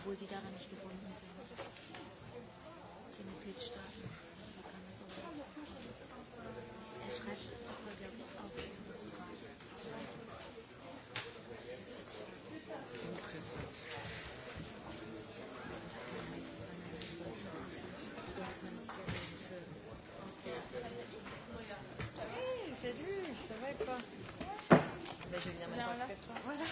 obwohl die daran nicht gebunden sind, die Mitgliedstaaten. Also wir können so Er schreibt aber, glaube ich, auch Interessant. Hey, salut, ça va quoi ben, Je viens m'asseoir avec toi. Voilà.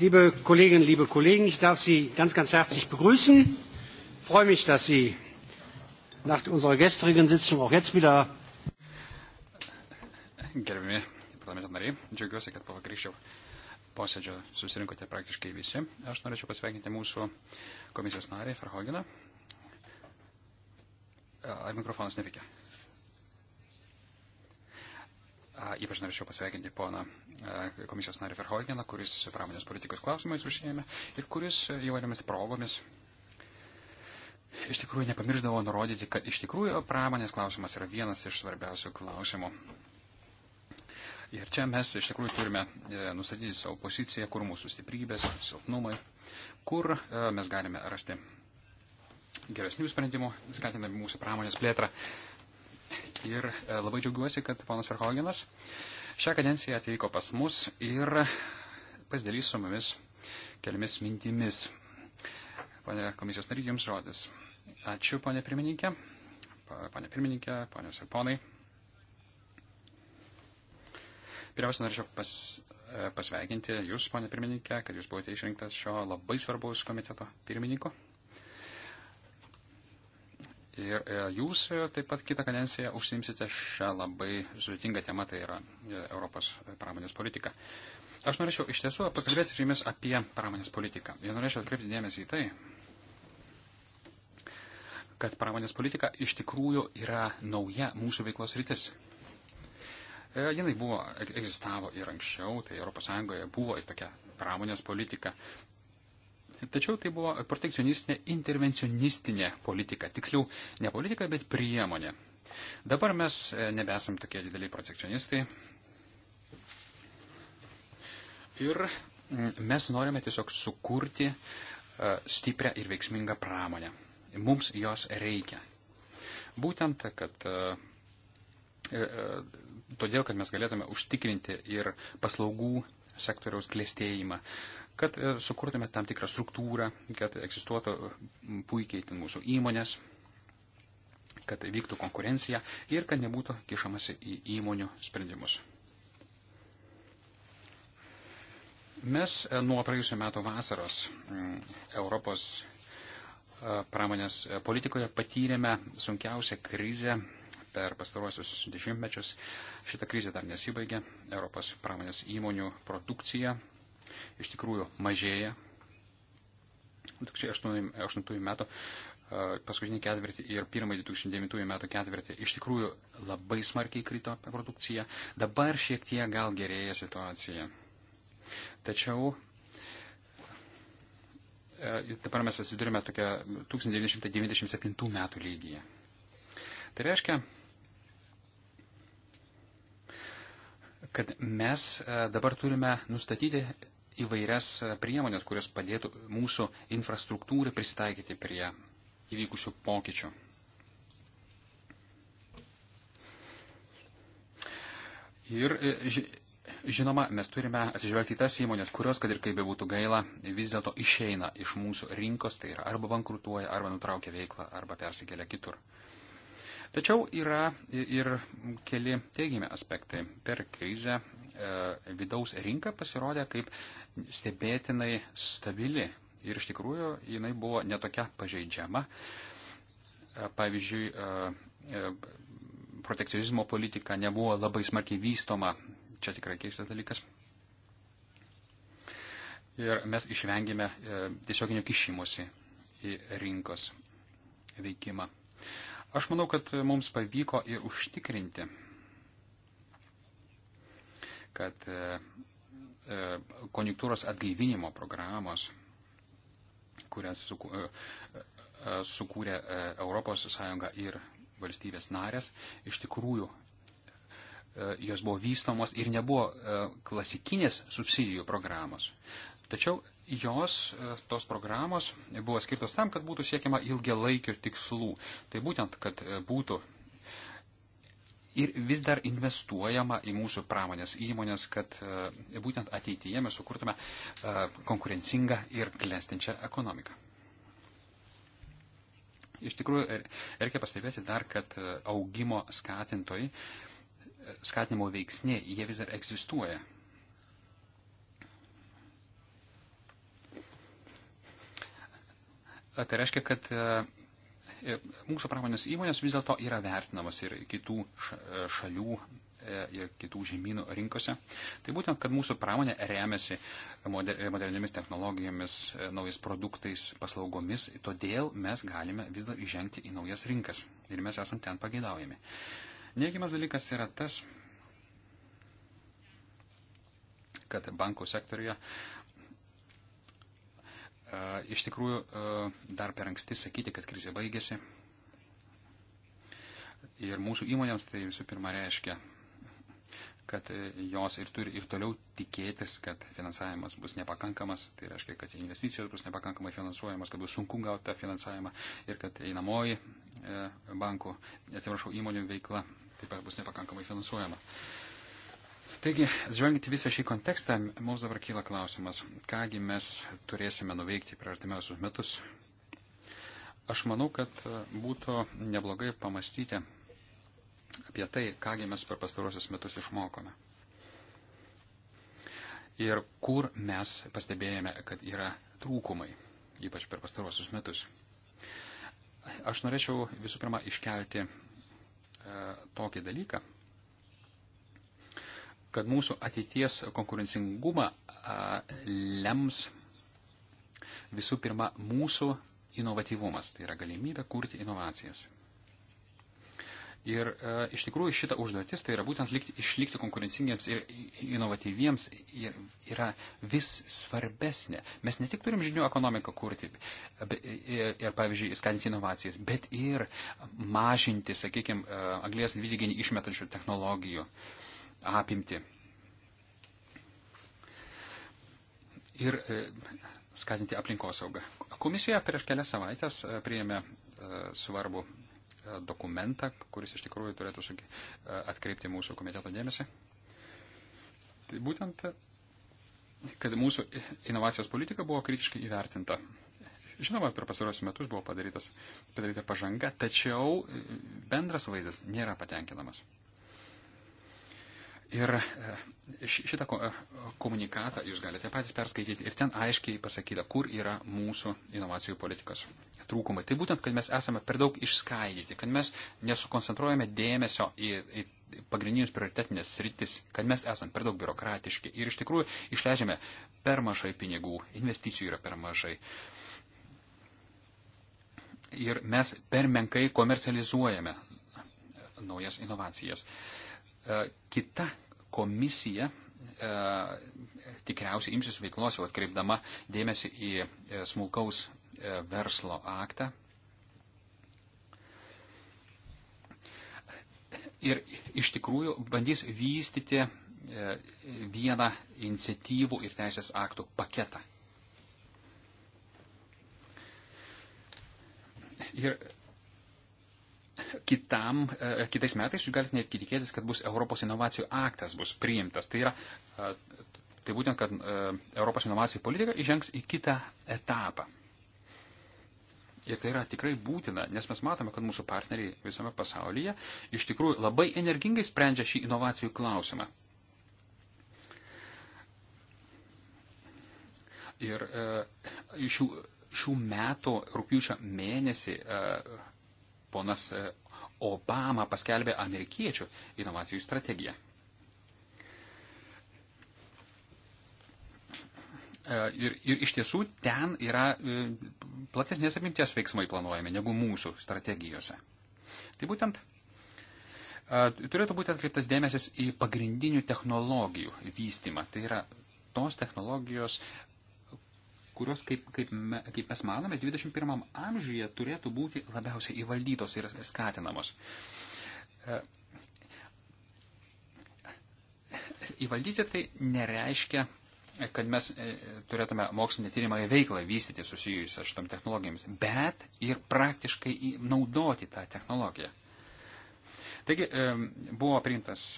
Liebe Kolleginnen, liebe Kollegen, ich darf Sie ganz, ganz herzlich begrüßen. Ich freue mich, dass Sie nach unserer gestrigen Sitzung auch jetzt wieder. Gerbiami parlamento nariai, džiaugiuosi, kad po vakarykščio posėdžio susirinkote praktiškai visi. Aš norėčiau pasveikinti mūsų komisijos narį Ferhoginą. Ar mikrofonas neveikia? Ypač norėčiau pasveikinti poną e, komisijos narį Verhoigeną, kuris pramonės politikos klausimais užsėmė ir kuris įvairiomis progomis iš tikrųjų nepamirždavo nurodyti, kad iš tikrųjų pramonės klausimas yra vienas iš svarbiausių klausimų. Ir čia mes iš tikrųjų turime e, nustatyti savo poziciją, kur mūsų stiprybės, silpnumai, kur e, mes galime rasti geresnių sprendimų, skatinami mūsų pramonės plėtrą. Ir e, labai džiaugiuosi, kad ponas Verhogenas šią kadenciją atvyko pas mus ir pasidalys su mumis keliomis mintimis. Pane komisijos nariai, jums žodis. Ačiū, ponė pirmininkė. Pane pirmininkė, ponios ir ponai. Pirmiausia, norėčiau pas, e, pasveikinti Jūs, ponė pirmininkė, kad Jūs buvote išrinktas šio labai svarbaus komiteto pirmininko. Ir e, jūs e, taip pat kitą kadenciją užsimsite šią labai sudėtingą temą, tai yra e, Europos pramonės politika. Aš norėčiau iš tiesų pakalbėti su jumis apie pramonės politiką. Ir norėčiau atkreipti dėmesį į tai, kad pramonės politika iš tikrųjų yra nauja mūsų veiklos rytis. Jinai buvo, egzistavo ir anksčiau, tai ES buvo ir tokia pramonės politika, Tačiau tai buvo protekcionistinė, intervencionistinė politika. Tiksliau, ne politika, bet priemonė. Dabar mes e, nebesam tokie dideliai protekcionistai. Ir mm, mes norime tiesiog sukurti e, stiprią ir veiksmingą pramonę. Mums jos reikia. Būtent, kad e, todėl, kad mes galėtume užtikrinti ir paslaugų sektoriaus klėstėjimą, kad e, sukurtume tam tikrą struktūrą, kad egzistuotų puikiai ten mūsų įmonės, kad vyktų konkurencija ir kad nebūtų kišamasi į įmonių sprendimus. Mes e, nuo praėjusiu metu vasaros Europos e, pramonės politikoje patyrėme sunkiausią krizę per pastaruosius dešimtmečius. Šita krizė dar nesibaigė. Europos pramonės įmonių produkcija iš tikrųjų mažėja. 2008 metų paskutinį ketvirtį ir pirmąjį 2009 metų ketvirtį iš tikrųjų labai smarkiai krito produkcija. Dabar šiek tiek gal gerėja situacija. Tačiau dabar mes atsidurime tokia 1997 metų lygyje. Tai reiškia, kad mes dabar turime nustatyti įvairias e, priemonės, kurios padėtų mūsų infrastruktūrai prisitaikyti prie įvykusių pokyčių. Ir e, žinoma, mes turime atsižvelgti į tas įmonės, kurios, kad ir kaip bebūtų gaila, vis dėlto išeina iš mūsų rinkos, tai yra arba bankrutuoja, arba nutraukia veiklą, arba persikelia kitur. Tačiau yra ir keli teigiami aspektai. Per krizę e, vidaus rinka pasirodė kaip stebėtinai stabili ir iš tikrųjų jinai buvo netokia pažeidžiama. E, pavyzdžiui, e, protekcionizmo politika nebuvo labai smarkiai vystoma. Čia tikrai keistas dalykas. Ir mes išvengėme tiesioginio kišimusi į rinkos veikimą. Aš manau, kad mums pavyko ir užtikrinti, kad e, e, konjunktūros atgaivinimo programos, kurias e, sukūrė ES ir valstybės narės, iš tikrųjų jos buvo vystomos ir nebuvo klasikinės subsidijų programos. Tačiau jos, e, tos programos buvo skirtos tam, kad būtų siekiama ilgelaikio tikslų. Tai būtent, kad e, būtų ir vis dar investuojama į mūsų pramonės įmonės, kad e, būtent ateityje mes sukurtume konkurencingą ir klestinčią ekonomiką. Iš tikrųjų, er, reikia pastebėti dar, kad augimo skatintojai, skatinimo veiksniai, jie vis dar egzistuoja Tai reiškia, kad e, e, mūsų pramonės įmonės vis dėlto yra vertinamos ir kitų e, šalių ir kitų žemynų rinkose. Tai būtent, kad mūsų pramonė remiasi moderniomis technologijomis, naujais produktais, paslaugomis, todėl mes galime vis dar įžengti į naujas rinkas ir mes esam ten pageidaujami. Neigiamas dalykas yra tas, kad bankų sektoriuje uh, E, iš tikrųjų, e, dar per anksti sakyti, kad krizė baigėsi. Ir mūsų įmonėms tai visų pirma reiškia, kad jos ir turi ir toliau tikėtis, kad finansavimas bus nepakankamas, tai reiškia, kad investicijos bus nepakankamai finansuojamos, kad bus sunku gauti tą finansavimą ir kad einamoji e, bankų, atsiprašau, įmonių veikla taip pat bus nepakankamai finansuojama. Uh, Taigi, žvelgiant į visą šį kontekstą, mums dabar kyla klausimas, kągi mes turėsime nuveikti per artimiausius metus. Aš manau, kad e, būtų neblogai pamastyti apie tai, kągi mes per pastarosius metus išmokome. Ir kur mes pastebėjome, kad yra trūkumai, ypač per pastarosius metus. Aš norėčiau visų pirma iškelti e, tokį dalyką, kad mūsų ateities konkurencingumą lems visų pirma mūsų inovatyvumas, tai yra galimybė kurti inovacijas. Ir e, iš tikrųjų šita užduotis, tai yra būtent likti, išlikti konkurencingiems ir inovatyviems, ir, yra vis svarbesnė. Mes ne tik turim žinių ekonomiką kurti be, ir, ir, pavyzdžiui, skatinti inovacijas, bet ir mažinti, sakykime, anglės dvideginį išmetančių technologijų e, apimti. Ir e, skatinti aplinkosaugą. Komisija prieš kelias savaitės e, priėmė e, svarbų dokumentą, kuris iš tikrųjų turėtų atkreipti mūsų komiteto dėmesį. Tai būtent, kad mūsų inovacijos politika buvo kritiškai įvertinta. Žinoma, per pasarosius metus buvo padarytas, padaryta pažanga, tačiau bendras vaizdas nėra patenkinamas. Ir e, šitą e, komunikatą jūs galite patys perskaityti ir ten aiškiai pasakyta, kur yra mūsų inovacijų politikos trūkumai. Tai būtent, kad mes esame per daug išskaidyti, kad mes nesukoncentruojame dėmesio į, į pagrindinius prioritetinės sritis, kad mes esame per daug biurokratiški ir iš tikrųjų išleidžiame per mažai pinigų, investicijų yra per mažai. Ir mes per menkai komercializuojame naujas inovacijas. Uh, E, kita komisija e, tikriausiai imsis veiklos, jau atkreipdama dėmesį į e, smulkaus verslo aktą. Ir iš tikrųjų bandys vystyti vieną iniciatyvų ir teisės aktų paketą. Ir kitam, e, kitais metais jūs galite netgi tikėtis, kad bus Europos inovacijų aktas bus priimtas. Tai yra, e, tai būtent, kad e, Europos inovacijų politika įžengs į kitą etapą. Ir tai yra tikrai būtina, nes mes matome, kad mūsų partneriai visame pasaulyje iš tikrųjų labai energingai sprendžia šį inovacijų klausimą. Ir e, šių, šių metų rūpiučio mėnesį e, ponas e, Obama paskelbė amerikiečių inovacijų strategiją. E, ir, ir iš tiesų ten yra e, platesnės apimties veiksmai planuojami negu mūsų strategijose. Tai būtent turėtų būti atkreiptas dėmesys į pagrindinių technologijų vystimą. Tai yra tos technologijos, kurios, kaip, kaip, me, kaip mes manome, 21 amžiuje turėtų būti labiausiai įvaldytos ir skatinamos. E, įvaldyti tai nereiškia, kad mes e, turėtume mokslinį tyrimą į veiklą vystyti susijusią šitom technologijomis, bet ir praktiškai naudoti tą technologiją. Taigi e, buvo priimtas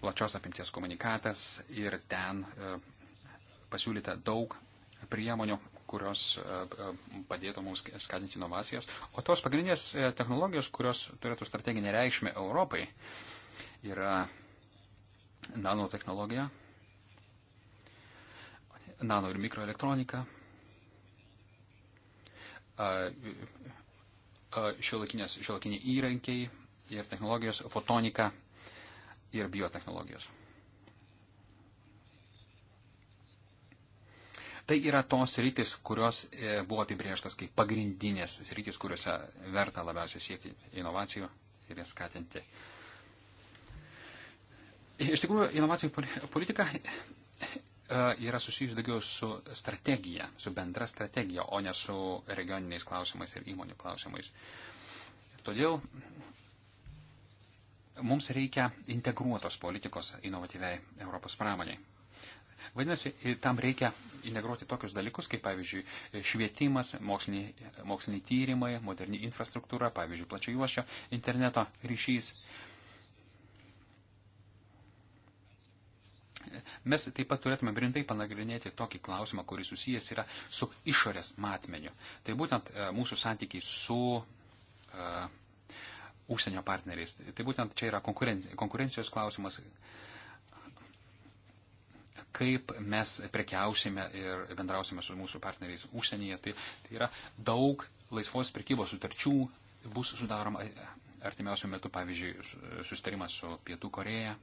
plačios apimties komunikatas ir ten pasiūlyta daug priemonių, kurios e, e, padėtų mums skatinti inovacijas. O tos pagrindinės e, technologijos, kurios turėtų strateginę reikšmę Europai, yra nanotehnologija, nano ir mikroelektronika, šiuolakinės, šiuolakiniai įrankiai ir technologijos, fotonika ir biotehnologijos. Tai yra tos rytis, kurios e, buvo apibrieštas kaip pagrindinės rytis, kuriuose verta labiausiai siekti inovacijų ir jas skatinti. Iš tikrųjų, inovacijų politika e, yra susijusi daugiau su strategija, su bendra strategija, o ne su regioniniais klausimais ir įmonių klausimais. Todėl mums reikia integruotos politikos inovatyviai Europos pramoniai. Vadinasi, tam reikia integruoti tokius dalykus, kaip pavyzdžiui švietimas, moksliniai, moksliniai tyrimai, moderni infrastruktūra, pavyzdžiui, plačiajuošio interneto ryšys. Mes taip pat turėtume rimtai panagrinėti tokį klausimą, kuris susijęs yra su išorės matmeniu. Tai būtent e, mūsų santykiai su uh, užsienio partneriais. Tai būtent čia yra konkurencijos klausimas. Uh, kaip mes prekiausime ir bendrausime su mūsų partneriais užsienyje. Tai, tai yra daug laisvos prekybos sutarčių bus sudaroma e, artimiausių metų, pavyzdžiui, sustarimas su Pietų Koreja.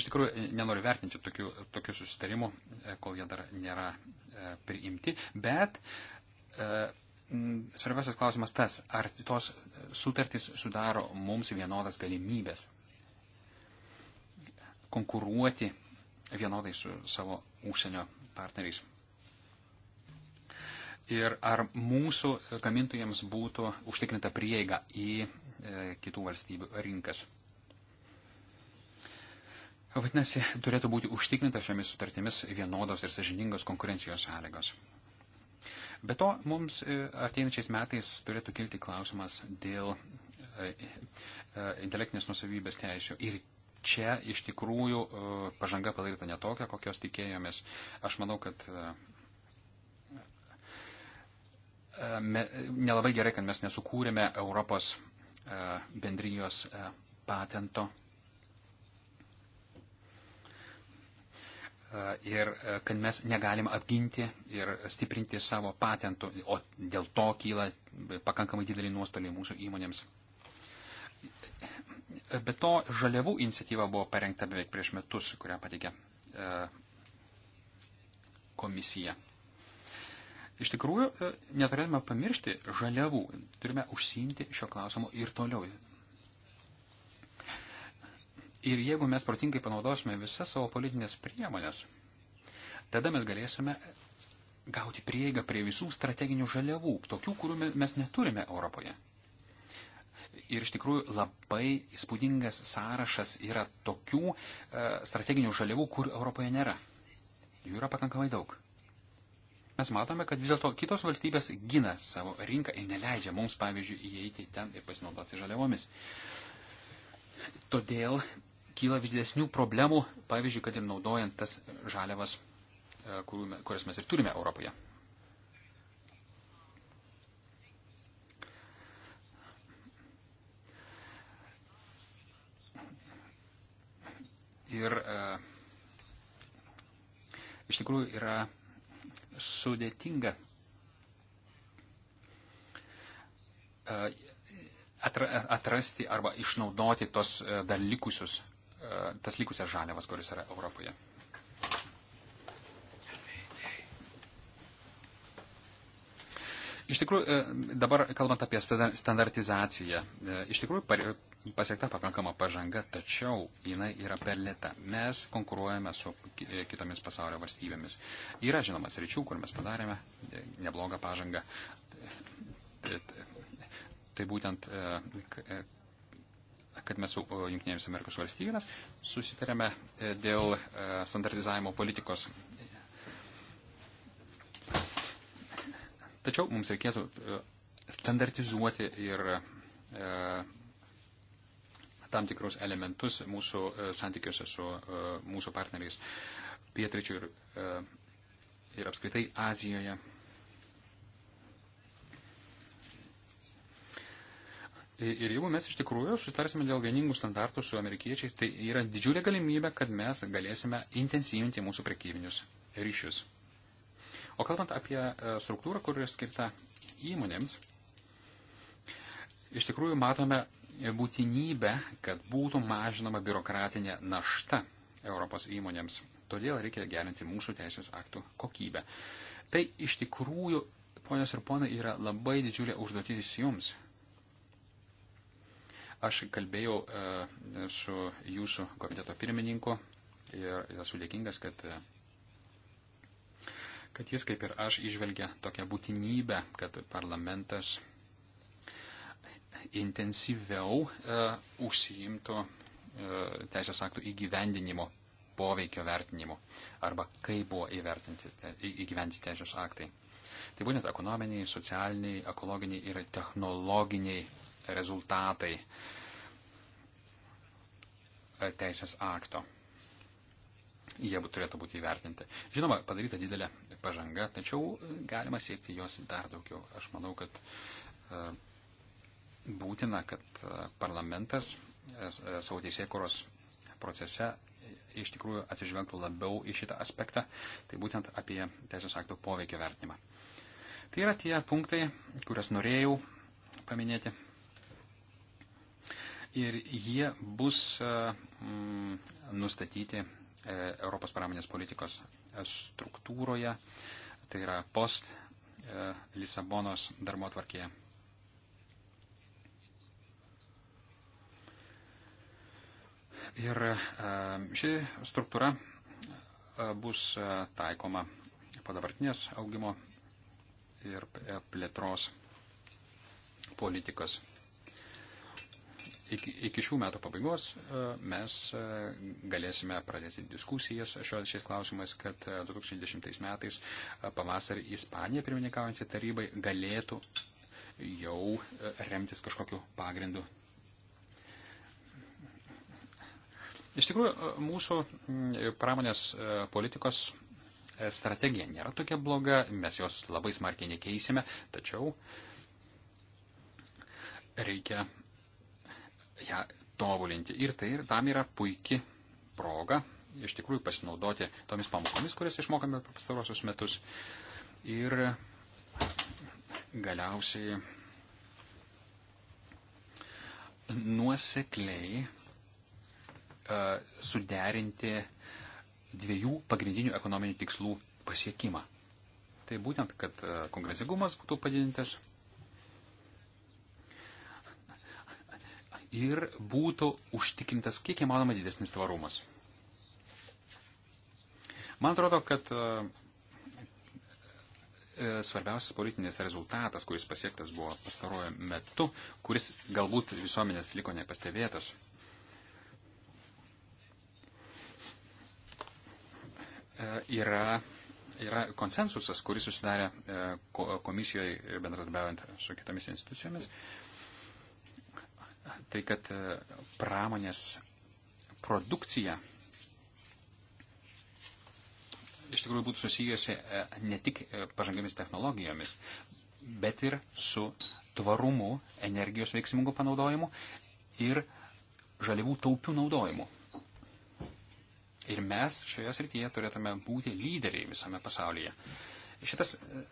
Iš tikrųjų, e, nenoriu vertinti tokių, tokių susitarimų, e, kol jie dar nėra e, priimti, bet e, svarbiausias klausimas tas, ar tos sutartys sudaro mums vienodas galimybės konkuruoti vienodai su savo užsienio partneriais. Ir ar mūsų gamintojams būtų užtikrinta prieiga į e, kitų valstybių rinkas. Vadinasi, turėtų būti užtikrinta šiomis sutartimis vienodos ir sažiningos konkurencijos sąlygos. Be to, mums e, ateinačiais metais turėtų kilti klausimas dėl e, intelektinės nusavybės teisų ir čia iš tikrųjų e, pažanga padaryta netokia, kokios tikėjomės. Aš manau, kad e, e, me, nelabai gerai, kad mes nesukūrėme Europos bendrijos patento. Ir kad mes negalim apginti ir stiprinti savo patentų, o dėl to kyla pakankamai dideli nuostoliai mūsų įmonėms. Be to, žaliavų iniciatyva buvo parengta beveik prieš metus, kurią pateikė e, komisija. Iš tikrųjų, e, neturėtume pamiršti žaliavų. Turime užsiimti šio klausimo ir toliau. Ir jeigu mes protingai panaudosime visas savo politinės priemonės, tada mes galėsime gauti prieigą prie visų strateginių žaliavų, tokių, kurių mes neturime Europoje. Ir iš tikrųjų labai įspūdingas sąrašas yra tokių e, strateginių žaliavų, kur Europoje nėra. Jų yra pakankamai daug. Mes matome, kad vis dėlto kitos valstybės gina savo rinką ir neleidžia mums, pavyzdžiui, įeiti ten ir pasinaudoti žaliavomis. Todėl kyla vis didesnių problemų, pavyzdžiui, kad ir naudojant tas žaliavas, e, kurias mes ir turime Europoje. Ir e, iš tikrųjų yra sudėtinga e, atrasti arba išnaudoti tos e, dar likusius, e, tas likusias žaliavas, kuris yra Europoje. Iš tikrųjų, e, dabar kalbant apie standartizaciją, e, iš tikrųjų pasiekta pakankama pažanga, tačiau jinai yra per lėta. Mes konkuruojame su e, kitomis pasaulio valstybėmis. Yra žinomas ryčių, kur mes padarėme e, neblogą pažangą. Tai, tai, tai būtent, kad mes su Junktinėmis Amerikos valstybėmis susitarėme dėl standartizavimo politikos Tačiau mums reikėtų standartizuoti ir e, tam tikrus elementus mūsų e, santykiuose su e, mūsų partneriais pietričių ir, e, ir apskritai Azijoje. Ir jeigu mes iš tikrųjų sutarsime dėl vieningų standartų su amerikiečiais, tai yra didžiulė galimybė, kad mes galėsime intensyvinti mūsų prekybinius ryšius. O kalbant apie struktūrą, kur yra skirta įmonėms, iš tikrųjų matome būtinybę, kad būtų mažinama biurokratinė našta Europos įmonėms. Todėl reikia gerinti mūsų teisės aktų kokybę. Tai iš tikrųjų, ponios ir ponai, yra labai didžiulė užduotis jums. Aš kalbėjau e, su jūsų komiteto pirmininku ir esu dėkingas, kad, e, kad jis kaip ir aš išvelgia tokią būtinybę, kad parlamentas intensyviau e, užsiimtų e, teisės aktų įgyvendinimo poveikio vertinimo arba kaip buvo įvertinti, įgyventi teisės aktai. Tai būtent ekonominiai, socialiniai, ekologiniai ir technologiniai rezultatai e, teisės akto. Jie turėtų būti įvertinti. Žinoma, padaryta didelė pažanga, tačiau galima siekti jos dar daugiau. Aš manau, kad e, būtina, kad e, parlamentas e, e, savo teisėkuros procese iš tikrųjų atsižvelgtų labiau į šitą aspektą, tai būtent apie teisės aktų poveikio vertinimą. Tai yra tie punktai, kurias norėjau paminėti. Ir jie bus mm, nustatyti Europos paraminės politikos struktūroje, tai yra post Lisabonos darbo tvarkėje. Ir e, ši struktūra e, bus e, taikoma po dabartinės augimo ir plėtros politikas. Iki, iki šių metų pabaigos mes galėsime pradėti diskusijas šio, šiais klausimais, kad 2010 metais pavasarį Ispanija pirmininkaujantį tarybai galėtų jau remtis kažkokiu pagrindu Iš tikrųjų, mūsų pramonės e, politikos e, strategija nėra tokia bloga, mes jos labai smarkiai nekeisime, tačiau reikia ją tobulinti. Ir tai ir tam yra puikia proga iš tikrųjų pasinaudoti tomis pamokomis, kurias išmokame per pastarosius metus. Ir galiausiai nuosekliai E, suderinti dviejų pagrindinių ekonominių tikslų pasiekimą. Tai būtent, kad e, kongresingumas būtų padidintas ir būtų užtikrintas kiek įmanoma didesnis tvarumas. Man atrodo, kad e, svarbiausias politinis rezultatas, kuris pasiektas buvo pastarojo metu, kuris galbūt visuomenės liko nepastebėtas, E, yra, yra konsensusas, kuris susidarė e, komisijoje bendradarbiaujant su kitomis institucijomis. Tai kad e, pramonės produkcija iš tikrųjų būtų susijusi ne tik pažangiamis technologijomis, bet ir su tvarumu, energijos veiksmingų panaudojimu ir žaliavų taupių naudojimu. Ir mes šioje srityje turėtume būti lyderiai visame pasaulyje. Šitas e,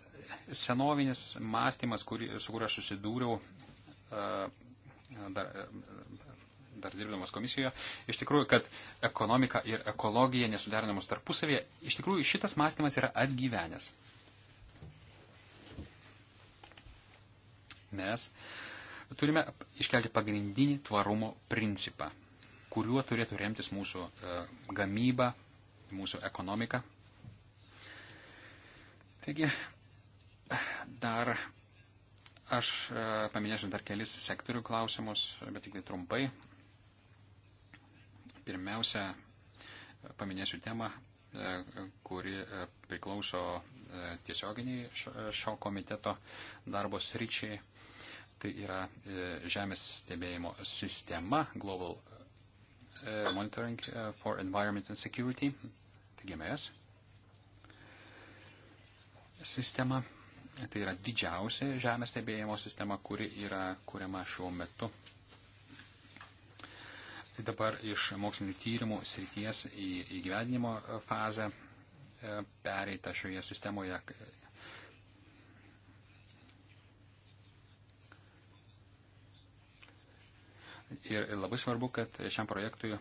senovinis mąstymas, kuri, su kuriuo aš susidūriau e, dar, e, dar dirbdamas komisijoje, iš tikrųjų, kad ekonomika ir ekologija nesuderinamos tarpusavėje, iš tikrųjų šitas mąstymas yra atgyvenęs. Mes turime iškelti pagrindinį tvarumo principą kuriuo turėtų remtis mūsų e, gamyba, mūsų ekonomika. Taigi, dar aš e, paminėsiu dar kelis sektorių klausimus, bet tik tai trumpai. Pirmiausia, paminėsiu temą, e, kuri priklauso tiesioginiai šio komiteto darbo sryčiai. Tai yra žemės stebėjimo sistema, Global Uh, monitoring uh, for Environment and Security, tai GMS sistema. Tai yra didžiausia žemės stebėjimo sistema, kuri yra kuriama šiuo metu. Tai dabar iš mokslinių tyrimų srities į įgyvendinimo fazę uh, pereita šioje sistemoje Ir labai svarbu, kad šiam projektui e,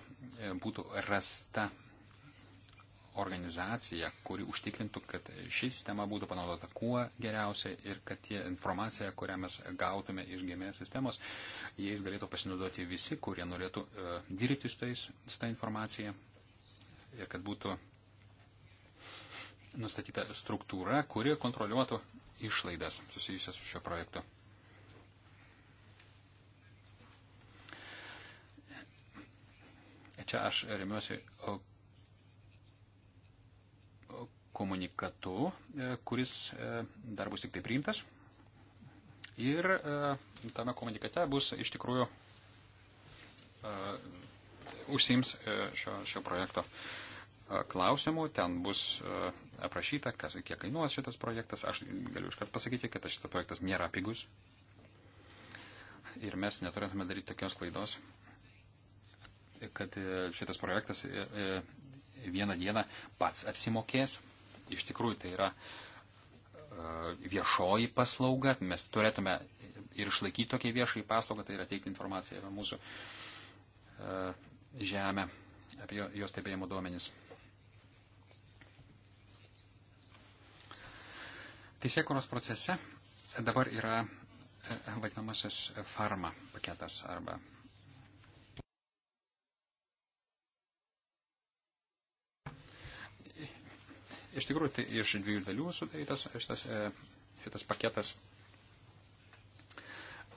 būtų rasta organizacija, kuri užtikrintų, kad ši sistema būtų panaudota kuo geriausiai ir kad tie informacija, kurią mes gautume iš GMS e sistemos, jais galėtų pasinaudoti visi, kurie norėtų e, dirbti su, tais, su tą informacija ir kad būtų nustatyta struktūra, kuri kontroliuotų išlaidas susijusias su šio projektu. Čia aš remiuosi komunikatu, e, kuris e, dar bus tik tai priimtas. Ir e, tame komunikate bus iš tikrųjų užsiims šio, šio projekto klausimų, ten bus aprašyta, kas, kiek kainuos šitas projektas. Aš galiu iškart pasakyti, kad šitas projektas nėra pigus. Ir mes neturėtume daryti tokios klaidos, kad e, šitas projektas e, e, vieną dieną pats apsimokės. Iš tikrųjų, tai yra viešoji paslauga. Mes turėtume ir išlaikyti tokį viešąjį paslaugą, tai yra teikti informaciją apie mūsų žemę, apie jos stebėjimo duomenis. Teisėkuros procese dabar yra vadinamasis farma paketas arba Iš tikrųjų, tai iš dviejų dalių sudarytas šitas, e, šitas paketas.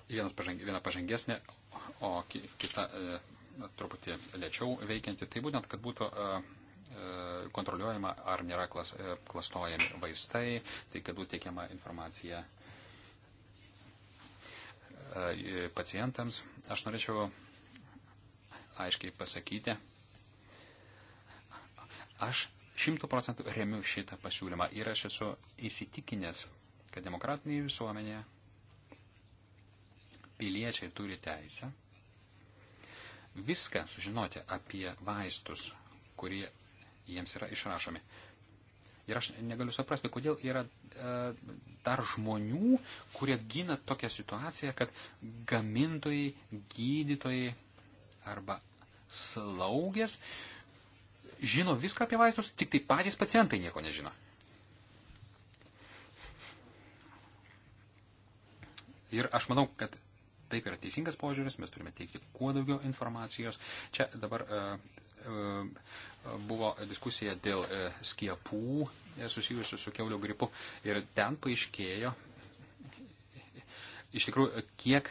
Vienas pažang, viena pažangesnė, o kita e, truputį lėčiau veikianti. Tai būtent, kad būtų e, e, kontroliuojama, ar nėra klas, e, klastojami vaistai, tai kad būtų teikiama informacija e, pacientams. Aš norėčiau aiškiai pasakyti, aš Šimtų procentų remiu šitą pasiūlymą ir aš esu įsitikinęs, kad demokratinėje visuomenėje piliečiai turi teisę viską sužinoti apie vaistus, kurie jiems yra išrašomi. Ir aš negaliu suprasti, kodėl yra e, dar žmonių, kurie gina tokią situaciją, kad gamintojai, gydytojai arba slaugės e, žino viską apie vaistus, tik tai patys pacientai nieko nežino. Ir aš manau, kad taip yra teisingas požiūris, mes turime teikti kuo daugiau informacijos. Čia dabar e, e, buvo diskusija dėl e, skiepų susijusių su keulio gripu ir ten paaiškėjo iš tikrųjų, kiek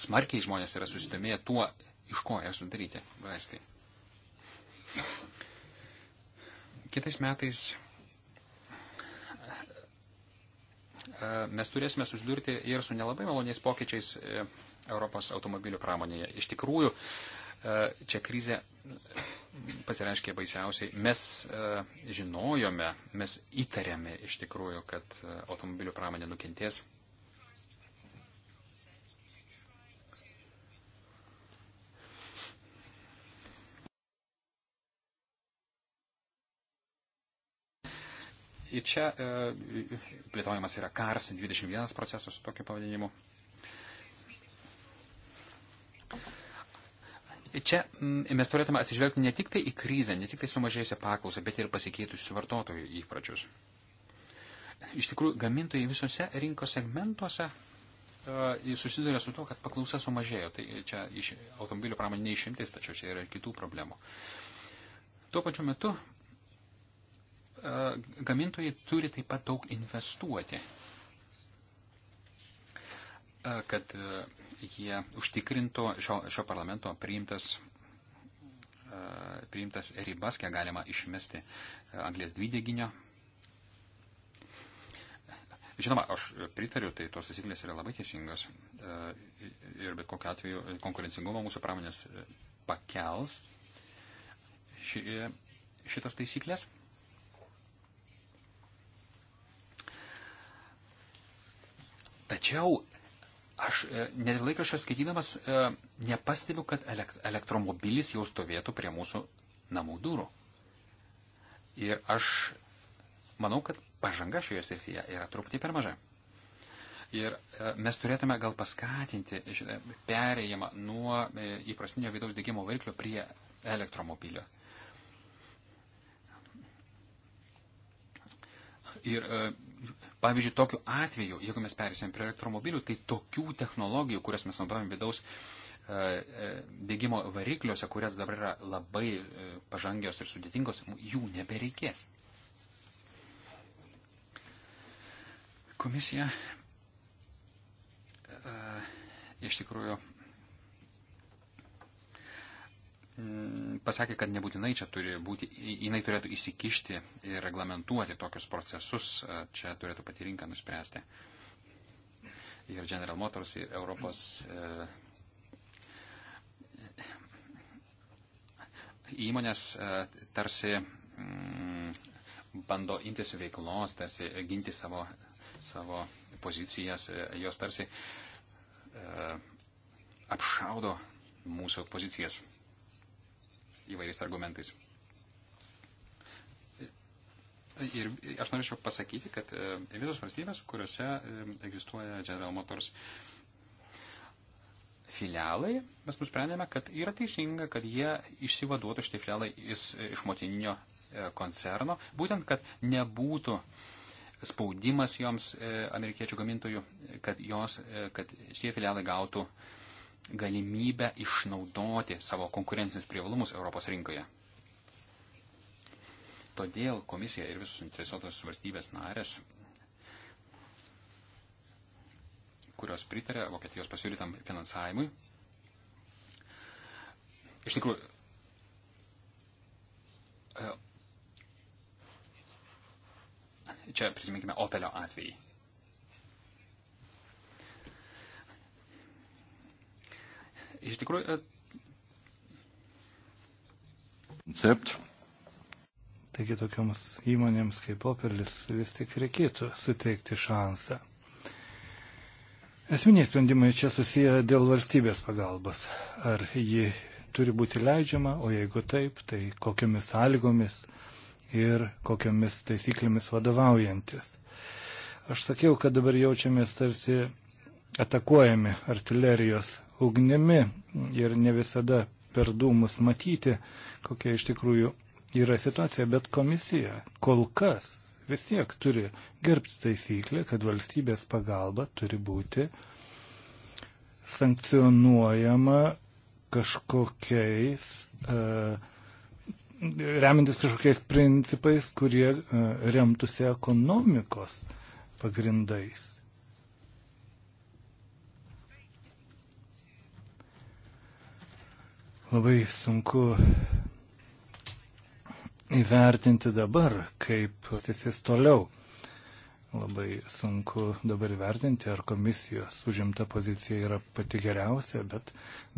smarkiai žmonės yra susidomėję tuo, iš ko yra sudaryti vaistai. Kitais metais e, mes turėsime susidurti ir su nelabai maloniais pokyčiais e, Europos automobilių pramonėje. Iš tikrųjų, e, čia krizė pasireiškė baisiausiai. Mes žinojome, mes įtarėme iš tikrųjų, kad automobilių pramonė nukentės Ir čia e, plėtojamas yra KARS 21 procesas su tokiu pavadinimu. Čia mes turėtume atsižvelgti ne tik tai į krizę, ne tik tai sumažėjusią paklausą, bet ir pasikeitusius vartotojų įpročius. Iš tikrųjų, gamintojai visose rinkos segmentuose uh, susiduria su to, kad paklausa sumažėjo. Tai čia iš automobilių pramonė neišimtis, tačiau čia yra kitų problemų. Tuo pačiu metu E, gamintojai turi taip pat daug investuoti, e, kad e, jie užtikrintų šio, šio parlamento priimtas priimtas ribas, kiek galima išmesti anglės dvideginio. Žinoma, aš pritariu, tai tos taisyklės yra labai teisingos ir bet kokiu atveju konkurencingumą mūsų pramonės pakels ši, šitos taisyklės. Tačiau aš e, net laikraščio skaitydamas e, nepastebiu, kad elektromobilis jau stovėtų prie mūsų namų durų. Ir aš manau, kad pažanga šioje srityje yra truputį per maža. Ir e, mes turėtume gal paskatinti šitą perėjimą nuo įprastinio vidaus degimo variklio prie elektromobilio. Ir Pavyzdžiui, tokiu atveju, jeigu mes perėsime prie elektromobilių, tai tokių technologijų, kurias mes naudojam vidaus e, e, dėgymo varikliuose, kurias dabar yra labai e, pažangios ir sudėtingos, jų nebereikės. Komisija iš tikrųjų Mm, pasakė, kad nebūtinai čia turi būti, jinai turėtų įsikišti ir reglamentuoti tokius procesus, čia turėtų pati rinka nuspręsti. Ir General Motors, ir Europos e, įmonės e, tarsi mm, bando imtis veiklos, tarsi ginti savo, savo pozicijas, e, jos tarsi apšaudo mūsų pozicijas įvairiais argumentais. Ir aš norėčiau pasakyti, kad e, visos valstybės, kuriuose e, egzistuoja General Motors filialai, mes nusprendėme, kad yra teisinga, kad jie išsivaduotų šitie filialai e, iš motininio koncerno, būtent, kad nebūtų spaudimas joms amerikiečių gamintojų, kad, jos, kad šitie filialai gautų uh, galimybę išnaudoti savo konkurencinius privalumus Europos rinkoje. Todėl komisija ir visos interesuotos valstybės narės, kurios pritarė Vokietijos pasiūlytam finansavimui, iš tikrųjų, e, čia prisiminkime Opelio atvejį Iš tikrųjų. E, Koncept. Taigi tokioms įmonėms kaip Operlis vis tik reikėtų suteikti šansą. Esminiai sprendimai čia susiję dėl valstybės pagalbos. Ar ji turi būti leidžiama, o jeigu taip, tai kokiamis sąlygomis ir kokiamis taisyklėmis vadovaujantis. Aš sakiau, kad dabar jaučiamės tarsi atakuojami artilerijos ugnimi ir ne visada per dūmus matyti, kokia iš tikrųjų yra situacija, bet komisija kol kas vis tiek turi gerbti taisyklę, kad valstybės pagalba turi būti sankcionuojama kažkokiais, e, remintis kažkokiais principais, kurie e, remtųsi ekonomikos pagrindais. Labai sunku įvertinti dabar, kaip tiesis toliau. Labai sunku dabar įvertinti, ar komisijos užimta pozicija yra pati geriausia, bet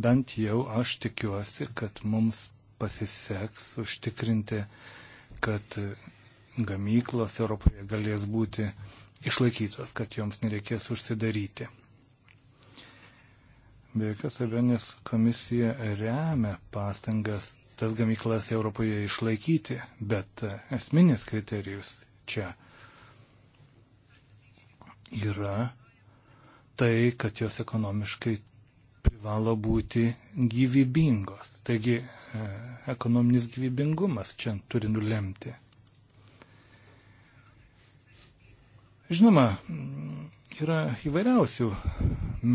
bent jau aš tikiuosi, kad mums pasiseks užtikrinti, kad gamyklos Europoje galės būti išlaikytos, kad joms nereikės užsidaryti. Be jokios abejonės komisija remia pastangas tas gamyklas Europoje išlaikyti, bet e, esminis kriterijus čia yra tai, kad jos ekonomiškai privalo būti gyvybingos. Taigi e, ekonominis gyvybingumas čia turi nulemti. Žinoma, yra įvairiausių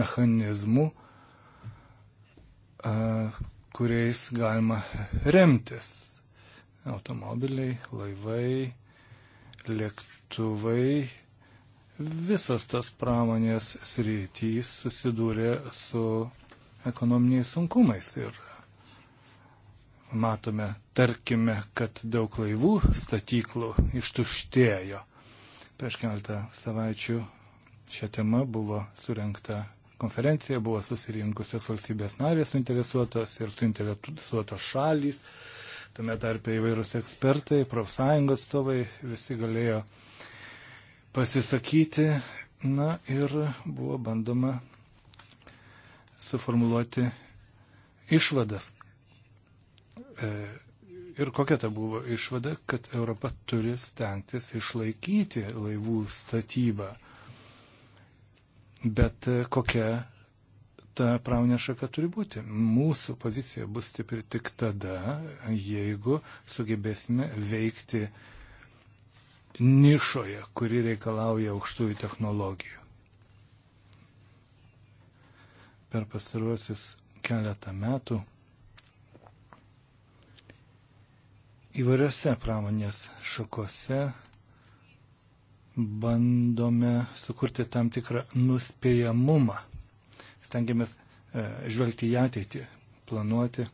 mechanizmų, kuriais galima remtis. Automobiliai, laivai, lėktuvai, visas tas pramonės srityjs susidūrė su ekonominiais sunkumais. Ir matome, tarkime, kad daug laivų statyklų ištuštėjo. Prieš keletą savaičių šią temą buvo surinkta konferenciją buvo susirinkusios valstybės narės suinteresuotos ir suinteresuotos šalys, tame tarpe įvairūs ekspertai, profsąjungos atstovai, visi galėjo pasisakyti. Na ir buvo bandoma suformuluoti išvadas. E, ir kokia ta buvo išvada, kad Europa turi stengtis išlaikyti laivų statybą. Bet e, kokia ta pramonė šaka turi būti. Mūsų pozicija bus stipri tik tada, jeigu sugebėsime veikti nišoje, kuri reikalauja aukštųjų technologijų. Per pastaruosius keletą metų įvairiose pramonės šakose bandome sukurti tam tikrą nuspėjamumą. Stengiamės e, žvelgti į ateitį, planuoti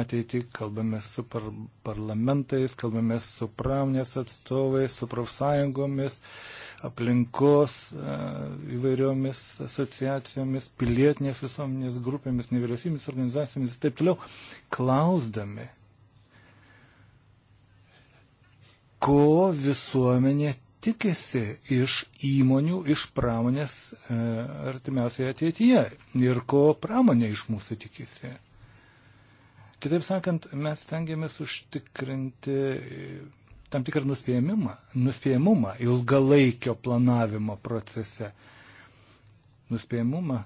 ateitį, kalbame su par parlamentais, kalbame su pramonės atstovais, su profsąjungomis, aplinkos e, įvairiomis asociacijomis, pilietinės visuomenės grupėmis, nevyriausybės organizacijomis ir taip toliau, klausdami, ko visuomenė tikisi iš įmonių, iš pramonės e, artimiausioje ateityje ir ko pramonė iš mūsų tikisi. Kitaip sakant, mes tengiamės užtikrinti tam tikrą nuspėjimumą, nuspėjimumą ilgalaikio planavimo procese. Nuspėjimumą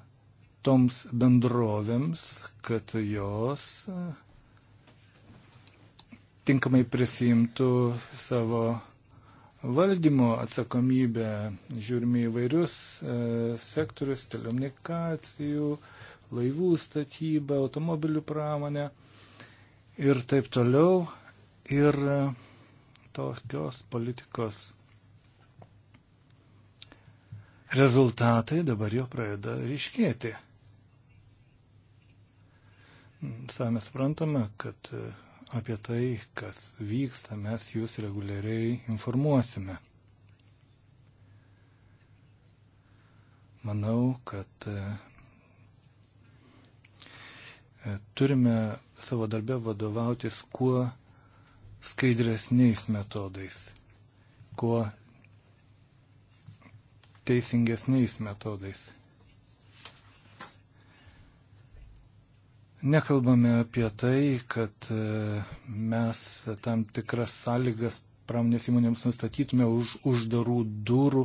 toms bendrovėms, kad jos e, tinkamai prisimtų savo valdymo atsakomybę, žiūrime įvairius e, sektorius, telekomunikacijų, laivų statybą, automobilių pramonę ir taip toliau. Ir e, tokios politikos rezultatai dabar jau pradeda ryškėti. Savame suprantame, kad e, apie tai, kas vyksta, mes jūs reguliariai informuosime. Manau, kad e, e, turime savo darbę vadovautis kuo skaidresniais metodais, kuo teisingesniais metodais. Nekalbame apie tai, kad e, mes tam tikras sąlygas pramonės įmonėms nustatytume už uždarų durų,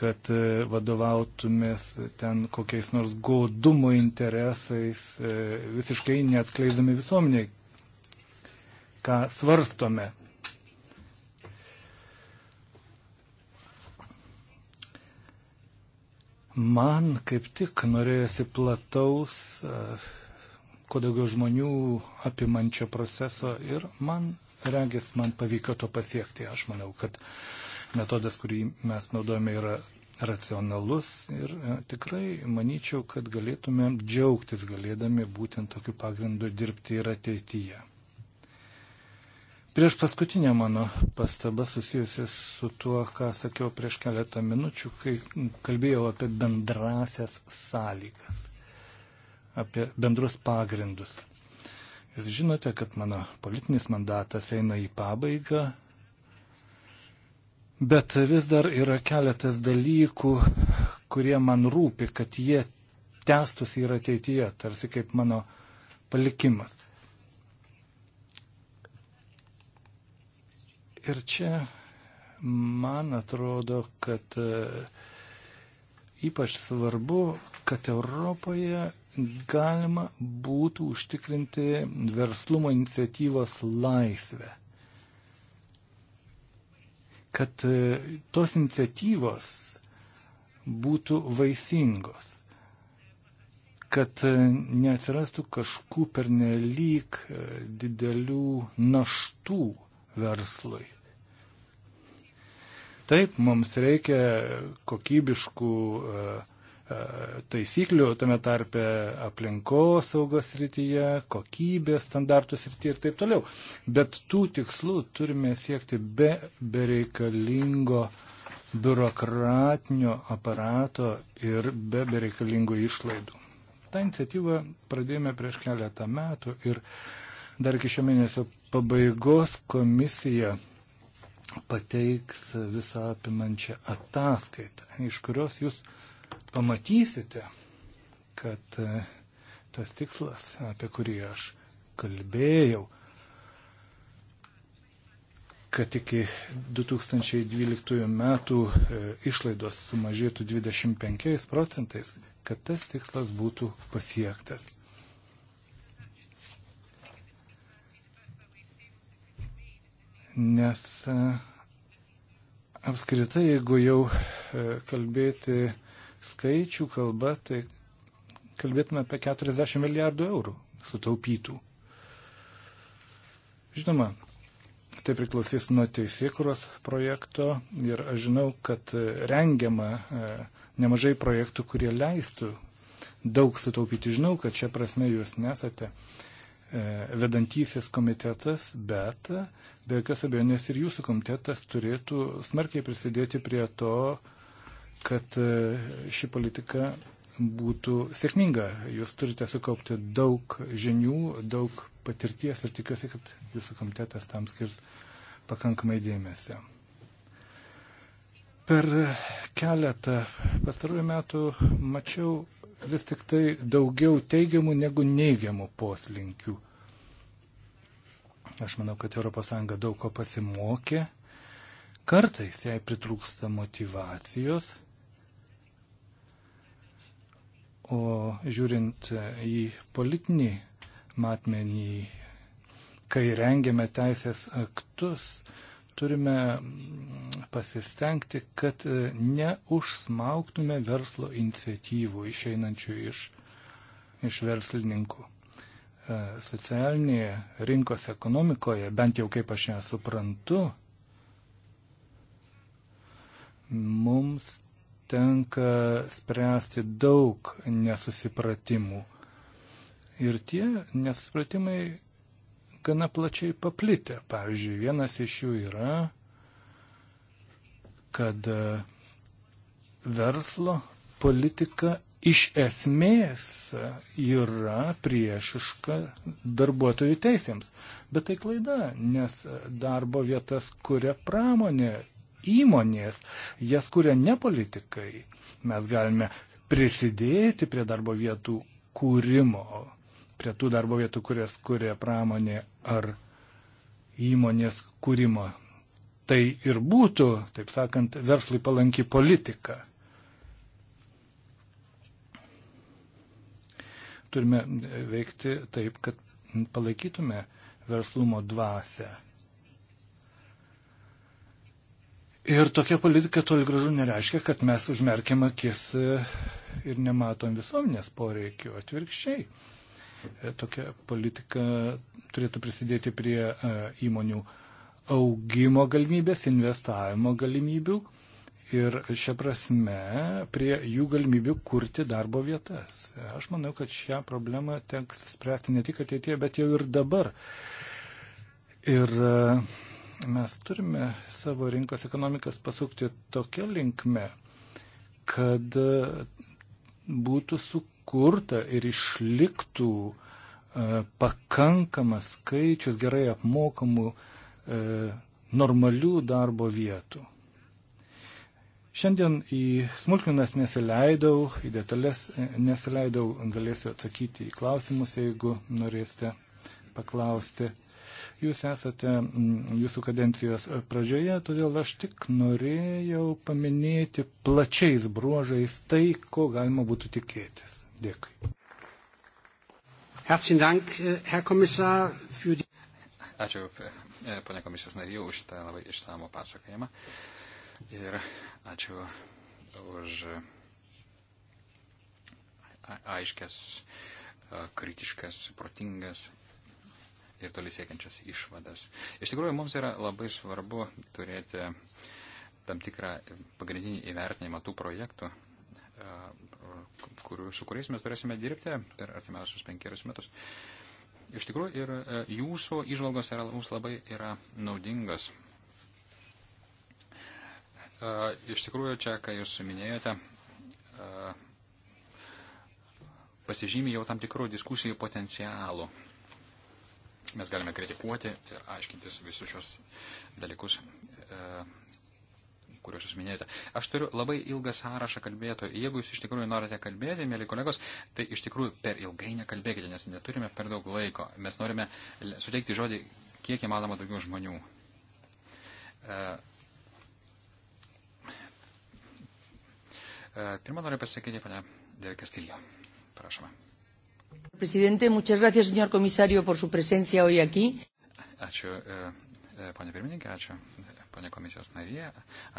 kad e, vadovautumės ten kokiais nors godumo interesais, e, visiškai neatskleidami visuomeniai, ką svarstome. Man kaip tik norėjosi plataus kuo daugiau žmonių apimančio proceso ir man, regis, man pavyko to pasiekti. Aš manau, kad metodas, kurį mes naudojame, yra racionalus ir e, tikrai manyčiau, kad galėtume džiaugtis galėdami būtent tokiu pagrindu dirbti ir ateityje. Prieš paskutinę mano pastabą susijusi su tuo, ką sakiau prieš keletą minučių, kai kalbėjau apie bendrasias sąlygas apie bendrus pagrindus. Ir žinote, kad mano politinis mandatas eina į pabaigą, bet vis dar yra keletas dalykų, kurie man rūpi, kad jie tęstusi ir ateityje, tarsi kaip mano palikimas. Ir čia man atrodo, kad e, ypač svarbu, kad Europoje galima būtų užtikrinti verslumo iniciatyvos laisvę. Kad e, tos iniciatyvos būtų vaisingos, kad e, neatsirastų kažkų pernelyg e, didelių naštų verslui. Taip, mums reikia kokybiškų uh, taisyklių, tame tarpe aplinkos saugos rytyje, kokybės standartus rytyje ir taip toliau. Bet tų tikslų turime siekti be bereikalingo biurokratinio aparato ir be bereikalingų išlaidų. Ta iniciatyva pradėjome prieš keletą metų ir dar iki šio mėnesio pabaigos komisija pateiks visą apimančią ataskaitą, iš kurios jūs uh, pamatysite, kad e, tas tikslas, apie kurį aš kalbėjau, kad iki 2012 metų e, išlaidos sumažėtų 25 procentais, kad tas tikslas būtų pasiektas. Nes e, apskritai, jeigu jau kalbėti skaičių kalba, tai kalbėtume apie 40 milijardų eurų sutaupytų. Žinoma, tai priklausys nuo teisėkuros projekto ir aš žinau, kad rengiama e, nemažai projektų, kurie leistų daug sutaupyti. Žinau, kad čia prasme jūs nesate e, vedantysis komitetas, bet be jokios abejonės ir jūsų komitetas turėtų smarkiai prisidėti prie to, kad e, ši politika būtų sėkminga. Jūs turite sukaupti daug žinių, daug patirties ir tikiuosi, kad jūsų komitetas tam skirs pakankamai dėmesio. Per keletą pastarųjų metų mačiau vis tik tai daugiau teigiamų negu neigiamų poslinkių. Aš manau, kad ES daug ko pasimokė. Kartais jai pritrūksta motivacijos O žiūrint į politinį matmenį, kai rengiame teisės aktus, turime pasistengti, kad neužsmauktume verslo iniciatyvų išeinančių iš, iš verslininkų. E, socialinėje rinkos ekonomikoje, bent jau kaip aš ją suprantu, mums tenka spręsti daug nesusipratimų. Ir tie nesusipratimai gana plačiai paplitę. Pavyzdžiui, vienas iš jų yra, kad e, verslo politika iš esmės yra priešiška darbuotojų teisėms. Bet tai klaida, nes darbo vietas kuria pramonė, įmonės, jas kuria ne politikai. Mes galime prisidėti prie darbo vietų kūrimo, prie tų darbo vietų, kurias kuria pramonė ar įmonės kūrimo. Tai ir būtų, taip sakant, verslui palanki politika. Turime veikti taip, kad palaikytume verslumo dvasę. Ir tokia politika toli gražu nereiškia, kad mes užmerkiam akis e, ir nematom visuomenės poreikių. Atvirkščiai, e, tokia politika turėtų prisidėti prie e, įmonių augimo galimybės, investavimo galimybių ir šia prasme prie jų galimybių kurti darbo vietas. Aš manau, kad šią problemą teks spręsti ne tik ateitie, bet jau ir dabar. Ir uh, Mes turime savo rinkos ekonomikas pasukti tokia linkme, kad būtų sukurta ir išliktų e, pakankamas skaičius gerai apmokamų e, normalių darbo vietų. Šiandien į smulkmenas nesileidau, į detalės e, nesileidau, galėsiu atsakyti į klausimus, jeigu norėsite paklausti. Jūs esate mm, jūsų kadencijos pradžioje, todėl aš tik norėjau paminėti plačiais bruožais tai, ko galima būtų tikėtis. Dėkui. Herzlichen Dank, Herr Kommissar, für die. Ačiū, e, ponė komisijos narių, už tą labai išsamų pasakojimą. Ir ačiū už e, aiškės, e, kritiškas, protingas ir toli siekiančias išvadas. Iš tikrųjų, mums yra labai svarbu turėti tam tikrą pagrindinį įvertinimą tų projektų, kurių, su kuriais mes turėsime dirbti per artimiausius penkerius metus. Iš tikrųjų, ir e, jūsų išvalgos yra, mums labai yra naudingas. E, iš tikrųjų, čia, kai jūs minėjote, e, pasižymė jau tam tikrų diskusijų potencialų. Mes galime kritikuoti ir aiškintis visus šios dalykus, e, kuriuos jūs minėjote. Aš turiu labai ilgą sąrašą kalbėtojų. Jeigu jūs iš tikrųjų norite kalbėti, mėly kolegos, tai iš tikrųjų per ilgai nekalbėkite, nes neturime per daug laiko. Mes norime suteikti žodį kiek įmanoma daugiau žmonių. E, e, Pirmą noriu pasakyti, pane Dėl Kastilio. Prašoma. Presidente, muchas gracias, señor komisario, por su presencia hoy aquí. Ačiū, e, e, ponė pirmininkė, ačiū, e, ponė komisijos narė,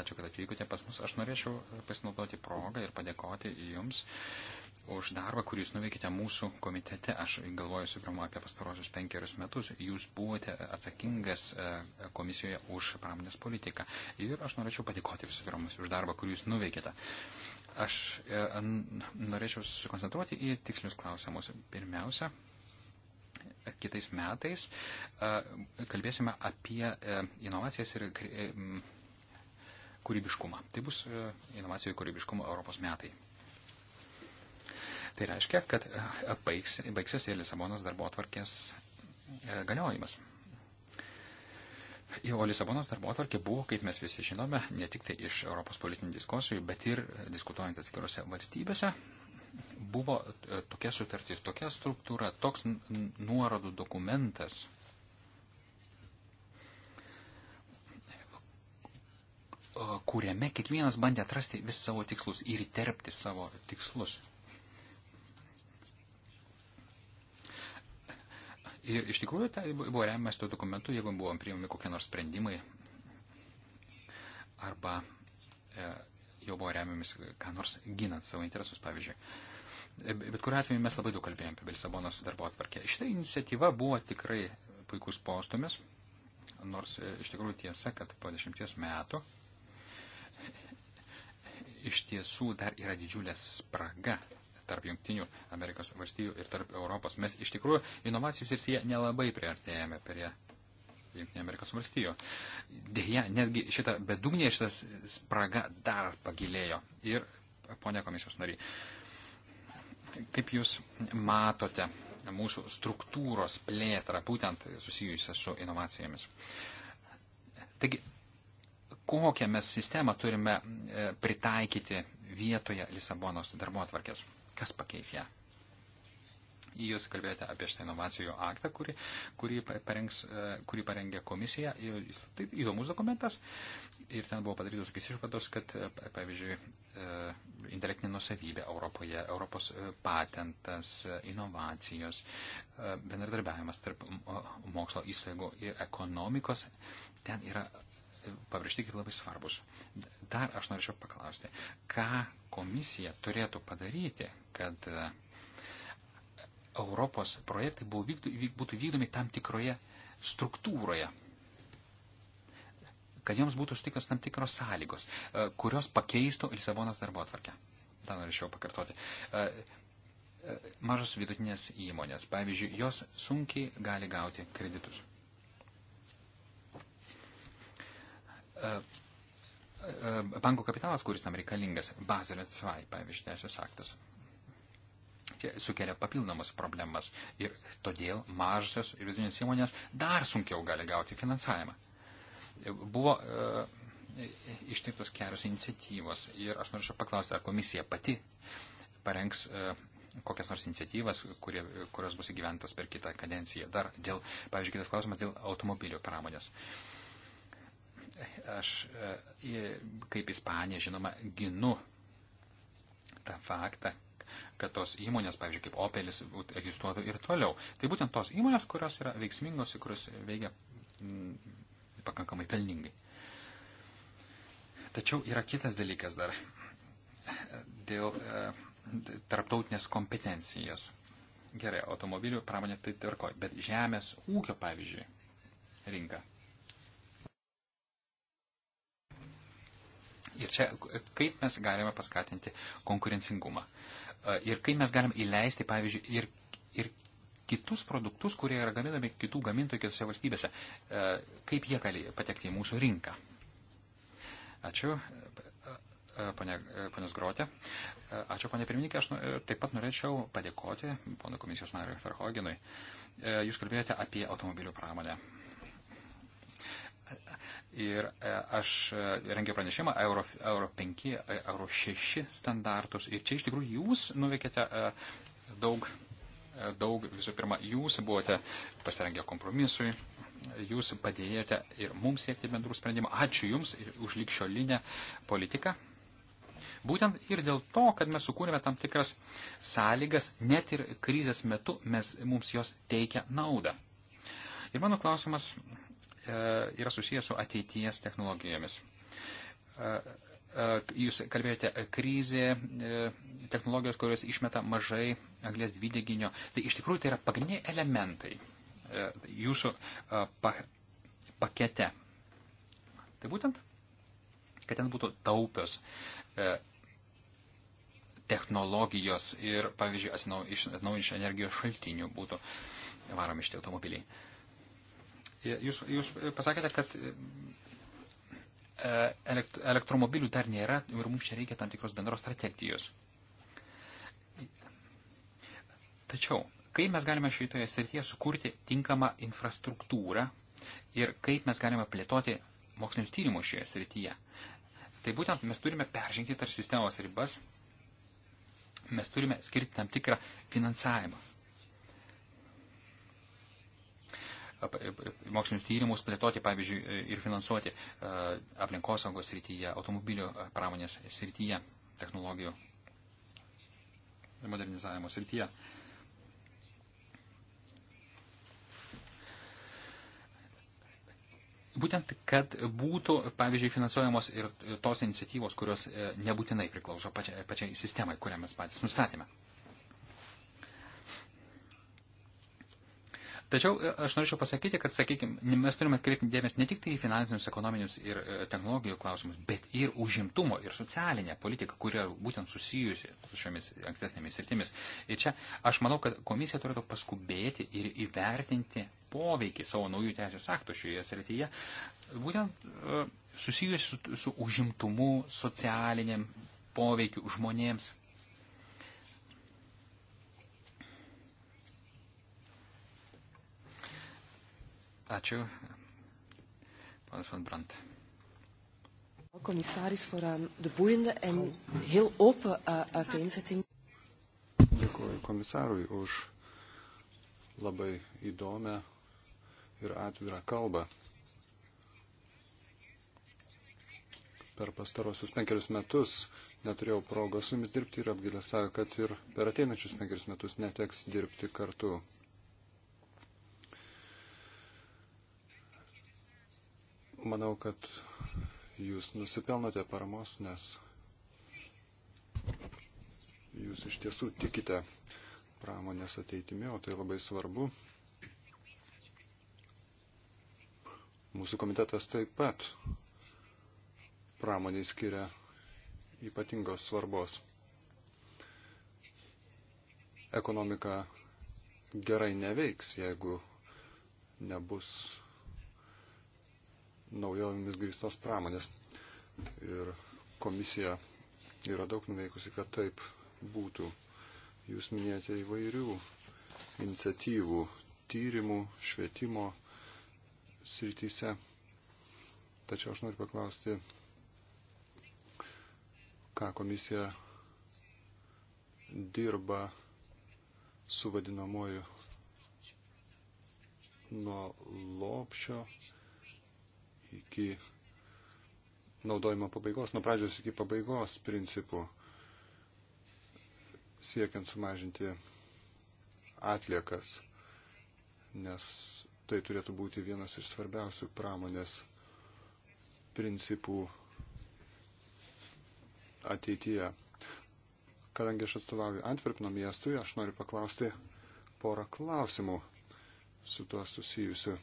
ačiū, kad atvykote pas mus. Aš norėčiau pasinaudoti progą ir padėkoti Jums už darbą, kurį Jūs nuveikite mūsų komitete. Aš galvoju, suprama, apie pastarosius penkerius metus. Jūs buvote atsakingas komisijoje už pramonės politiką. Ir aš norėčiau padėkoti visų pirma už darbą, kurį Jūs nuveikite. Aš e, norėčiau susikoncentruoti į tikslius klausimus. Pirmiausia, kitais metais e, kalbėsime apie e, inovacijas ir kūrybiškumą. Tai bus inovacijų kūrybiškumo Europos metai. Tai reiškia, kad baigs, baigsis ir Lisabonos darbo atvarkės galiojimas. O Lisabonos darbo atvarkė buvo, kaip mes visi žinome, ne tik tai iš Europos politinių diskusijų, bet ir diskutuojant atskirose valstybėse, buvo e, tokia sutartis, tokia struktūra, toks nuorodų dokumentas, e, kuriame kiekvienas bandė atrasti vis savo tikslus ir terpti savo tikslus. Ir iš tikrųjų tai buvo remiamas tuo dokumentu, jeigu buvom priimami kokie nors sprendimai arba e, jau buvo remiamis ką nors ginant savo interesus, pavyzdžiui. E, bet kuriu atveju mes labai daug kalbėjome apie Lisabonos darbo atvarkę. Šitą iniciatyvą buvo tikrai puikus postumis, nors e, iš tikrųjų tiesa, kad po dešimties metų e, iš tiesų dar yra didžiulė spraga tarp Junktinių Amerikos valstybių ir tarp Europos. Mes iš tikrųjų inovacijų srityje nelabai priartėjame prie Junktinių Amerikos valstybių. Deja, netgi šita bedugnė šitas spraga dar pagilėjo. Ir, ponia komisijos nariai, kaip jūs matote mūsų struktūros plėtrą, būtent susijusią su inovacijomis? Taigi, kokią mes sistemą turime e, pritaikyti vietoje Lisabonos darbo atvarkės? Kas pakeis ją? Jūs kalbėjote apie šitą inovacijų aktą, kurį, kurį, parengs, e, kurį parengė komisija. Tai įdomus dokumentas. Ir ten buvo padarytos tokios išvados, kad, e, pavyzdžiui, e, intelektinė nusavybė Europoje, Europos patentas, inovacijos, bendradarbiavimas tarp mokslo įstaigų ir ekonomikos ten yra pabrėžti kaip labai svarbus. Dar aš norėčiau paklausti, ką komisija turėtų padaryti, kad e, Europos projektai būtų vykdomi tam tikroje struktūroje, kad joms būtų sutiktos tam tikros sąlygos, e, kurios pakeistų Lisabonos darbo atvarkę. Tą norėčiau pakartoti. E, mažos vidutinės įmonės, pavyzdžiui, jos sunkiai gali gauti kreditus. Bankų kapitalas, kuris tam reikalingas, Bazelio 2, pavyzdžiui, teisės aktas, sukelia papildomas problemas ir todėl mažosios ir vidutinės įmonės dar sunkiau gali gauti finansavimą. Buvo e, ištirtos kelios iniciatyvos ir aš norėčiau paklausti, ar komisija pati parengs e, kokias nors iniciatyvas, kurie, kurios bus įgyventas per kitą kadenciją. Dar dėl, pavyzdžiui, kitas klausimas dėl automobilių pramonės. Aš e, kaip Ispanija, žinoma, ginu tą faktą, kad tos įmonės, pavyzdžiui, kaip Opelis, egzistuotų ir toliau. Tai būtent tos įmonės, kurios yra veiksmingos ir kurios veikia m, mm, pakankamai pelningai. Tačiau yra kitas dalykas dar dėl e, tarptautinės kompetencijos. Gerai, automobilių pramonė tai tvarkoja, bet žemės ūkio, pavyzdžiui, rinka Ir čia kaip mes galime paskatinti konkurencingumą. E, ir kaip mes galime įleisti, pavyzdžiui, ir, ir kitus produktus, kurie yra gaminami kitų gamintojų kitose valstybėse. E, kaip jie gali patekti į mūsų rinką. Ačiū, ponė, e, ponės Grotė. Ačiū, ponė pirmininkė. Aš nu, taip pat norėčiau padėkoti pono komisijos nariui Ferhoginui. Jūs kalbėjote apie automobilių pramonę. Ir e, aš e, rengiau pranešimą Euro, Euro 5, e, Euro 6 standartus. Ir čia iš tikrųjų jūs nuveikėte daug, daug visų pirma, jūs buvote pasirengę kompromisui, jūs padėjote ir mums siekti bendrų sprendimų. Ačiū Jums už likščiolinę politiką. Būtent ir dėl to, kad mes sukūrėme tam tikras sąlygas, net ir krizės metu mes, mums jos teikia naudą. Ir mano klausimas E, yra susijęs su ateities technologijomis. E, e, jūs kalbėjote krizė, technologijos, kurios išmeta mažai anglės dvideginio. Tai iš tikrųjų tai yra pagrindiniai elementai jūsų pa, pakete. Tai būtent, kad ten būtų taupios technologijos ir, pavyzdžiui, atsinaujinčių energijos šaltinių būtų varomi šitie automobiliai. Jūs, jūs pasakėte, kad e, e, elektromobilių dar nėra ir mums čia reikia tam tikros bendros strategijos. Tačiau, kaip mes galime šitoje srityje sukurti tinkamą infrastruktūrą ir kaip mes galime plėtoti mokslinius tyrimus šioje srityje. Tai būtent mes turime peržengti tarp sistemos ribas, mes turime skirti tam tikrą finansavimą mokslinius tyrimus plėtoti, pavyzdžiui, ir finansuoti e, aplinkosaugos srityje, automobilių e, pramonės srityje, technologijų modernizavimo srityje. Būtent, kad būtų, pavyzdžiui, finansuojamos ir tos iniciatyvos, kurios e, nebūtinai priklauso pačiai, pačiai sistemai, kurią mes patys nustatėme. Tačiau e, aš norėčiau pasakyti, kad, sakykime, mes turime atkreipti dėmesį ne tik tai į finansinius, ekonominius ir e, technologijų klausimus, bet ir užimtumo ir socialinę politiką, kuri yra būtent susijusi su šiomis ankstesnėmis sritimis. Ir čia aš manau, kad komisija turėtų paskubėti ir įvertinti poveikį savo naujų teisės aktų šioje srityje, būtent e, susijusi su, su užimtumu, socialiniam poveikiu žmonėms, Ačiū. Panas Van Brandt. Commissaris, voor um, de boeiende en heel open uh, uiteenzetting. Dėkuoju komisarui už labai įdomią ir atvirą kalbą. Per pastarosius penkerius metus neturėjau progos su jumis dirbti ir apgailestauju, kad ir per ateinančius penkerius metus neteks dirbti kartu. Manau, kad jūs nusipelnote paramos, nes jūs iš tiesų tikite pramonės ateitimi, o tai labai svarbu. Mūsų komitetas taip pat pramoniai skiria ypatingos svarbos. Ekonomika gerai neveiks, jeigu nebus naujovėmis grįstos pramonės. Ir komisija yra daug nuveikusi, kad taip būtų. Jūs minėjote įvairių iniciatyvų, tyrimų, švietimo srityse. Tačiau aš noriu paklausti, ką komisija dirba su vadinamoju nuo lopšio iki naudojimo pabaigos, nuo pradžios iki pabaigos principų, siekiant sumažinti atliekas, nes tai turėtų būti vienas iš svarbiausių pramonės principų ateityje. Kadangi aš atstovauju Antverpno miestui, aš noriu paklausti porą klausimų su tuo susijusiu.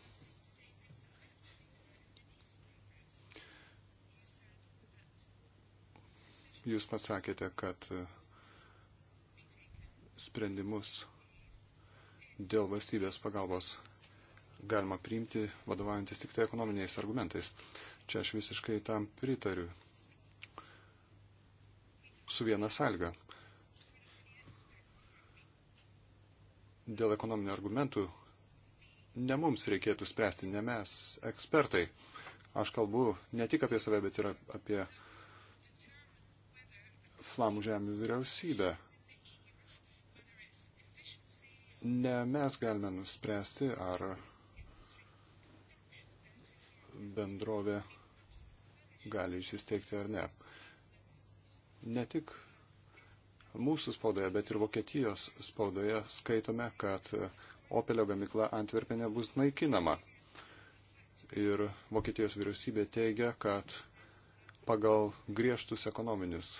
Jūs pasakėte, kad e, sprendimus dėl valstybės pagalbos galima priimti vadovaujantis tik tai ekonominiais argumentais. Čia aš visiškai tam pritariu. Su viena salga. Dėl ekonominių argumentų ne mums reikėtų spręsti, ne mes, ekspertai. Aš kalbu ne tik apie save, bet ir apie Flamų žemės vyriausybę. Ne mes galime nuspręsti, ar bendrovė gali išsisteigti ar ne. Ne tik mūsų spaudoje, bet ir Vokietijos spaudoje skaitome, kad Opelio gamykla Antverpenė bus naikinama. Ir Vokietijos vyriausybė teigia, kad pagal griežtus ekonominius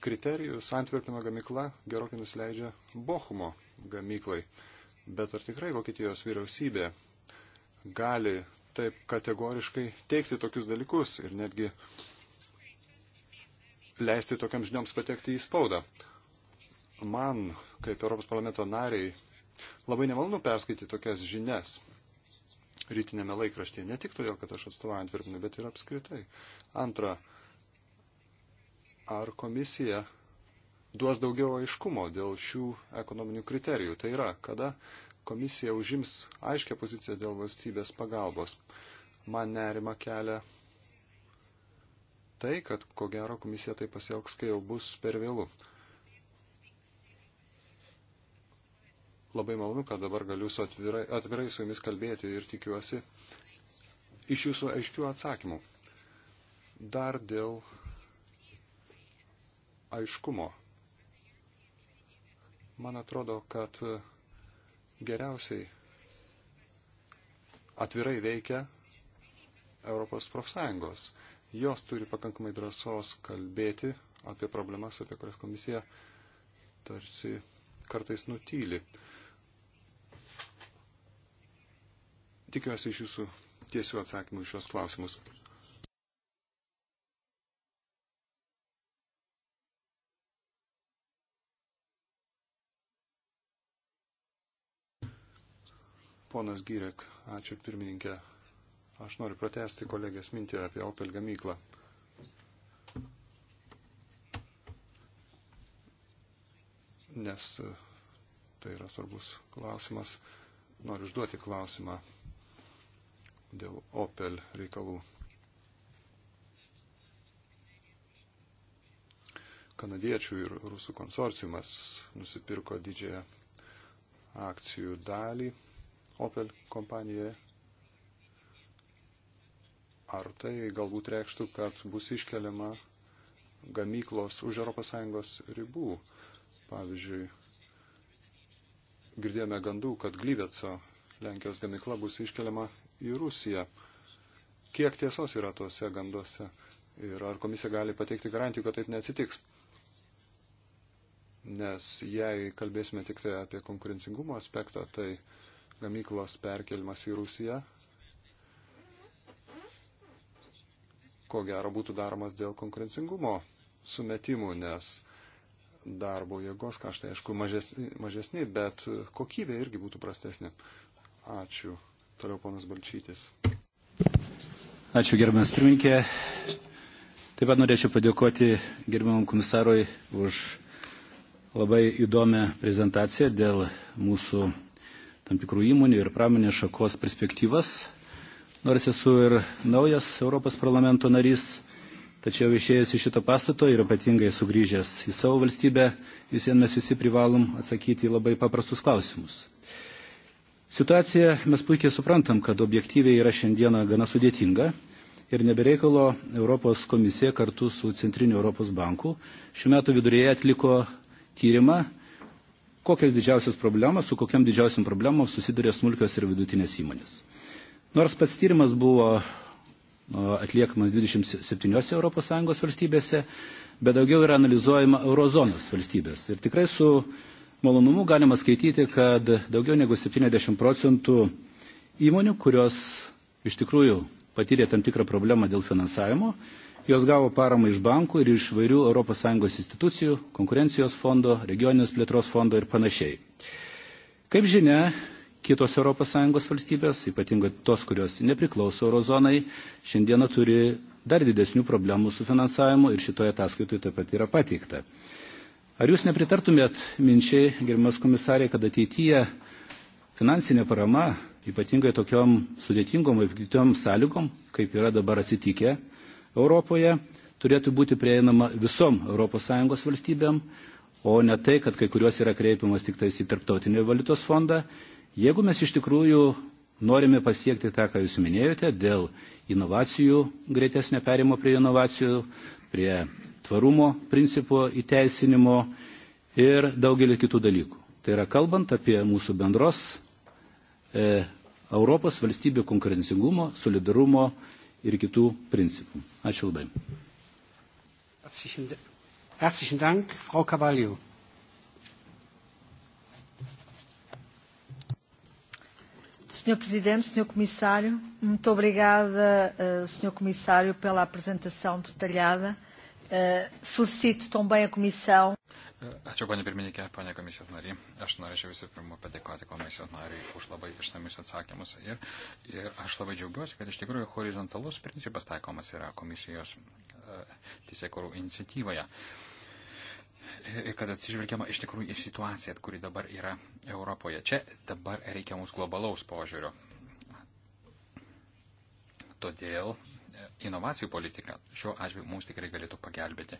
kriterijus Antverpino gamykla gerokai nusileidžia Bochumo gamyklai. Bet ar tikrai Vokietijos vyriausybė gali taip kategoriškai teikti tokius dalykus ir netgi leisti tokiam žinioms patekti į spaudą? Man, kaip Europos parlamento nariai, labai nemalonu perskaityti tokias žinias rytinėme laikraštyje. Ne tik todėl, kad aš atstovauju Antverpinui, bet ir apskritai. Antra, ar komisija duos daugiau aiškumo dėl šių ekonominių kriterijų. Tai yra, kada komisija užims aiškę poziciją dėl valstybės pagalbos. Man nerima kelia tai, kad ko gero komisija tai pasielgs, kai jau bus per vėlų. Labai malonu, kad dabar galiu su atvirai, atvirai su jumis kalbėti ir tikiuosi iš jūsų aiškių atsakymų. Dar dėl aiškumo. Man atrodo, kad geriausiai atvirai veikia Europos profsąjungos. Jos turi pakankamai drąsos kalbėti apie problemas, apie kurias komisija tarsi kartais nutyli. Tikiuosi iš jūsų tiesių atsakymų šios klausimus. Ponas Gyrek, ačiū pirmininkė. Aš noriu pratesti kolegės mintį apie Opel gamyklą. Nes e, tai yra svarbus klausimas. Noriu užduoti klausimą dėl Opel reikalų. kanadiečių ir rusų konsorciumas nusipirko didžiąją akcijų dalį Opel kompanijoje. Ar tai galbūt reikštų, kad bus iškeliama gamyklos už ES ribų? Pavyzdžiui, girdėjome gandų, kad Glyveco Lenkijos gamykla bus iškeliama į Rusiją. Kiek tiesos yra tuose ganduose ir ar komisija gali pateikti garantijų, kad taip neatsitiks? Nes jei kalbėsime tik tai apie konkurencingumo aspektą, tai gamyklos perkelimas į Rusiją, ko gero būtų daromas dėl konkurencingumo sumetimų, nes darbo jėgos kaštai, aišku, mažesni, mažesni, bet kokybė irgi būtų prastesnė. Ačiū. Toliau ponas Balčytis. Ačiū gerbiamas pirminkė. Taip pat norėčiau padėkoti gerbiamam komisarui už labai įdomią prezentaciją dėl mūsų tam tikrų įmonių ir pramonės šakos perspektyvas. Nors esu ir naujas Europos parlamento narys, tačiau išėjęs iš šito pastato ir ypatingai sugrįžęs į savo valstybę, vis vien mes visi privalom atsakyti į labai paprastus klausimus. Situaciją mes puikiai suprantam, kad objektyviai yra šiandieną gana sudėtinga ir nebereikalo Europos komisija kartu su Centriniu Europos banku šiuo metu viduryje atliko tyrimą kokias didžiausias problemas, su kokiam didžiausiam problemom susiduria smulkios ir vidutinės įmonės. Nors pats tyrimas buvo atliekamas 27 ES valstybėse, bet daugiau yra analizuojama eurozonos valstybės. Ir tikrai su malonumu galima skaityti, kad daugiau negu 70 procentų įmonių, kurios iš tikrųjų patyrė tam tikrą problemą dėl finansavimo, Jos gavo paramą iš bankų ir iš vairių ES institucijų, konkurencijos fondo, regioninės plėtros fondo ir panašiai. Kaip žinia, kitos ES valstybės, ypatingai tos, kurios nepriklauso eurozonai, šiandieną turi dar didesnių problemų su finansavimu ir šitoje ataskaitoje taip pat yra pateikta. Ar jūs nepritartumėt minčiai, gerbimas komisarė, kad ateityje finansinė parama, ypatingai tokiom sudėtingom ir kitom sąlygom, kaip yra dabar atsitikę, Europoje turėtų būti prieinama visom ES valstybėm, o ne tai, kad kai kurios yra kreipiamas tik tais į tarptautinį valiutos fondą. Jeigu mes iš tikrųjų norime pasiekti tą, ką jūs minėjote, dėl inovacijų, greitesnio perimo prie inovacijų, prie tvarumo principo įteisinimo ir daugelį kitų dalykų. Tai yra kalbant apie mūsų bendros e, Europos valstybių konkurencingumo, solidarumo, ir kitų principų. Ačiū labai. Herzlichen Dank, Frau Cavallo. Senhor Presidente, Senhor Comissário, muito obrigada, eh, Senhor Comissário, pela apresentação detalhada. Uh, Eh, Susit tombai komisijau. Eh, ačiū, ponė pirmininkė, ponė komisijos nariai. Aš norėčiau visų pirma padėkoti komisijos nariai už labai išsamius atsakymus. Ir, ir aš labai džiaugiuosi, kad iš tikrųjų horizontalus principas taikomas yra komisijos eh, teisėkorų iniciatyvoje. Ir kad atsižvelgiama iš tikrųjų į situaciją, kuri dabar yra Europoje. Čia dabar reikia mūsų globalaus požiūrio. Todėl inovacijų politika šiuo atveju mums tikrai galėtų pagelbėti.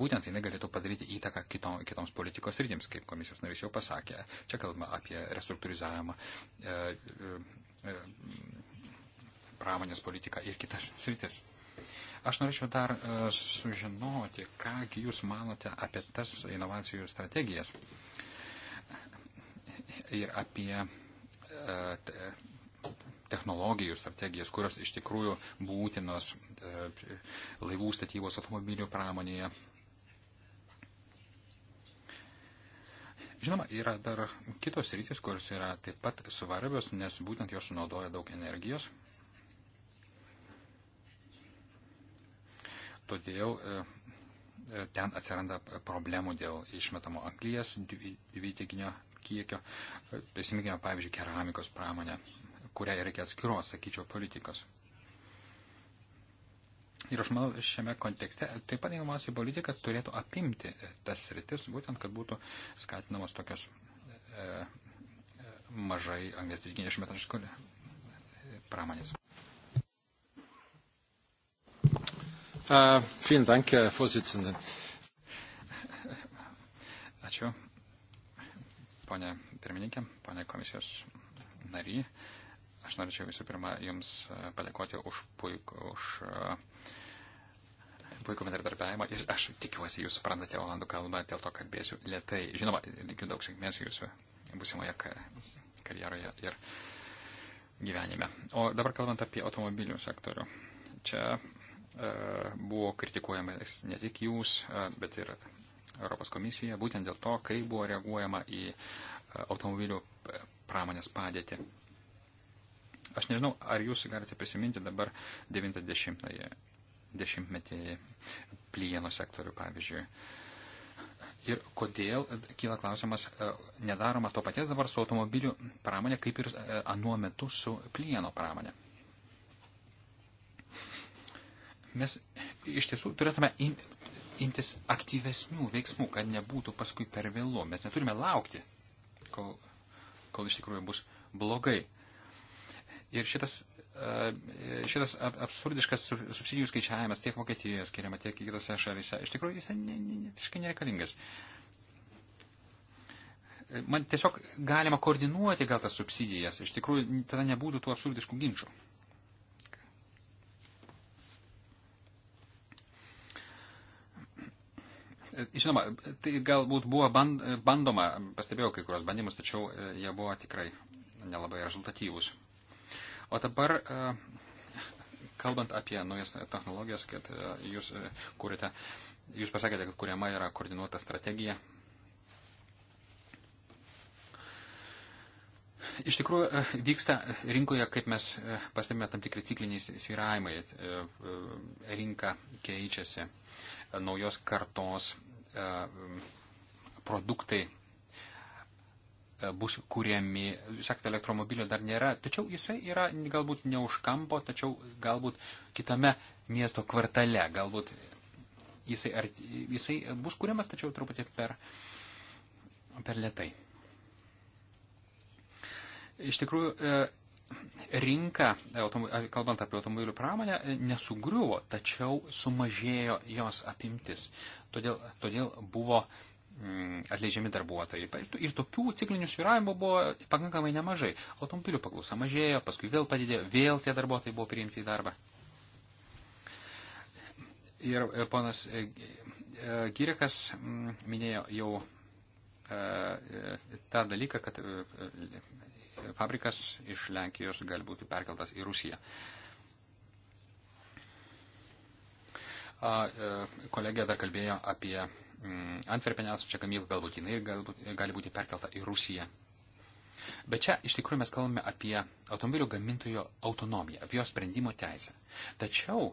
Būtent jinai galėtų padaryti įtaką kito, kitoms politikos rytims, kaip komisijos narys jau pasakė. Čia kalba apie restruktūrizavimą, e, e, e, pramonės politiką ir kitas sritis. Aš norėčiau dar e, sužinoti, kągi jūs manote apie tas inovacijų strategijas ir apie e, t, technologijų strategijas, kurios iš tikrųjų būtinos e, laivų statybos automobilių pramonėje. Žinoma, yra dar kitos rytis, kurios yra taip pat svarbios, nes būtent jos sunaudoja daug energijos. Todėl e, e, ten atsiranda problemų dėl išmetamo anglijas dviteginio kiekio. Prisiminkime, pavyzdžiui, keramikos pramonę kuriai reikia atskiros, sakyčiau, politikos. Ir aš manau, šiame kontekste taip pat inovacijų politika turėtų apimti tas sritis, būtent, kad būtų skatinamos tokios e, e mažai anglės dvideginės išmetančios pramonės. Uh, vielen Dank, Herr Vorsitzende. Ačiū, ponė pirmininkė, ponė komisijos nary. Uh, Aš norėčiau visų pirma Jums e, padėkoti už puikų, už e, puikų bendradarbiavimą ir aš tikiuosi Jūs suprantate olandų kalbą, dėl to kalbėsiu lietai. Žinoma, linkiu daug sėkmės Jūsų būsimoje karjeroje ir gyvenime. O dabar kalbant apie automobilių sektorių. Čia e, buvo kritikuojamas ne tik jūs, bet ir Europos komisija, būtent dėl to, kaip buvo reaguojama į automobilių pramonės padėtį. Aš nežinau, ar jūs galite prisiminti dabar 90-ąją dešimtmetį plieno sektorių, pavyzdžiui. Ir kodėl, e, kyla klausimas, e, nedaroma to paties dabar su automobilių pramonė, kaip ir e, anuo metu su plieno pramonė. Mes iš tiesų turėtume imtis aktyvesnių veiksmų, kad nebūtų paskui per vėlu. Mes neturime laukti, kol, kol iš tikrųjų bus blogai. Ir šitas, e, šitas absurdiškas subsidijų skaičiavimas tiek Vokietijoje skiriama, tiek kitose šalyse, iš tikrųjų jis ne, ne, visiškai nereikalingas. E, man tiesiog galima koordinuoti gal tas subsidijas, iš tikrųjų tada nebūtų tų absurdiškų ginčių. E, žinoma, tai galbūt buvo bandoma, pastebėjau kai kurios bandymus, tačiau jie buvo tikrai nelabai rezultatyvūs. O dabar, e, kalbant apie naujas technologijas, kad e, jūs e, kūrite, jūs pasakėte, kad kuriama yra koordinuota strategija. Iš tikrųjų, vyksta rinkoje, kaip mes pastebime, tam tikri cikliniai sviravimai. Rinka keičiasi, naujos kartos produktai E, bus kuriami. Jūs sakėte, elektromobilio dar nėra, tačiau jisai yra galbūt ne už kampo, tačiau galbūt kitame miesto kvartale, galbūt jisai, ar, jisai bus kuriamas, tačiau truputį per, per lietai. Iš tikrųjų, e, rinka, kalbant apie automobilių pramonę, e, nesugriuvo, tačiau sumažėjo jos apimtis. Todėl, todėl buvo Mm, atleidžiami darbuotojai. Ir tokių ciklinių sviravimų buvo pakankamai nemažai. Automobilių paklausa mažėjo, paskui vėl padidėjo, vėl tie darbuotojai buvo priimti į darbą. Ir e, ponas e, Girikas e, mm, minėjo jau tą dalyką, kad fabrikas iš Lenkijos gali būti perkeltas į Rusiją. Kolegė dar kalbėjo apie Mm, Antverpenė esančią gamyklą, galbūt jinai galbūt, gali būti perkelta į Rusiją. Bet čia iš tikrųjų mes kalbame apie automobilių gamintojo autonomiją, apie jo sprendimo teisę. Tačiau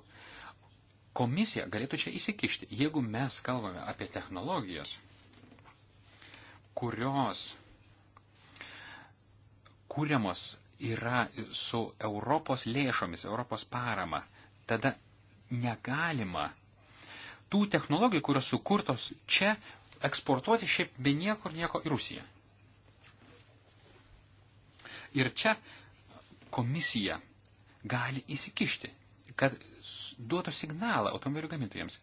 komisija galėtų čia įsikišti, jeigu mes kalbame apie technologijas, kurios kūriamos yra su Europos lėšomis, Europos parama, tada negalima tų technologijų, kurios sukurtos čia, eksportuoti šiaip be niekur nieko į Rusiją. Ir čia komisija gali įsikišti, kad duotų signalą automobilių gamintojams.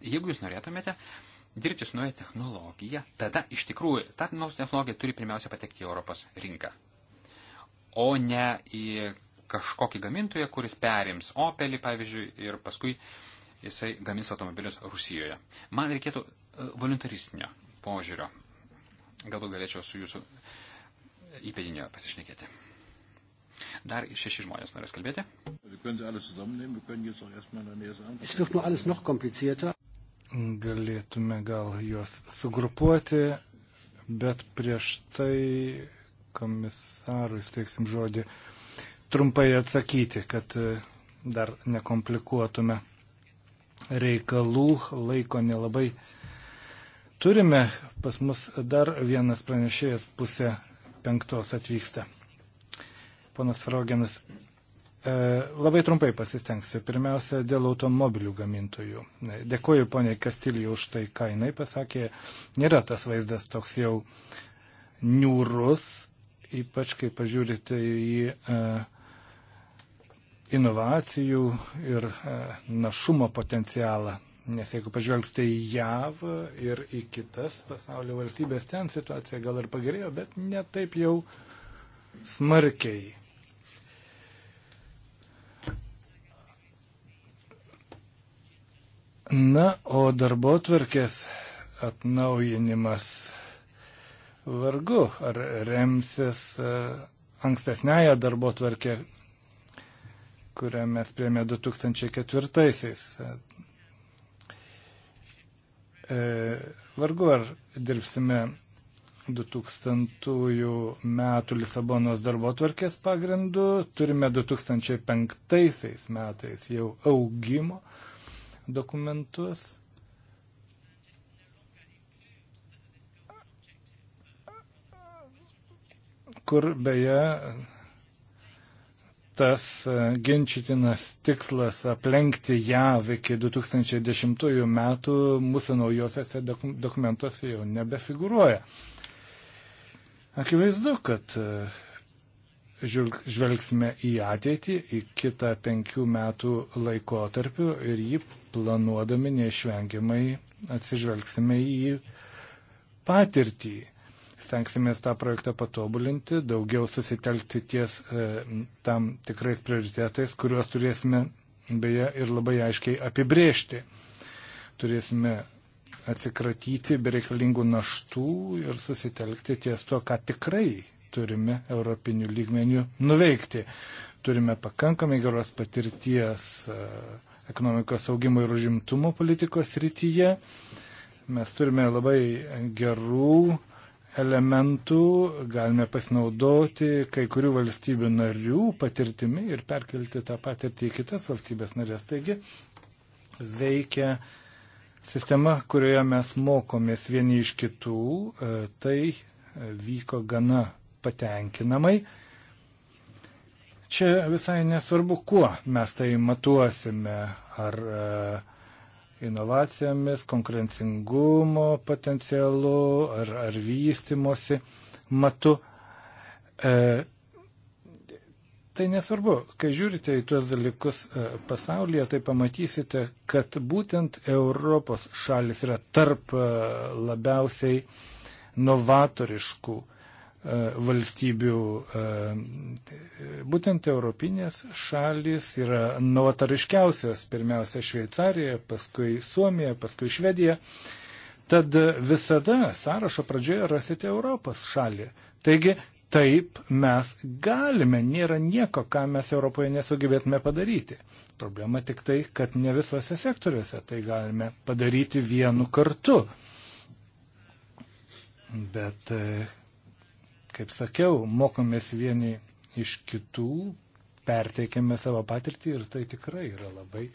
Jeigu jūs norėtumėte dirbti su nauja technologija, tada iš tikrųjų ta nauja technologija turi pirmiausia patekti į Europos rinką, o ne į kažkokį gamintoją, kuris perims Opelį, pavyzdžiui, ir paskui uh, jisai gamins automobilius Rusijoje. Man reikėtų e, voluntaristinio požiūrio. Galbūt galėčiau su jūsų įpėdinio pasišnekėti. Dar šeši žmonės norės kalbėti. Galėtume gal juos sugrupuoti, bet prieš tai komisarui steiksim žodį trumpai atsakyti, kad e, dar nekomplikuotume reikalų, laiko nelabai turime. Pas mus dar vienas pranešėjas pusė penktos atvyksta. Ponas Frogenas, e, labai trumpai pasistengsiu. Pirmiausia, dėl automobilių gamintojų. Dėkuoju poniai Kastilijų už tai, ką jinai pasakė. Nėra tas vaizdas toks jau niūrus, ypač kai pažiūrite į. E, inovacijų ir e, našumo potencialą. Nes jeigu pažvelgsite tai į JAV ir į kitas pasaulio valstybės, ten situacija gal ir pagerėjo, bet ne taip jau smarkiai. Na, o darbo tvarkės atnaujinimas vargu ar remsis e, ankstesnėje darbo tvarkė kurią mes priemė 2004-aisiais. E, vargu ar dirbsime 2000-ųjų metų Lisabonos darbo tvarkės pagrindu, turime 2005 metais jau augimo dokumentus. kur beje tas e, ginčytinas tikslas aplenkti JAV iki 2010 metų mūsų naujosiuose dokumentuose jau nebefiguruoja. Akivaizdu, kad e, žvelgsime į ateitį, į kitą penkių metų laikotarpių ir jį planuodami neišvengiamai atsižvelgsime į patirtį stengsimės tą projektą patobulinti, daugiau susitelkti ties e, tam tikrais prioritetais, kuriuos turėsime beje ir labai aiškiai apibriežti. Turėsime atsikratyti bereikalingų naštų ir susitelkti ties to, ką tikrai turime europinių lygmenių nuveikti. Turime pakankamai geros patirties e, ekonomikos augimo ir užimtumo politikos rytyje. Mes turime labai gerų elementų, galime pasinaudoti kai kurių valstybių narių patirtimi ir perkelti tą patirtį į kitas valstybės narės. Taigi veikia sistema, kurioje mes mokomės vieni iš kitų, e, tai e, vyko gana patenkinamai. Čia visai nesvarbu, kuo mes tai matuosime, ar uh, inovacijomis, konkurencingumo potencialu ar, ar vystimosi matu. E, tai nesvarbu, kai žiūrite į tuos dalykus e, pasaulyje, tai pamatysite, kad būtent Europos šalis yra tarp e, labiausiai novatoriškų e, E, valstybių. E, būtent europinės šalis yra novatariškiausios, pirmiausia Šveicarija, paskui Suomija, paskui Švedija. Tad visada sąrašo pradžioje rasite Europos šalį. Taigi taip mes galime, nėra nieko, ką mes Europoje nesugebėtume padaryti. Problema tik tai, kad ne visose sektoriuose tai galime padaryti vienu kartu. Bet e, Kaip sakiau, mokomės vieni iš kitų, perteikėme savo patirtį ir tai tikrai yra labai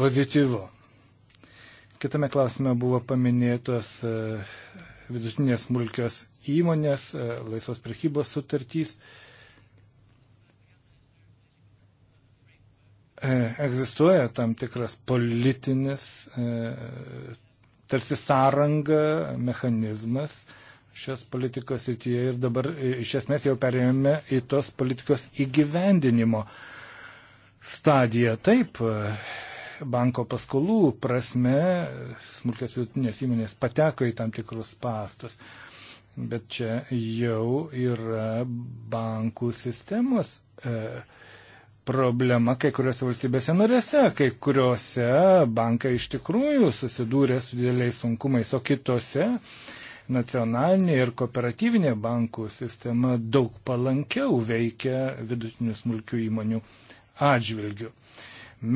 pozityvu. Kitame klausime buvo paminėtos e, vidutinės smulkios įmonės, e, laisvos prekybos sutartys. E, egzistuoja tam tikras politinis, tarsi sąranga, mechanizmas, šias politikos įtyje ir dabar e, iš esmės jau perėjome į tos politikos įgyvendinimo stadiją. Taip, e, banko paskolų prasme smulkės vidutinės įmonės pateko į tam tikrus pastus. Bet čia jau yra bankų sistemos e, problema kai kuriuose valstybėse norėse, kai kuriuose bankai iš tikrųjų susidūrė su dideliais sunkumais, o kitose e, nacionalinė ir kooperatyvinė bankų sistema daug palankiau veikia vidutinių smulkių įmonių atžvilgių.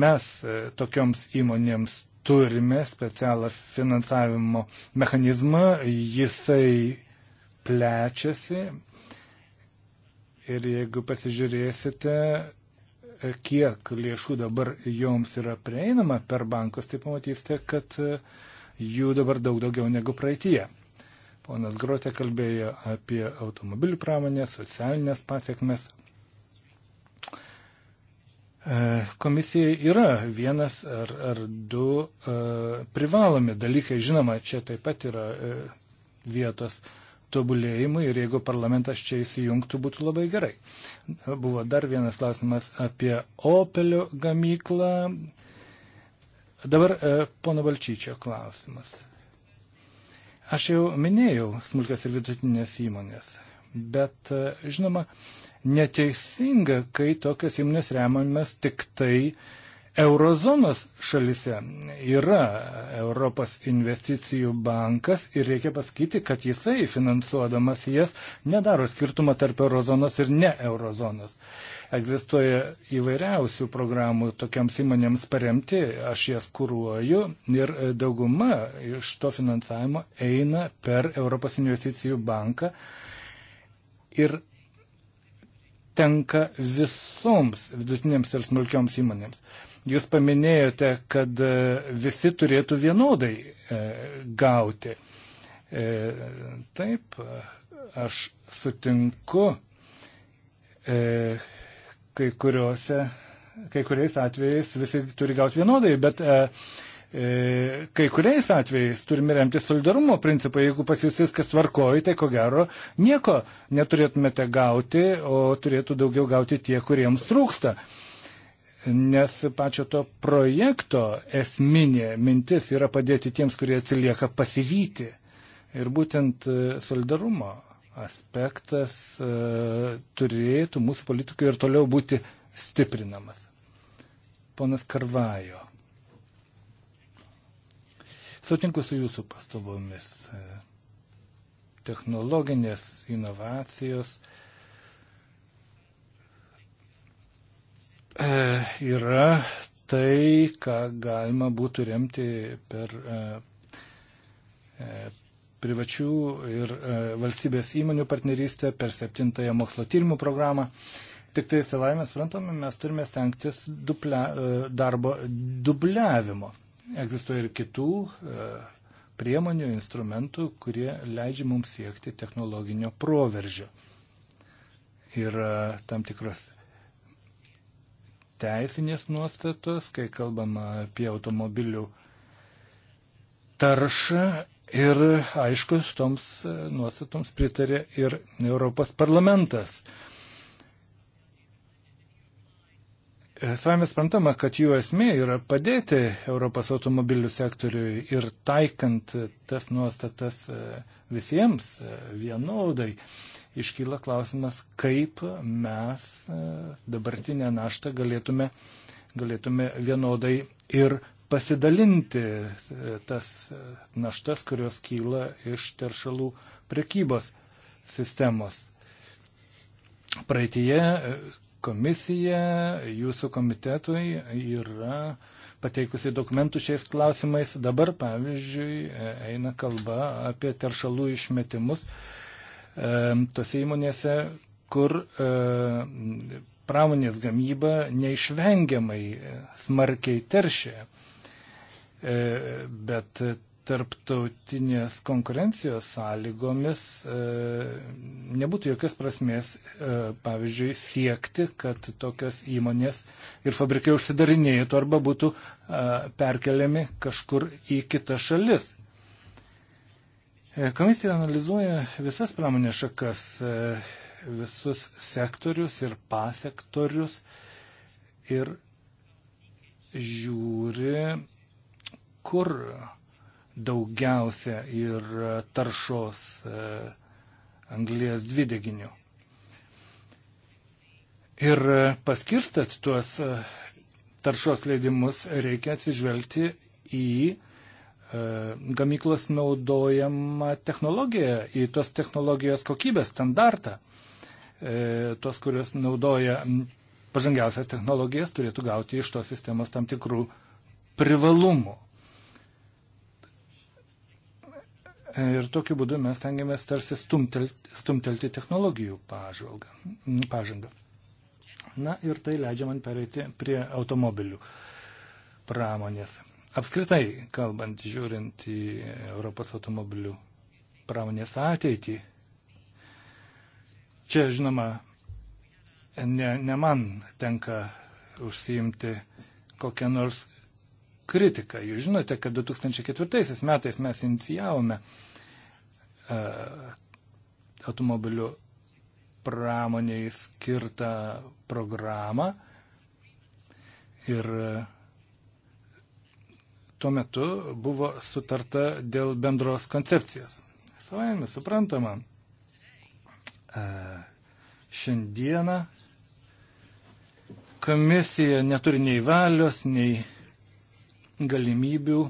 Mes e, tokioms įmonėms turime specialą finansavimo mechanizmą, jisai plečiasi ir jeigu pasižiūrėsite, e, kiek lėšų dabar joms yra prieinama per bankus, tai pamatysite, kad e, jų dabar daug daugiau negu praeitie. Ponas Grotė kalbėjo apie automobilių pramonę, socialinės pasiekmes. E, Komisija yra vienas ar, ar du e, privalomi dalykai, žinoma, čia taip pat yra e, vietos tobulėjimui ir jeigu parlamentas čia įsijungtų, būtų labai gerai. Buvo dar vienas klausimas apie Opelio gamyklą. Dabar pono Balčyčio klausimas. Aš jau minėjau smulkės ir vidutinės įmonės, bet e, žinoma, neteisinga, kai tokias įmonės remiamės tik tai uh, Eurozonos šalise yra Europos investicijų bankas ir reikia pasakyti, kad jisai finansuodamas jas nedaro skirtumą tarp eurozonos ir ne eurozonos. Egzistuoja įvairiausių programų tokiams įmonėms paremti, aš jas kūruoju ir dauguma iš to finansavimo eina per Europos investicijų banką. Ir tenka visoms vidutinėms ir smulkioms įmonėms. Jūs paminėjote, kad e, visi turėtų vienodai e, gauti. E, taip, aš sutinku kai kuriuose, kai kuriais atvejais visi turi gauti vienodai, bet E, kai kuriais atvejais turime remti solidarumo principą. Jeigu pas jūs viskas tvarkoji, tai ko gero nieko neturėtumėte gauti, o turėtų daugiau gauti tie, kuriems trūksta. Nes pačio to projekto esminė mintis yra padėti tiems, kurie atsilieka pasivyti. Ir būtent e, solidarumo aspektas e, turėtų mūsų politikai ir toliau būti stiprinamas. Ponas Karvajo. Sutinku su jūsų pastabomis. E, technologinės inovacijos e, yra tai, ką galima būtų remti per e, privačių ir valstybės įmonių partnerystę per septintąją mokslo tyrimų programą. Tik tai savaime suprantame, mes turime stengtis duple, darbo dubliavimo egzistuoja ir kitų e, priemonių, instrumentų, kurie leidžia mums siekti technologinio proveržio. Yra e, tam tikros teisinės nuostatos, kai kalbama apie automobilių taršą ir, aišku, toms e, nuostatoms pritarė ir Europos parlamentas. E, savame sprantama, kad jų esmė yra padėti Europos automobilių sektoriui ir taikant tas nuostatas e, visiems e, vienodai. Iškyla klausimas, kaip mes dabartinę naštą galėtume, galėtume vienodai ir pasidalinti tas naštas, kurios kyla iš teršalų prekybos sistemos. Praeitie Komisija jūsų komitetui yra pateikusi dokumentų šiais klausimais. Dabar, pavyzdžiui, eina kalba apie teršalų išmetimus e, tose įmonėse, kur e, pramonės gamyba neišvengiamai smarkiai teršia. E, bet tarptautinės konkurencijos sąlygomis e, nebūtų jokios prasmės, e, pavyzdžiui, siekti, kad tokios įmonės ir fabrikai užsidarinėtų arba būtų e, perkeliami kažkur į kitas šalis. Komisija analizuoja visas pramonės šakas, visus sektorius ir pasektorius ir žiūri, kur daugiausia ir taršos e, anglijas dvideginių. Ir paskirstat tuos e, taršos leidimus reikia atsižvelgti į e, gamyklos naudojamą technologiją, į tos technologijos kokybės standartą. Tos, kurios naudoja pažangiausias technologijas, turėtų gauti iš tos sistemos tam tikrų privalumų. Ir tokiu būdu mes tengiamės tarsi stumtelti, stumtelti technologijų pažvalgą, pažangą. Na ir tai leidžia man pereiti prie automobilių pramonės. Apskritai, kalbant, žiūrint į Europos automobilių pramonės ateitį, čia, žinoma, ne, ne man tenka užsiimti kokią nors kritiką. Jūs žinote, kad 2004 metais mes inicijavome uh, E, automobilių pramoniai skirtą programą. Ir e, tuo metu buvo sutarta dėl bendros koncepcijos. Savaime suprantama, e, šiandieną komisija neturi nei valios, nei galimybių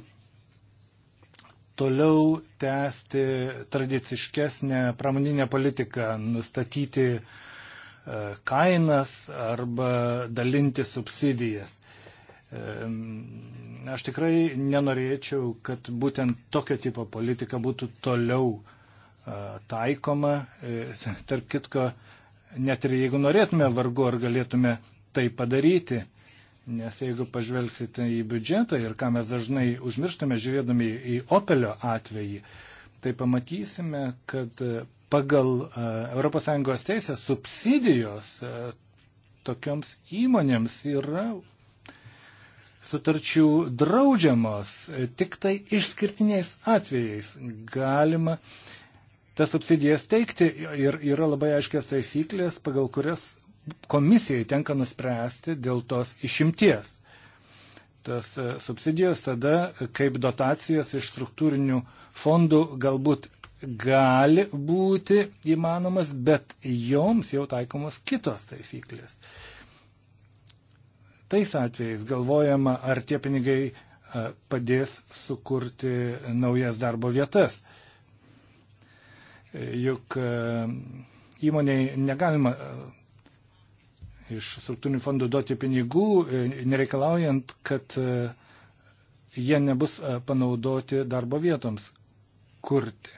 toliau tęsti tradiciškesnę pramoninę politiką, nustatyti e, kainas arba dalinti subsidijas. E, aš tikrai nenorėčiau, kad būtent tokio tipo politika būtų toliau e, taikoma. Tark kitko, net ir jeigu norėtume, vargu ar galėtume tai padaryti. Nes jeigu pažvelgsite į biudžetą ir ką mes dažnai užmirštame žiūrėdami į Opelio atvejį, tai pamatysime, kad e, pagal e, ES teisę subsidijos e, tokioms įmonėms yra sutarčių draudžiamos. Tik tai išskirtiniais atvejais galima tas subsidijas teikti ir yra labai aiškias taisyklės, pagal kurias komisijai tenka nuspręsti dėl tos išimties. Tas e, subsidijos tada kaip dotacijos iš struktūrinių fondų galbūt gali būti įmanomas, bet joms jau taikomos kitos taisyklės. Tais atvejais galvojama, ar tie pinigai e, padės sukurti naujas darbo vietas. E, juk įmoniai negalima iš struktūrinių fondų duoti pinigų, e, nereikalaujant, kad e, jie nebus e, panaudoti darbo vietoms kurti.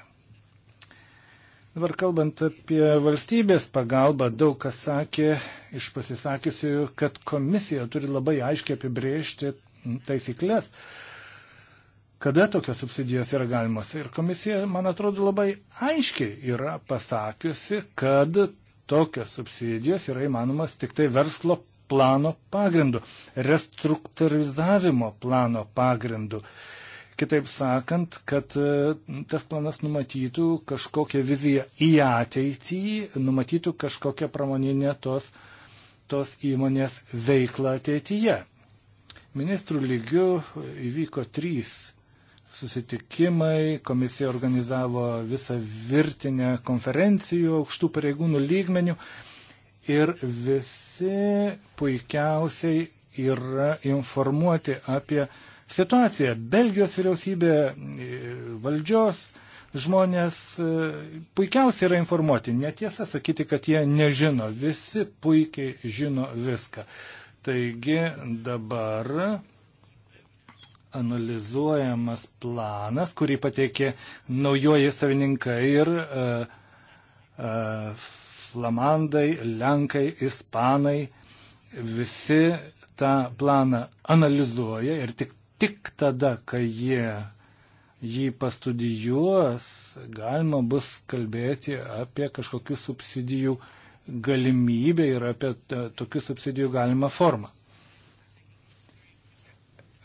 Dabar kalbant apie valstybės pagalbą, daug kas sakė iš pasisakysiu, kad komisija turi labai aiškiai apibriežti taisyklės, kada tokios subsidijos yra galimos. Ir komisija, man atrodo, labai aiškiai yra pasakiusi, kad tokios subsidijos yra įmanomas tik tai verslo plano pagrindu, restruktūrizavimo plano pagrindu. Kitaip sakant, kad e, tas planas numatytų kažkokią viziją į ateitį, numatytų kažkokią pramoninę tos, tos įmonės veiklą ateityje. Ministrų lygių įvyko trys susitikimai, komisija organizavo visą virtinę konferencijų aukštų pareigūnų lygmenių ir visi puikiausiai yra informuoti apie situaciją. Belgijos vyriausybė, valdžios žmonės puikiausiai yra informuoti. Netiesa sakyti, kad jie nežino. Visi puikiai žino viską. Taigi dabar analizuojamas planas, kurį pateikė naujoji savininkai ir e, e, flamandai, lenkai, ispanai. Visi tą planą analizuoja ir tik, tik tada, kai jie jį pastudijuos, galima bus kalbėti apie kažkokių subsidijų galimybę ir apie e, tokių subsidijų galimą formą.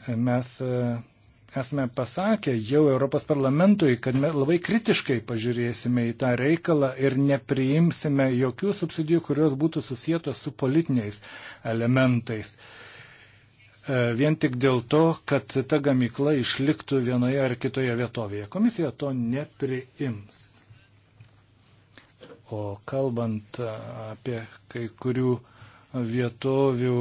Mes e, esame pasakę jau Europos parlamentui, kad mes labai kritiškai pažiūrėsime į tą reikalą ir nepriimsime jokių subsidijų, kurios būtų susijętos su politiniais elementais. E, vien tik dėl to, kad ta gamykla išliktų vienoje ar kitoje vietovėje. Komisija to nepriims. O kalbant e, apie kai kurių vietovių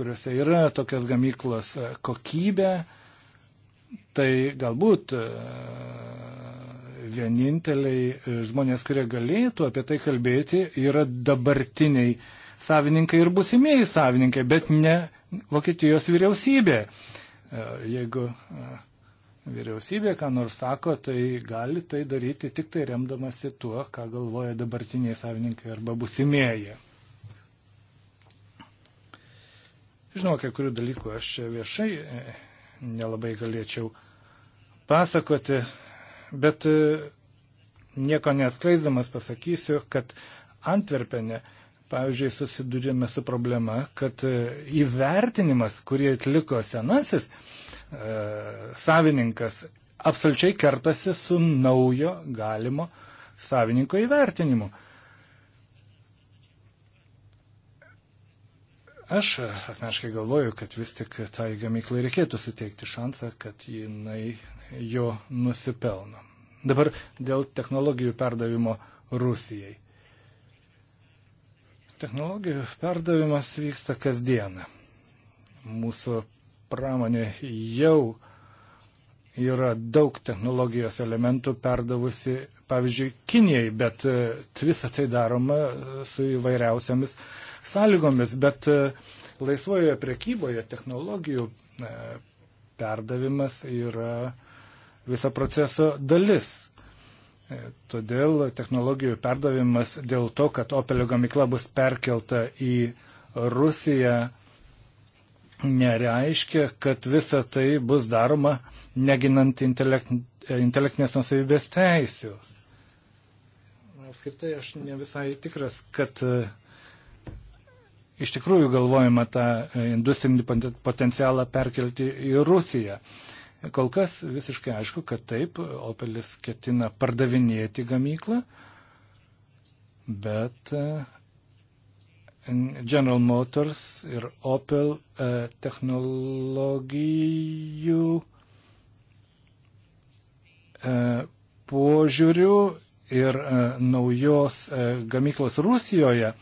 kuriuose yra tokios gamyklos e, kokybė, tai galbūt e, vieninteliai e, žmonės, kurie galėtų apie tai kalbėti, yra dabartiniai savininkai ir busimieji savininkai, bet ne Vokietijos vyriausybė. Jeigu vyriausybė, ką nors sako, tai gali tai daryti tik tai remdamasi tuo, ką galvoja dabartiniai savininkai arba busimieji. Žinau, kai kurių dalykų aš čia viešai e, nelabai galėčiau pasakoti, bet e, nieko neatskleisdamas pasakysiu, kad Antverpenė, pavyzdžiui, susidurėme su problema, kad e, įvertinimas, kurį atliko senasis savininkas, absoliučiai kertasi su naujo galimo savininko įvertinimu. Aš e, asmeniškai galvoju, kad vis tik tai gamyklai reikėtų suteikti šansą, kad jinai jo nusipelno. Dabar dėl technologijų perdavimo Rusijai. Technologijų perdavimas vyksta kasdieną. Mūsų pramonė jau yra daug technologijos elementų perdavusi pavyzdžiui, Kinijai, bet e, visą tai daroma e, su įvairiausiamis sąlygomis. Bet e, laisvojoje prekyboje technologijų perdavimas yra viso proceso dalis. Todėl technologijų perdavimas dėl to, kad Opelio gamykla bus perkelta į Rusiją, nereiškia, kad visa tai bus daroma neginant intelekt, intelektinės nusavybės teisių. Apskritai aš ne visai tikras, kad e, iš tikrųjų galvojama tą e, industrinį potencialą perkelti į Rusiją. Kol kas visiškai aišku, kad taip, Opelis ketina pardavinėti gamyklą, bet e, General Motors ir Opel technologijų požiūrių ir e, naujos e, gamyklos Rusijoje e,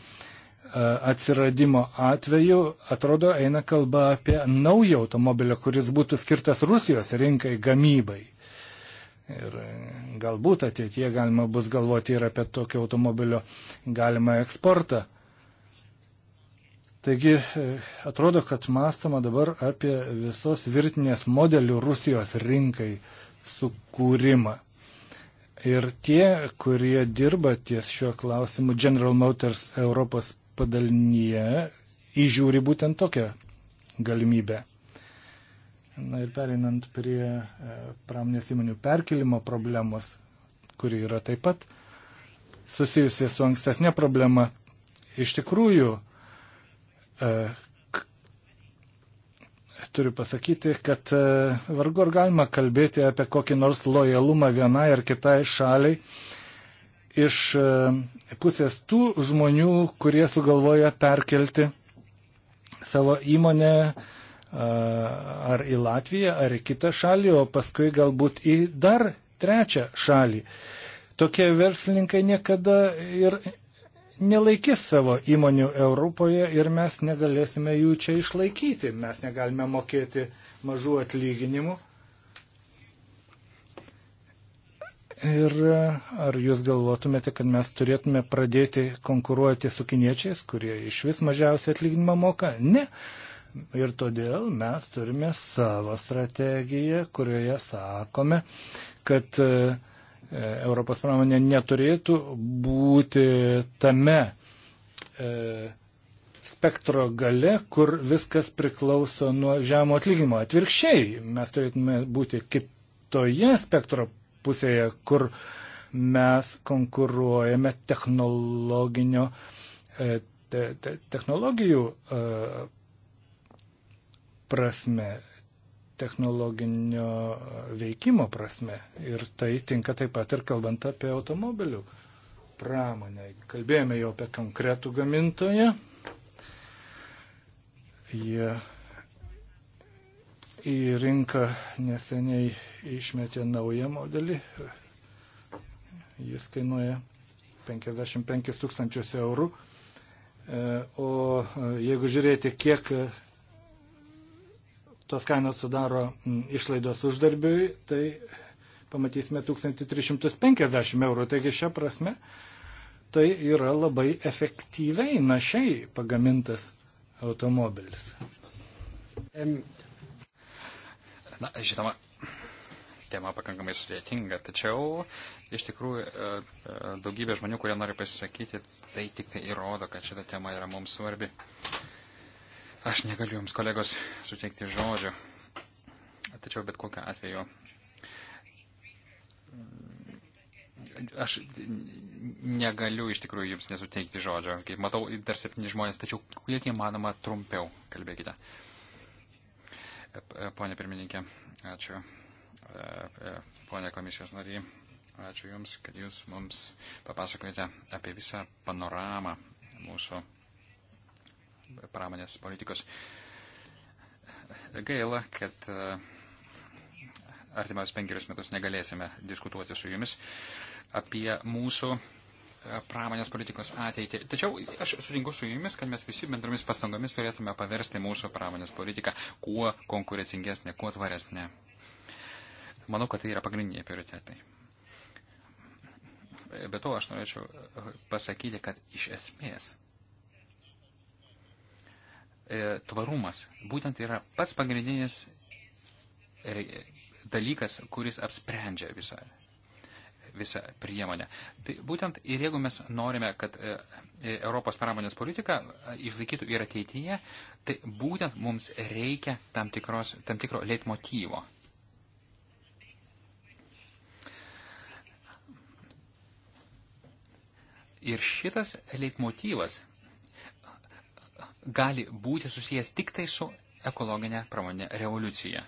atsiradimo atveju, atrodo, eina kalba apie naują automobilį, kuris būtų skirtas Rusijos rinkai gamybai. Ir galbūt ateitie galima bus galvoti ir apie tokio automobilio galimą eksportą. Taigi atrodo, kad mąstama dabar apie visos virtinės modelių Rusijos rinkai sukūrimą. Ir tie, kurie dirba ties šiuo klausimu General Motors Europos padalinyje, įžiūri būtent tokią galimybę. Na ir perinant prie e, pramonės įmonių perkelimo problemos, kuri yra taip pat susijusi su ankstesnė problema, iš tikrųjų e, turiu pasakyti, kad e, vargu ar galima kalbėti apie kokį nors lojalumą vienai ar kitai šaliai iš e, pusės tų žmonių, kurie sugalvoja perkelti savo įmonę e, ar į Latviją, ar į kitą šalį, o paskui galbūt į dar trečią šalį. Tokie verslininkai niekada ir nelaikys savo įmonių Europoje ir mes negalėsime jų čia išlaikyti. Mes negalime mokėti mažų atlyginimų. Ir ar jūs galvotumėte, kad mes turėtume pradėti konkuruoti su kiniečiais, kurie iš vis mažiausiai atlyginimą moka? Ne. Ir todėl mes turime savo strategiją, kurioje sakome, kad uh, E, Europos pramonė neturėtų būti tame e, spektro gale, kur viskas priklauso nuo žemo atlyginimo. Atvirkščiai, mes turėtume būti kitoje spektro pusėje, kur mes konkuruojame technologinio, e, te, te, technologijų prasme technologinio veikimo prasme. Ir tai tinka taip pat ir kalbant apie automobilių pramonę. Kalbėjome jau apie konkretų gamintoją. Jie į rinką neseniai išmetė naują modelį. Jis kainuoja 55 tūkstančius eurų. E, o jeigu žiūrėti, kiek tos kainos sudaro išlaidos uždarbiui, tai pamatysime 1350 eurų. Taigi šią prasme tai yra labai efektyviai, našiai pagamintas automobilis. Na, žinoma, tema pakankamai sudėtinga, tačiau iš tikrųjų e, e, daugybė žmonių, kurie nori pasisakyti, tai tik tai įrodo, kad šita tema yra mums svarbi. Aš negaliu Jums, kolegos, suteikti žodžio, tačiau bet kokią atveju. Mm, aš negaliu iš tikrųjų Jums nesuteikti žodžio. Kaip matau, dar septyni žmonės, tačiau kiek įmanoma trumpiau kalbėkite. Pone pirmininkė, ačiū. Pone komisijos nariai, ačiū Jums, kad Jūs mums papasakojate apie visą panoramą mūsų pramonės politikos. Gaila, kad e, artimiausius penkerius metus negalėsime diskutuoti su jumis apie mūsų e, pramonės politikos ateitį. Tačiau aš sutinku su jumis, kad mes visi bendromis pastangomis turėtume paversti mūsų pramonės politiką kuo konkurencingesnė, kuo tvaresnė. Manau, kad tai yra pagrindiniai prioritetai. Be to aš norėčiau pasakyti, kad iš esmės E, tvarumas būtent tai yra pats pagrindinis dalykas, kuris apsprendžia visą, visą priemonę. Tai būtent ir jeigu mes norime, kad e, e, Europos pramonės politika išlaikytų ir ateityje, tai būtent mums reikia tam, tikros, tam tikro leitmotyvo. Ir šitas leitmotyvas gali būti susijęs tik tai su ekologinė pramonė revoliucija.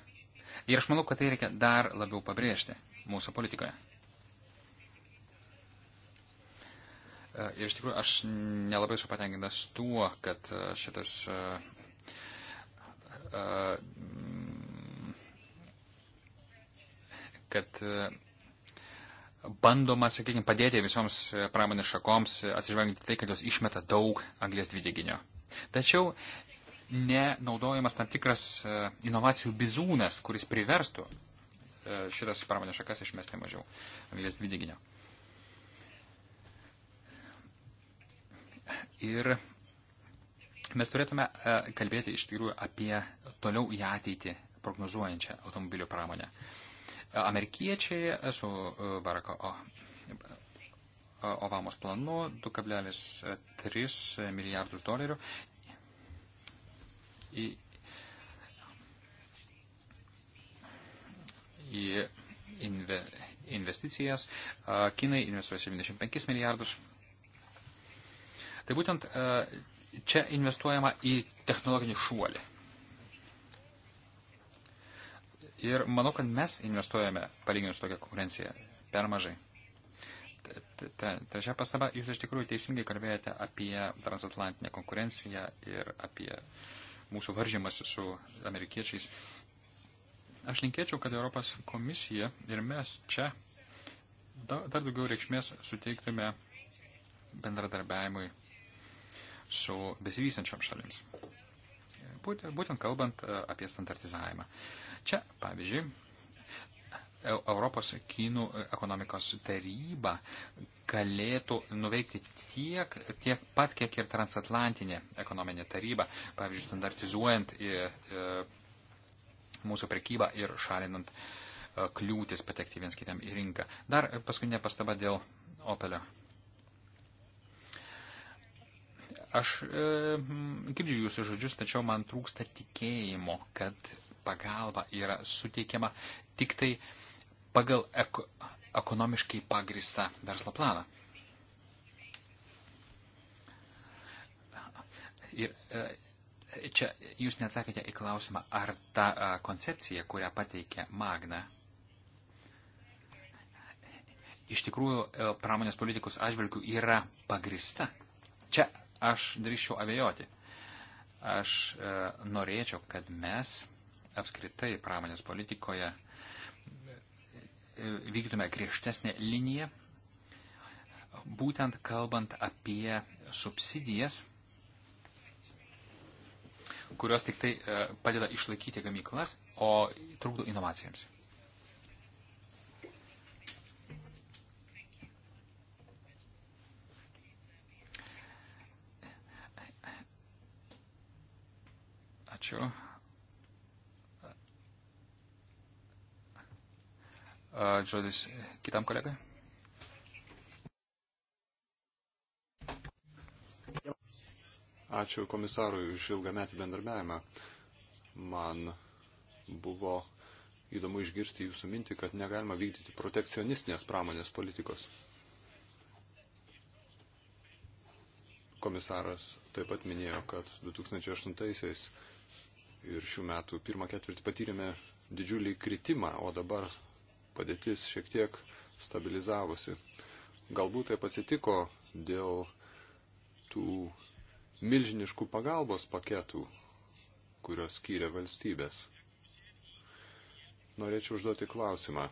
Ir aš manau, kad tai reikia dar labiau pabrėžti mūsų politikoje. E, ir iš tikrųjų aš nelabai esu patenkintas tuo, kad e, šitas e, kad bandoma, sakykime, padėti visoms pramonės šakoms, atsižvelgiant į tai, kad jos išmeta daug anglės dvideginio. Tačiau nenaudojamas tam tikras e, inovacijų bizūnas, kuris priverstų e, šitas pramonės šakas išmesti mažiau anglės dvideginio. Ir mes turėtume e, kalbėti iš tikrųjų apie toliau į ateitį prognozuojančią automobilių pramonę. Amerikiečiai su Baracko Obamos planu 2,3 milijardus dolerių. Į, į inve, investicijas. Kinai investuoja 75 milijardus. Tai būtent čia investuojama į technologinį šuolį. Ir manau, kad mes investuojame, palyginus tokią konkurenciją, per mažai trečia pastaba, jūs iš tikrųjų teisingai kalbėjote apie transatlantinę konkurenciją ir apie mūsų varžymasi su amerikiečiais. Aš linkėčiau, kad Europos komisija ir mes čia dar daugiau reikšmės suteiktume bendradarbiavimui su besivystančiom šalims. Būtent kalbant e, apie standartizavimą. Čia, pavyzdžiui, E, Europos kinų ekonomikos taryba galėtų nuveikti tiek, tiek pat, kiek ir transatlantinė ekonominė taryba, pavyzdžiui, standartizuojant į, e, į e, mūsų prekybą ir šalinant kliūtis patekti viens kitam į rinką. Dar paskutinė pastaba dėl Opelio. Aš e, girdžiu jūsų žodžius, tačiau man trūksta tikėjimo, kad pagalba yra suteikiama tik tai e, pagal ek ekonomiškai pagristą verslo planą. Ir e, čia jūs neatsakėte į klausimą, ar ta e, koncepcija, kurią pateikė Magna, iš tikrųjų e, pramonės politikos atžvilgių yra pagrista. Čia aš drįščiau abejoti. Aš norėčiau, kad mes apskritai pramonės politikoje uh, vykdome griežtesnę liniją, būtent kalbant apie subsidijas, kurios tik tai e, padeda išlaikyti gamyklas, o trukdo inovacijams. Ačiū. Žodis kitam kolegai. Ačiū komisarui už ilgą metį bendarbiavimą. Man buvo įdomu išgirsti jūsų mintį, kad negalima vykdyti protekcionistinės pramonės politikos. Komisaras taip pat minėjo, kad 2008-aisiais ir šių metų pirmą ketvirtį patyrėme didžiulį kritimą, o dabar padėtis šiek tiek stabilizavosi. Galbūt tai pasitiko dėl tų milžiniškų pagalbos paketų, kurios skyrė valstybės. Norėčiau užduoti klausimą.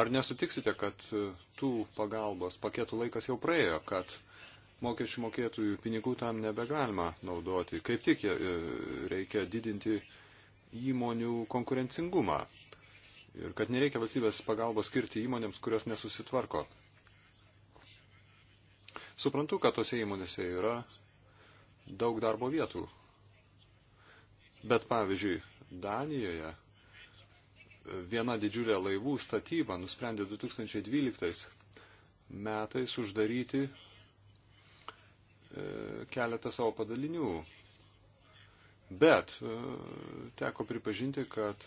Ar nesutiksite, kad e, tų pagalbos paketų laikas jau praėjo, kad mokesčių mokėtojų pinigų tam nebegalima naudoti. Kaip tik e, e, reikia didinti įmonių konkurencingumą ir kad nereikia valstybės pagalbos skirti įmonėms, kurios nesusitvarko. Suprantu, kad tose įmonėse yra daug darbo vietų. Bet pavyzdžiui, Danijoje viena didžiulė laivų statyba nusprendė 2012 metais uždaryti e, keletą savo padalinių. Bet e, teko pripažinti, kad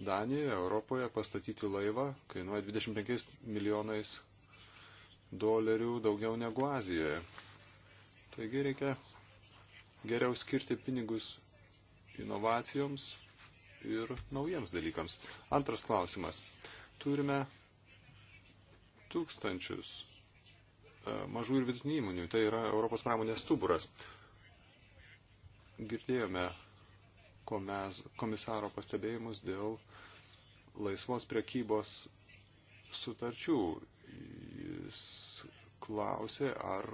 Danijoje, Europoje pastatyti laivą kainuoja 25 milijonais dolerių daugiau negu Azijoje. Taigi reikia geriau skirti pinigus inovacijoms ir naujiems dalykams. Antras klausimas. Turime tūkstančius e, mažų ir vidutinių įmonių. Tai yra Europos pramonės stuburas. Girdėjome komisaro pastebėjimus dėl laisvos prekybos sutarčių. Jis klausė, ar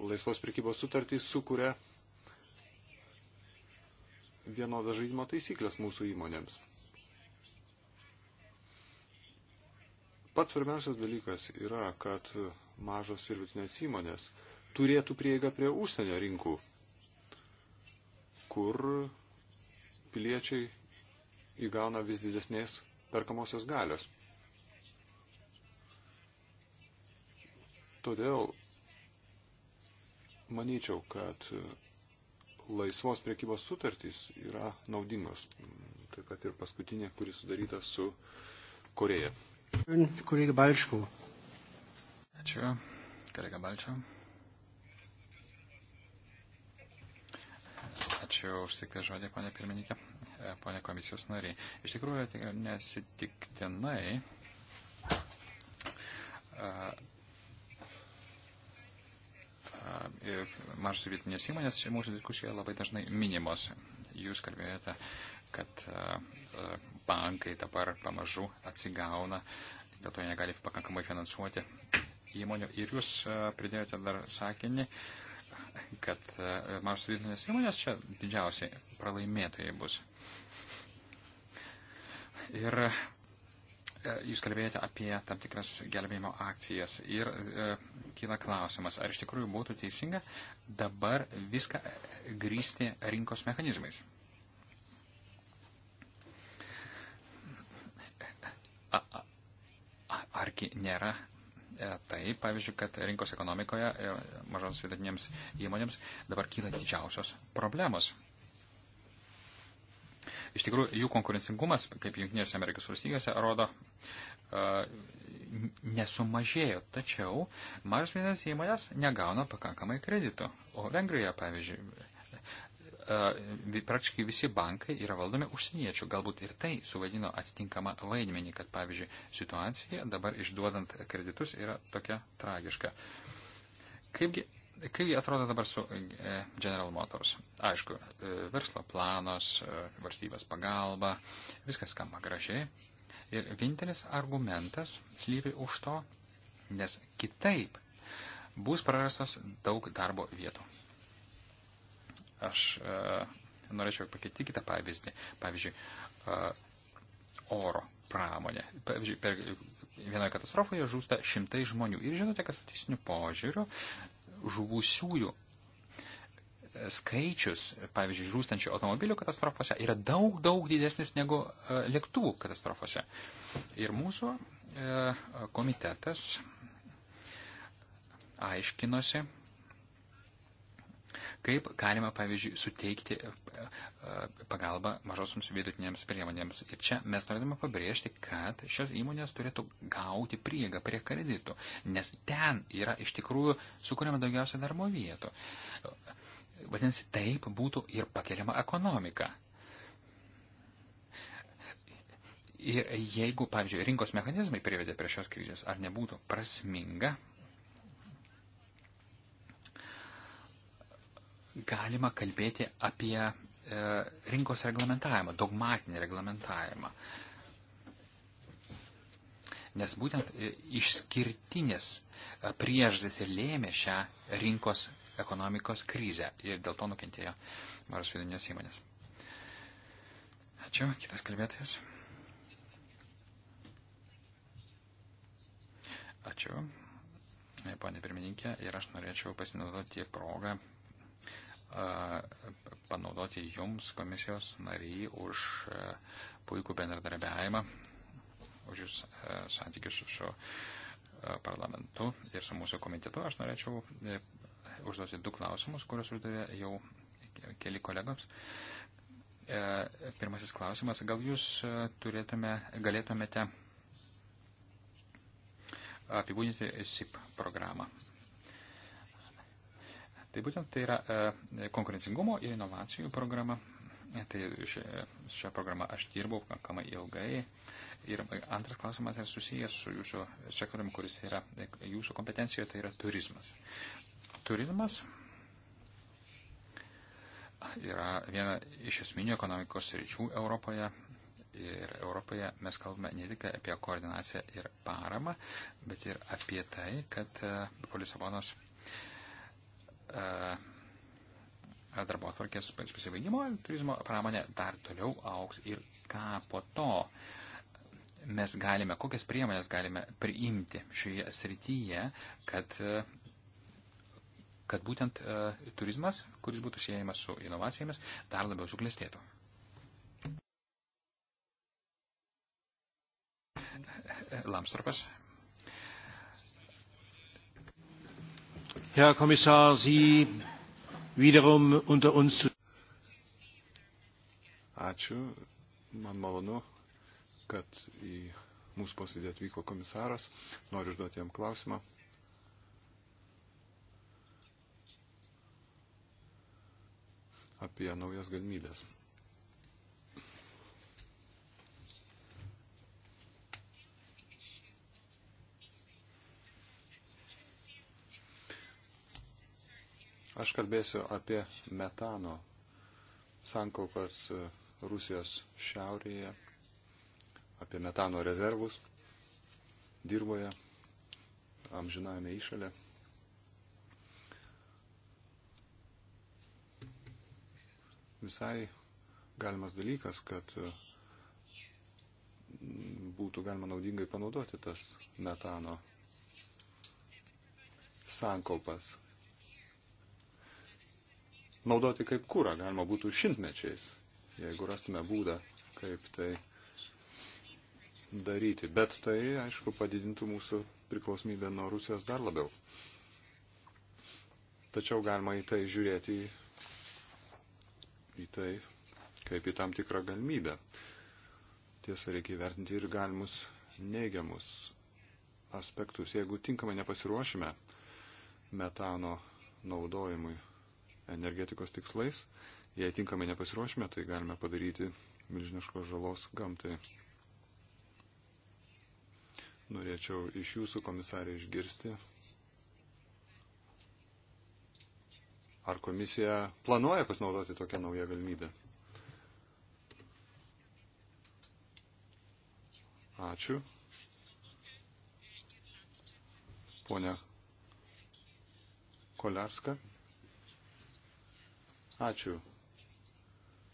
laisvos prekybos sutartys sukuria vienodas žaidimo taisyklės mūsų įmonėms. Pats svarbiausias dalykas yra, kad mažos ir vidutinės įmonės turėtų prieigą prie užsienio rinkų, kur piliečiai įgauna vis didesnės perkamosios galios. Todėl manyčiau, kad laisvos priekybos sutartys yra naudingos. Taip pat ir paskutinė, kuri sudaryta su Koreja. Kolega Balčko. Ačiū. Kolega Balčko. Ačiū už tik tai žodį, ponė pirmininkė, ponė komisijos nariai. Iš tikrųjų, nesitiktinai. Mažos vietinės įmonės mūsų diskusijoje labai dažnai minimos. Jūs kalbėjote, kad bankai dabar pamažu atsigauna, dėl to negali pakankamai finansuoti įmonių. Ir jūs pridėjote dar sakinį, kad e, mažos vidinės įmonės čia didžiausiai pralaimėtojai bus. Ir e, jūs kalbėjote apie tam tikras gelbėjimo akcijas ir e, kyla klausimas, ar iš tikrųjų būtų teisinga dabar viską e, grįsti rinkos mechanizmais. A, a, argi nėra E, tai, pavyzdžiui, kad rinkos ekonomikoje e, mažoms vidutinėms įmonėms dabar kyla didžiausios problemos. Iš tikrųjų, jų konkurencingumas, kaip Junktinėse Amerikos valstybėse, rodo e, nesumažėjo, tačiau mažos vienas įmonės negauna pakankamai kreditų. O Vengrija, pavyzdžiui, E, praktiškai visi bankai yra valdomi užsieniečių. Galbūt ir tai suvaidino atitinkamą vaidmenį, kad, pavyzdžiui, situacija dabar išduodant kreditus yra tokia tragiška. Kaipgi, kaip atrodo dabar su e, General Motors? Aišku, e, verslo planos, valstybės pagalba, viskas skamba gražiai. Ir vienintelis argumentas slypi už to, nes kitaip bus prarastos daug darbo vietų. Aš e, norėčiau pakeiti kitą pavyzdį. Pavyzdžiui, e, oro pramonė. Pavyzdžiui, per vienoje katastrofoje žūsta šimtai žmonių. Ir žinote, kad statistiniu požiūriu žuvusiųjų skaičius, pavyzdžiui, žūstančių automobilių katastrofose yra daug, daug didesnis negu e, lėktuvų katastrofose. Ir mūsų komitetas aiškinosi, Kaip galima, pavyzdžiui, suteikti e, e, pagalbą mažosioms vidutinėms priemonėms. Ir čia mes norėtume pabrėžti, kad šios įmonės turėtų gauti prieigą prie kreditų, nes ten yra iš tikrųjų sukūrėma daugiausia darbo vietų. Vadinasi, taip būtų ir pakeliama ekonomika. Ir jeigu, pavyzdžiui, rinkos mechanizmai privedė prie šios krizės, ar nebūtų prasminga galima kalbėti apie e, rinkos reglamentavimą, dogmatinį reglamentavimą. Nes būtent e, išskirtinės e, priežastis ir lėmė šią rinkos ekonomikos krizę ir dėl to nukentėjo maros vidinės įmonės. Ačiū, kitas kalbėtojas. Ačiū, e, ponė pirmininkė, ir aš norėčiau pasinaudoti progą E, panaudoti Jums, komisijos nariai, už e, puikų bendradarbiavimą, už Jūs e, santykius su parlamentu ir su mūsų komitetu. Aš norėčiau užduoti du klausimus, kuriuos uždavė jau keli kolegams. Pirmasis klausimas, gal Jūs turėtume, galėtumėte apibūdinti SIP programą? Tai būtent tai yra e, konkurencingumo ir inovacijų programa. Tai šią programą aš dirbau pakankamai ilgai. Ir antras klausimas yra susijęs su jūsų sektoriumi, kuris yra e, jūsų kompetencijoje, tai yra turizmas. Turizmas yra viena iš esminių ekonomikos ryčių Europoje. Ir Europoje mes kalbame ne tik apie koordinaciją ir paramą, bet ir apie tai, kad po e, Lisabonos E, e, darbo atvarkės pasivaigimo, turizmo pramonė dar toliau auks ir ką po to mes galime, kokias priemonės galime priimti šioje srityje, kad, kad būtent e, turizmas, kuris būtų siejamas su inovacijomis, dar labiau suklestėtų. Lamstropas. Herr Kommissar, Sie wiederum unter uns zu. Ačiū. Man malonu, kad į mūsų posėdį atvyko komisaras. Noriu užduoti jam klausimą. apie naujas galimybės. Aš kalbėsiu apie metano sankaupas e, Rusijos šiaurėje, apie metano rezervus dirboje, amžinajame išalė. Visai galimas dalykas, kad e, būtų galima naudingai panaudoti tas metano sankaupas naudoti kaip kūrą, galima būtų šimtmečiais, jeigu rastume būdą, kaip tai daryti. Bet tai, aišku, padidintų mūsų priklausomybę nuo Rusijos dar labiau. Tačiau galima į tai žiūrėti į tai kaip į tam tikrą galimybę. Tiesa, reikia įvertinti ir galimus neigiamus aspektus. Jeigu tinkamai nepasiruošime metano naudojimui energetikos tikslais. Jei tinkamai nepasiruošime, tai galime padaryti milžiniškos žalos gamtai. Norėčiau iš jūsų komisarė išgirsti, ar komisija planuoja pasinaudoti tokią naują galimybę. Ačiū. Pone Kolarska. Ačiū.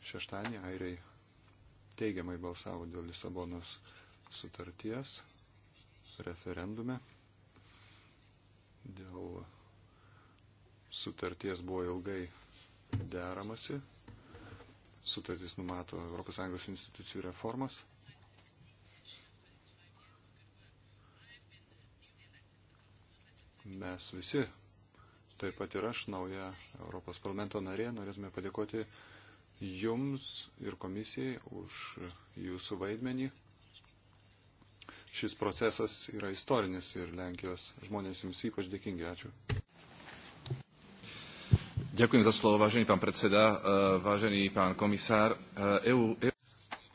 Šeštadienį airiai teigiamai balsavo dėl Lisabonos sutarties referendume. Dėl sutarties buvo ilgai deramasi. Sutartis numato ES institucijų reformas. Mes visi taip pat ir aš, nauja Europos parlamento narė, norėtume padėkoti Jums ir komisijai už Jūsų vaidmenį. Šis procesas yra istorinis ir Lenkijos žmonės Jums ypač dėkingi. Ačiū. Ďakujem za slovo, vážený pán predseda, e, vážený pán komisár. E, EU, EU...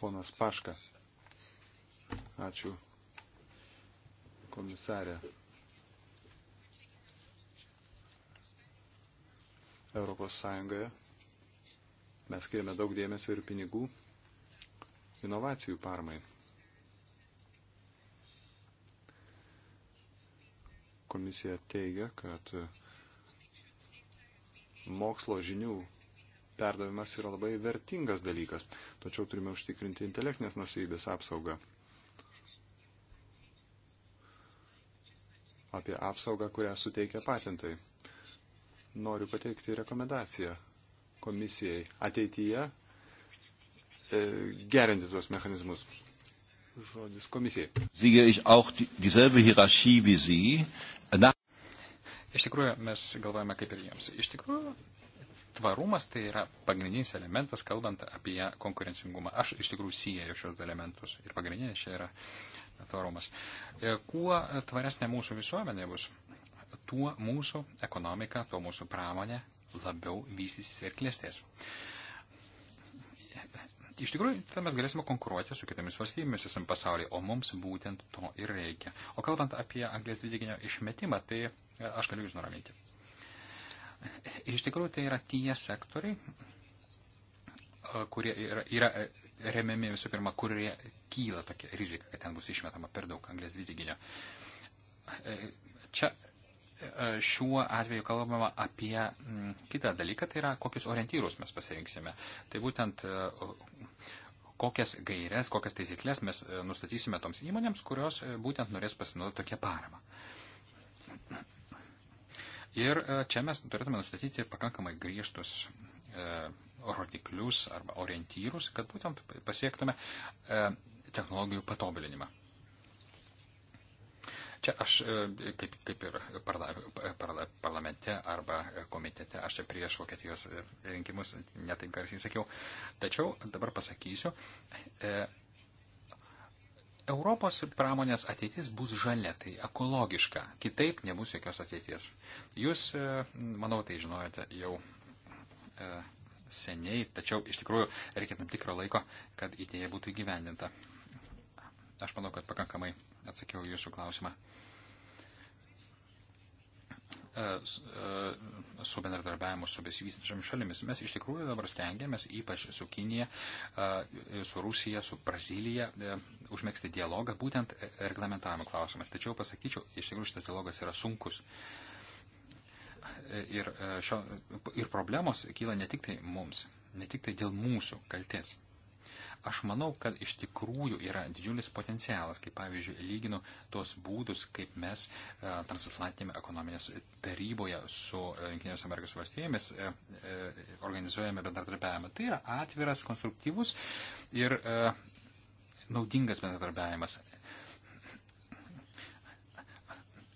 Ponas Paška. Ačiū. Komisarė. Europos Sąjungoje. Mes skiriame daug dėmesio ir pinigų inovacijų parmai. Komisija teigia, kad mokslo žinių perdavimas yra labai vertingas dalykas, tačiau turime užtikrinti intelektinės nusivybės apsaugą. Apie apsaugą, kurią suteikia patentai noriu pateikti rekomendaciją komisijai ateityje e, gerinti tuos mechanizmus. Žodis komisijai. Iš tikrųjų, mes galvojame kaip ir jiems. Iš tikrųjų, tvarumas tai yra pagrindinis elementas, kalbant apie konkurencingumą. Aš iš tikrųjų sieju šios elementus ir pagrindinė čia yra tvarumas. E, kuo tvaresnė mūsų visuomenė bus, tuo mūsų ekonomika, tuo mūsų pramonė labiau vystysis ir klėstės. Iš tikrųjų, tai mes galėsime konkuruoti su kitomis valstybėmis visam pasaulyje, o mums būtent to ir reikia. O kalbant apie anglės dvideginio išmetimą, tai aš galiu jūs nuraminti. Iš tikrųjų, tai yra tie sektoriai, kurie yra, yra remiami visų pirma, kurie kyla tokia rizika, kad ten bus išmetama per daug anglės dvideginio. Čia E, šiuo atveju kalbama apie mm, kitą dalyką, tai yra kokius orientyrus mes pasirinksime. Tai būtent e, kokias gairias, kokias taisyklės mes e, nustatysime toms įmonėms, kurios būtent norės pasinaudoti tokią paramą. Ir čia mes turėtume nustatyti pakankamai griežtus rodiklius arba orientyrus, kad būtent pasiektume technologijų patobulinimą. Čia aš, e, kaip, kaip ir parla, parla, parlamente arba komitete, aš čia prieš Vokietijos rinkimus netaip garsiai sakiau. Tačiau dabar pasakysiu, e, Europos pramonės ateitis bus žalia, tai ekologiška, kitaip nebus jokios ateities. Jūs, e, manau, tai žinojate jau. E, seniai, tačiau iš tikrųjų reikia tam tikro laiko, kad idėja būtų įgyvendinta. Aš manau, kad pakankamai atsakiau jūsų klausimą. E, e, su bendradarbiavimu su besivystančiomis šalimis. Mes iš tikrųjų dabar stengiamės, ypač su Kinija, e, su Rusija, su Brazilija, užmėgsti dialogą būtent reglamentavimo klausimas. Tačiau pasakyčiau, iš tikrųjų šitas dialogas yra sunkus. Ir, šio, ir problemos kyla ne tik tai mums, ne tik tai dėl mūsų kalties. Aš manau, kad iš tikrųjų yra didžiulis potencialas, kaip pavyzdžiui, lyginu tos būdus, kaip mes e, transatlantinėme ekonominės taryboje su e, Junktinės Amerikos valstybėmis e, organizuojame bendradarbiavimą. Tai yra atviras, konstruktyvus ir naudingas bendradarbiavimas.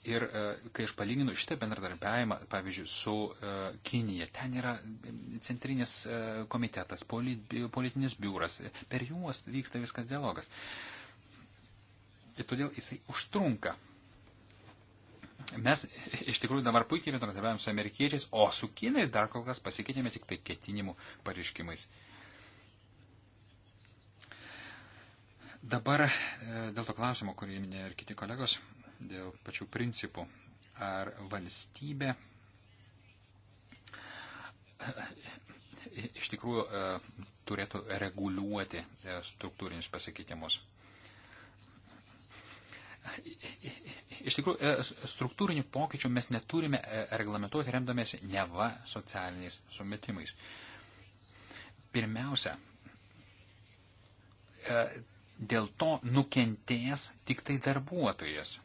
Ir e, kai aš palyginu šitą bendradarbiavimą, pavyzdžiui, su e, Kinija, ten yra centrinis e, komitetas, politinis biuras, per juos vyksta viskas dialogas. Ir todėl jisai užtrunka. Mes iš tikrųjų dabar puikiai bendradarbiavame su amerikiečiais, o su kinais dar kol kas pasikeitėme tik tai ketinimų pareiškimais. Dabar dėl to klausimo, kurį minėjo ir kiti kolegos, dėl pačių principų. Ar valstybė iš tikrųjų e, turėtų reguliuoti e, struktūrinius pasikeitimus? Iš tikrųjų, e, struktūrinių pokyčių mes neturime reglamentuoti remdamėsi neva socialiniais sumetimais. Pirmiausia, dėl to nukentės tik tai darbuotojas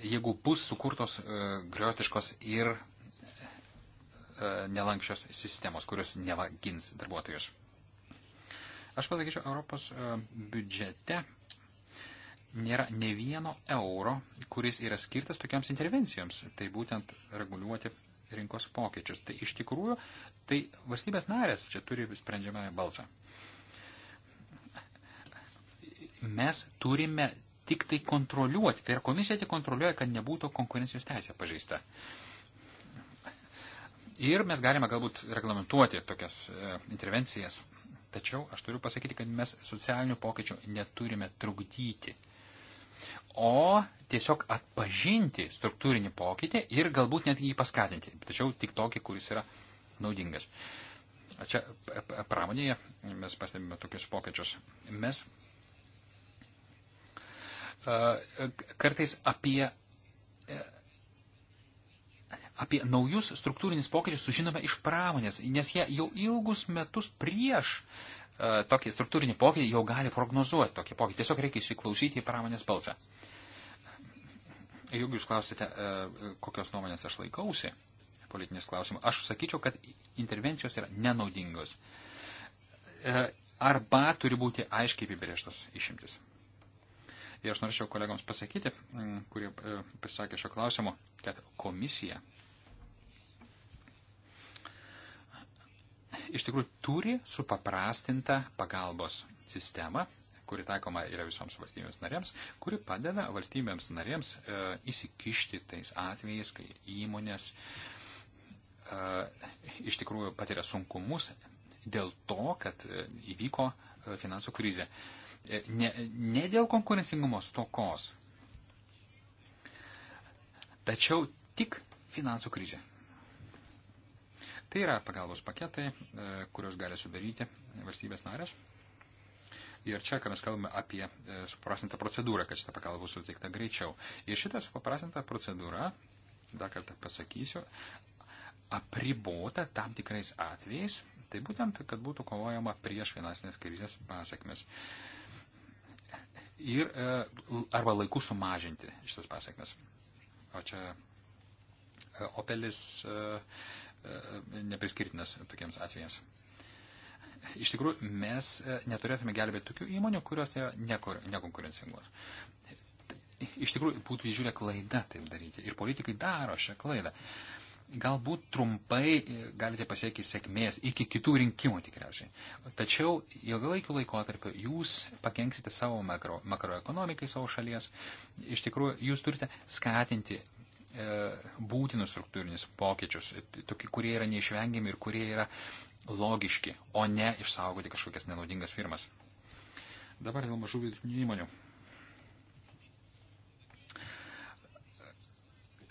jeigu bus sukurtos e, griotiškos ir e, nelankščios sistemos, kurios neva gins darbuotojus. Aš pasakyčiau, Europos e, biudžete nėra ne vieno euro, kuris yra skirtas tokiams intervencijoms, tai būtent reguliuoti rinkos pokyčius. Tai iš tikrųjų, tai valstybės narės čia turi sprendžiamąją balsą. Mes turime tik tai kontroliuoti. Tai yra komisija tik kontroliuoja, kad nebūtų konkurencijos teisė pažeista. Ir mes galime galbūt reglamentuoti tokias e, intervencijas. Tačiau aš turiu pasakyti, kad mes socialinių pokyčių neturime trukdyti o tiesiog atpažinti struktūrinį pokytį ir galbūt net jį paskatinti. Tačiau tik tokį, kuris yra naudingas. Čia e, e, pramonėje mes pastebime tokius pokyčius. Mes Uh, kartais apie, uh, apie naujus struktūrinis pokyčius sužinome iš pramonės, nes jie jau ilgus metus prieš uh, tokį struktūrinį pokytį jau gali prognozuoti tokį pokytį. Tiesiog reikia įsiklausyti į pramonės balsą. Jeigu jūs klausite, kokios nuomonės aš laikausi politinės klausimų, aš sakyčiau, kad intervencijos yra nenaudingos. Arba turi būti aiškiai apibrėžtos išimtis. Ir tai aš norėčiau kolegams pasakyti, mm, kurie e, pasisakė šio klausimo, kad komisija iš tikrųjų turi supaprastintą pagalbos sistemą kuri taikoma yra visoms valstybėms narėms, kuri padeda valstybėms narėms e, įsikišti tais atvejais, kai įmonės e, iš tikrųjų patiria sunkumus dėl to, kad e, įvyko e, finansų krizė. E, E, ne, ne dėl konkurencingumo stokos, tačiau tik finansų krizė. Tai yra pagalbos paketai, e, kurios gali sudaryti valstybės narės. Ir čia, kai mes kalbame apie e, suprastintą procedūrą, kad šitą pagalbą bus suteikta greičiau. Ir šitą suprastinta procedūra, dar kartą pasakysiu, apribota tam tikrais atvejais, tai būtent, kad būtų kovojama prieš finansinės krizės pasiekmes. Uh, ir e, arba laiku sumažinti šitas pasiekmes. O čia e, Opelis e, nepriskirtinas tokiems atvejams. Iš tikrųjų, mes neturėtume gelbėti tokių įmonių, kurios yra nekonkurencingos. Iš tikrųjų, būtų didžiulė klaida taip daryti. Ir politikai daro šią klaidą. Uh, galbūt trumpai e, galite pasiekti sėkmės iki kitų rinkimų tikriausiai. Tačiau ilgalaikiu laikotarpiu jūs pakenksite savo makro, makroekonomikai savo šalies. Iš tikrųjų, jūs turite skatinti e, būtinus struktūrinius pokyčius, e, tokie, kurie yra neišvengiami ir kurie yra logiški, o ne išsaugoti kažkokias nenaudingas firmas. Dabar dėl mažų vidutinių įmonių.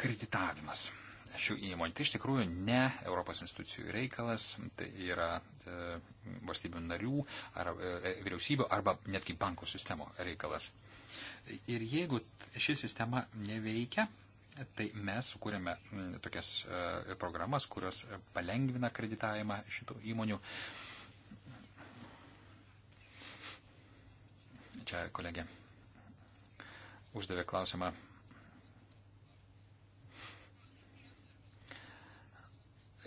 Kreditavimas šių įmonių. Tai iš tikrųjų ne Europos institucijų reikalas, tai yra e, valstybių narių ar e, e vyriausybių arba netgi bankų sistemo reikalas. Ir jeigu ši sistema neveikia, tai mes sukūrėme tokias e, programas, kurios palengvina kreditavimą šitų įmonių. Čia kolegė uždavė klausimą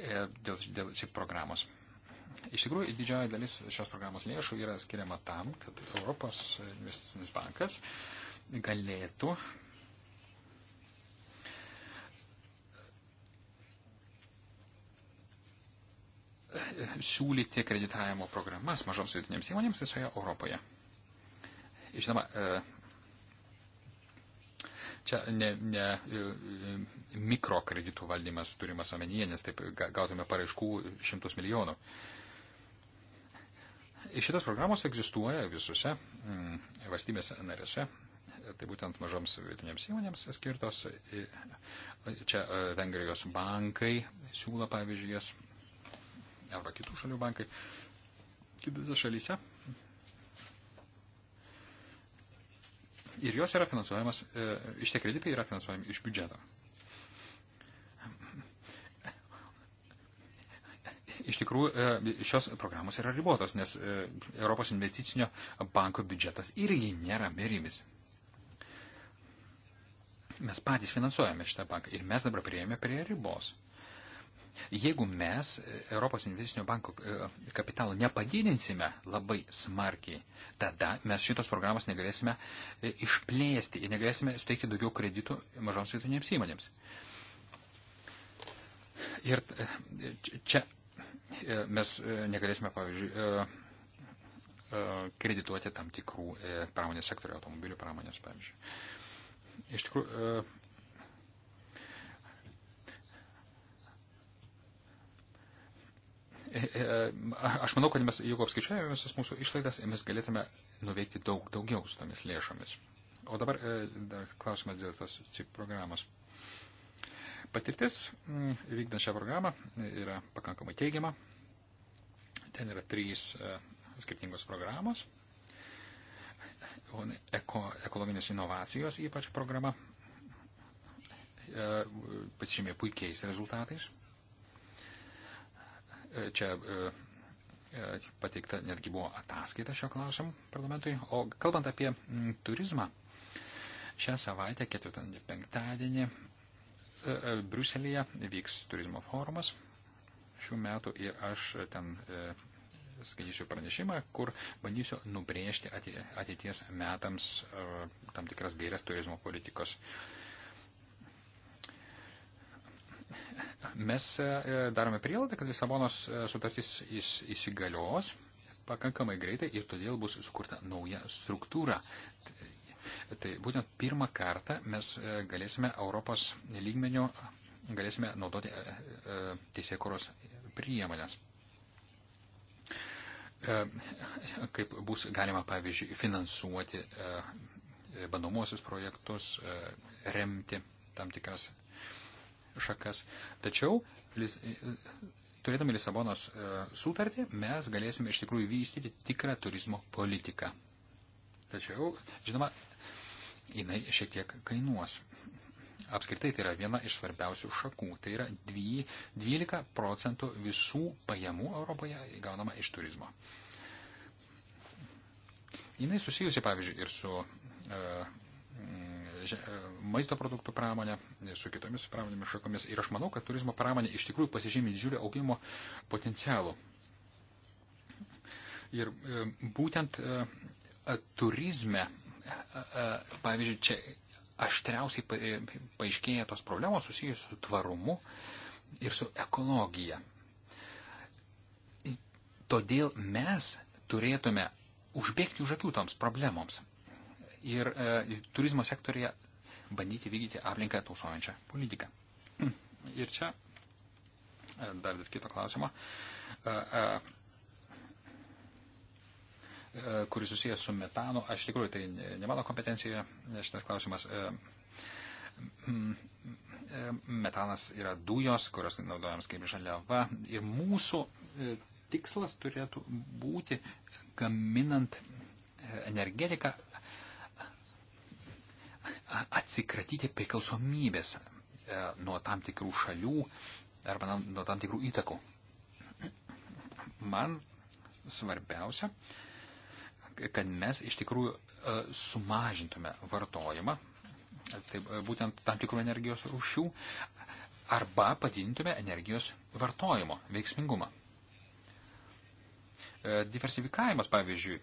E, dėl, dėl šiaip programos. Iš tikrųjų, didžioji dalis šios programos lėšų yra skiriama tam, kad Europos investicinis bankas galėtų e, siūlyti kreditavimo programas mažoms vidutinėms įmonėms visoje Europoje. Žinoma, e, Čia ne, ne e, e, mikrokreditų valdymas turimas omenyje, nes taip gautume paraiškų šimtus milijonų. Šitas programos egzistuoja visose mm, valstybėse narėse, tai būtent mažoms vidutinėms įmonėms skirtos. E, čia Vengrijos bankai siūlo pavyzdžiui jas, arba kitų šalių bankai. Kitose šalyse ir jos yra finansuojamas, e, šitie kreditai yra finansuojami iš biudžeto. Iš tikrųjų, e, šios programos yra ribotos, nes e, Europos investicinio banko biudžetas irgi nėra berimis. Mes patys finansuojame šitą banką ir mes dabar prieėmė prie ribos. Jeigu mes e, Europos investicinio banko e, kapitalo nepadidinsime labai smarkiai, tada mes šitos programos negalėsime e, išplėsti ir negalėsime suteikti daugiau kreditų mažoms vietinėms įmonėms. Ir čia mes negalėsime, pavyzdžiui, kredituoti tam tikrų pramonės sektorių, automobilių pramonės, pavyzdžiui. Iš tikrųjų, Aš manau, kad mes, jeigu apskaičiavime visas mūsų išlaidas, mes galėtume nuveikti daug daugiau su tomis lėšomis. O dabar e, dar klausimas dėl tos CIP programos. Patirtis mm, vykdant šią programą e, yra pakankamai teigiama. Ten yra trys e, skirtingos programos. Eko, ekologinės inovacijos ypač programa pasižymė puikiais rezultatais čia e, e, pateikta netgi buvo ataskaita šio klausimu parlamentui. O kalbant apie turizmą, šią savaitę, ketvirtadienį, penktadienį, e, Briuselėje vyks turizmo forumas šių metų ir aš ten skaitysiu pranešimą, kur bandysiu nubrėžti ateities metams tam tikras gairias turizmo politikos. Mes e, darome prielaidą, kad Lisabonos e, sutartis įsigalios pakankamai greitai ir todėl bus sukurta nauja struktūra. Tai būtent pirmą kartą mes e, galėsime Europos lygmenio galėsime naudoti teisėkuros priemonės. Kaip bus galima, pavyzdžiui, finansuoti bandomosius projektus, remti tam tikras šakas. Tačiau lis, turėdami Lisabonos e, sutartį mes galėsime iš tikrųjų vystyti tikrą turizmo politiką. Tačiau, žinoma, jinai šiek tiek kainuos. Apskritai tai yra viena iš svarbiausių šakų. Tai yra 12 procentų visų pajamų Europoje gaunama iš turizmo. Jinai susijusi, pavyzdžiui, ir su uh, E, maisto produktų pramonę, su kitomis pramonėmis šakomis. Ir aš manau, kad turizmo pramonė iš tikrųjų pasižymė didžiulį augimo potencialų. Ir e, būtent e, turizme, pavyzdžiui, čia aštriausiai paaiškėja tos problemos susijusios su tvarumu ir su ekologija. Todėl mes turėtume užbėgti už akių toms problemoms ir e, turizmo sektorija bandyti vykdyti aplinką tausojančią politiką. Ir čia e, dar ir kito klausimo, e, e, kuris susijęs su metanu. Aš tikrųjų tai ne mano kompetencija, šitas klausimas. Metanas yra dujos, kurios naudojamos kaip žaliava. Ir mūsų tikslas turėtų būti gaminant energetiką atsikratyti priklausomybės e, nuo tam tikrų šalių arba nuo tam tikrų įtakų. Man svarbiausia, kad mes iš tikrųjų e, sumažintume vartojimą, tai e, būtent tam tikrų energijos rūšių, arba padidintume energijos vartojimo veiksmingumą. Diversifikavimas, pavyzdžiui,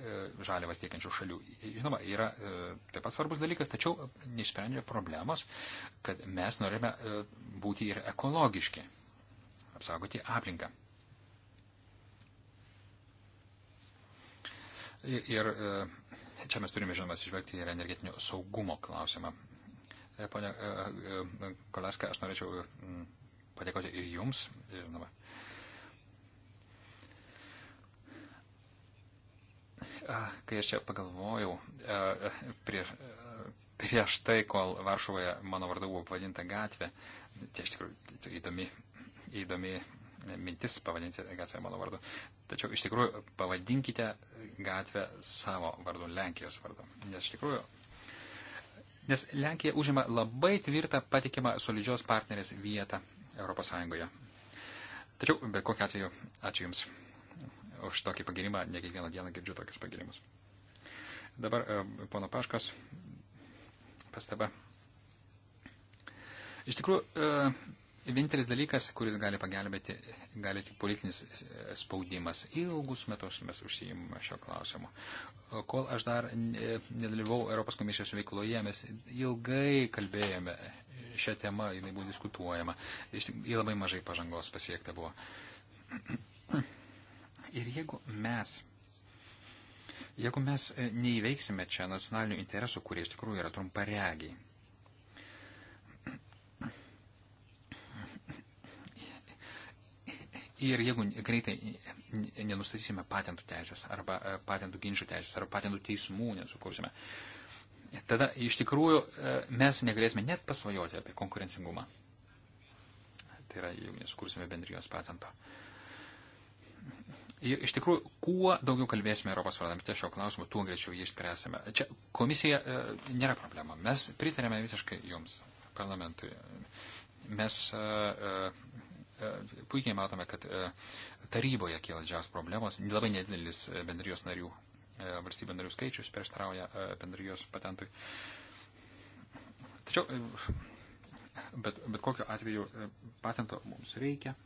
E, žaliavas tiekiančių šalių. Žinoma, yra e, taip pat svarbus dalykas, tačiau neišsprendžia problemos, kad mes norime e, būti ir ekologiški, apsaugoti aplinką. Ir čia mes turime, žinoma, atsižvelgti ir energetinio saugumo klausimą. Pone Koleska, aš norėčiau padėkoti ir jums, žinoma, kai aš čia pagalvojau prieš, prieš tai, kol Varšuvoje mano vardu buvo pavadinta gatvė, tai iš tikrųjų įdomi, įdomi mintis pavadinti gatvę mano vardu. Tačiau iš tikrųjų pavadinkite gatvę savo vardu, Lenkijos vardu. Nes iš tikrųjų. Nes Lenkija užima labai tvirtą patikimą solidžios partnerės vietą ES. Tačiau, bet kokiu atveju, ačiū Jums už tokį pagirimą, ne kiekvieną dieną girdžiu tokius pagirimus. Dabar e, pono Paškas pastaba. Iš tikrųjų, e, vienintelis dalykas, kuris gali pagelbėti, gali tik politinis e, spaudimas. Ilgus metus mes užsijimame šio klausimu. Kol aš dar nedalyvau Europos komisijos veikloje, mes ilgai kalbėjome šią temą, jinai buvo diskutuojama. Ir labai mažai pažangos pasiekta buvo. Ir jeigu mes, jeigu mes e, neįveiksime čia nacionalinių interesų, kurie iš tikrųjų yra trumparegiai, Ir jeigu greitai nenustatysime patentų teisės arba e, patentų ginčių teisės arba patentų teismų nesukursime, tada iš tikrųjų e, mes negalėsime net pasvajoti apie konkurencingumą. Tai yra, jeigu nesukursime bendrijos patento. Uh, Ir iš tikrųjų, kuo daugiau kalbėsime Europos parlamente šio klausimu, tuo greičiau jį išspręsime. Čia komisija e, nėra problema. Mes pritarėme visiškai jums, parlamentui. Mes e, e, e puikiai matome, kad e, taryboje kyla didžiausios problemos. Labai nedidelis e, bendrijos narių, e, valstybių narių skaičius prieštrauja e, bendrijos patentui. Tačiau, e, bet, bet kokiu atveju e, patento mums reikia.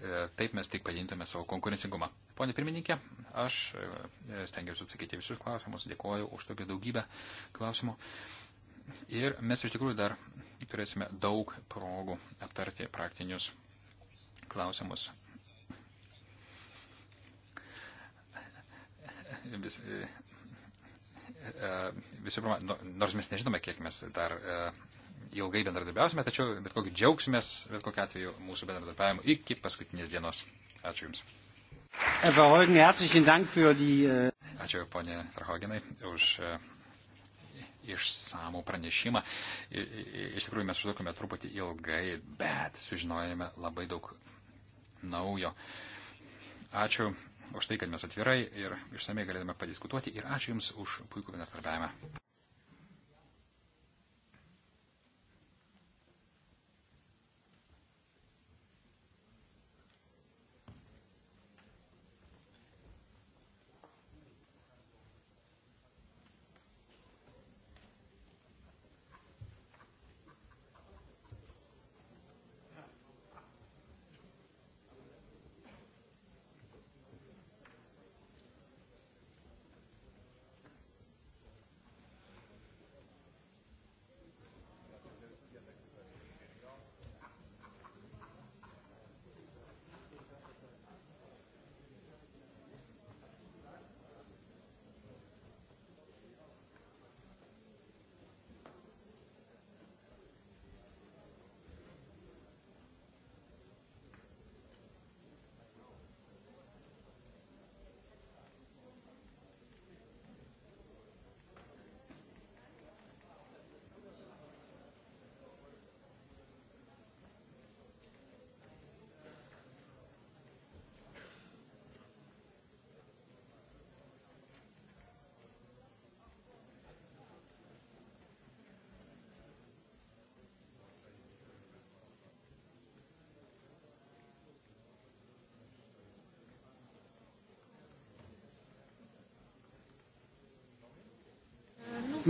E, taip mes tik padintume savo konkurencingumą. Pone pirmininkė, aš e, stengiuosi atsakyti visus klausimus, dėkoju už tokią daugybę klausimų. Ir mes iš tikrųjų dar turėsime daug progų aptarti praktinius klausimus. Vis, e, visų pirma, nors mes nežinome, kiek mes dar ilgai bendradarbiausime, tačiau bet kokį džiaugsimės, bet kokiu atveju mūsų bendradarbiavimu iki paskutinės dienos. Ačiū Jums. Äh, ačiū ponė Verhogenai už äh, išsamų pranešimą. Iš tikrųjų mes užtrukome truputį ilgai, bet sužinojame labai daug naujo. Ačiū už tai, kad mes atvirai ir išsamei galėdame padiskutuoti ir ačiū Jums už puikų bendradarbiavimą.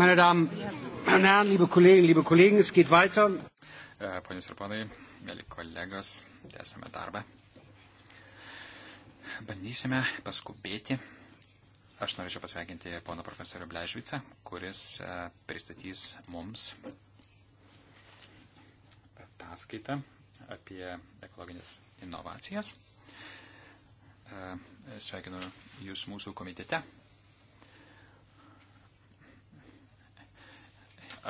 Meine Damen und Herren, liebe Kolleginnen, liebe Kollegen, es geht weiter. E, ponios ir ponai, mėly kolegos, tęsime darbą. Bandysime paskubėti. Aš norėčiau pasveikinti pono profesorių Bležvicą, kuris e, pristatys mums ataskaitą apie ekologinės inovacijas. E, sveikinu Jūs mūsų komitete.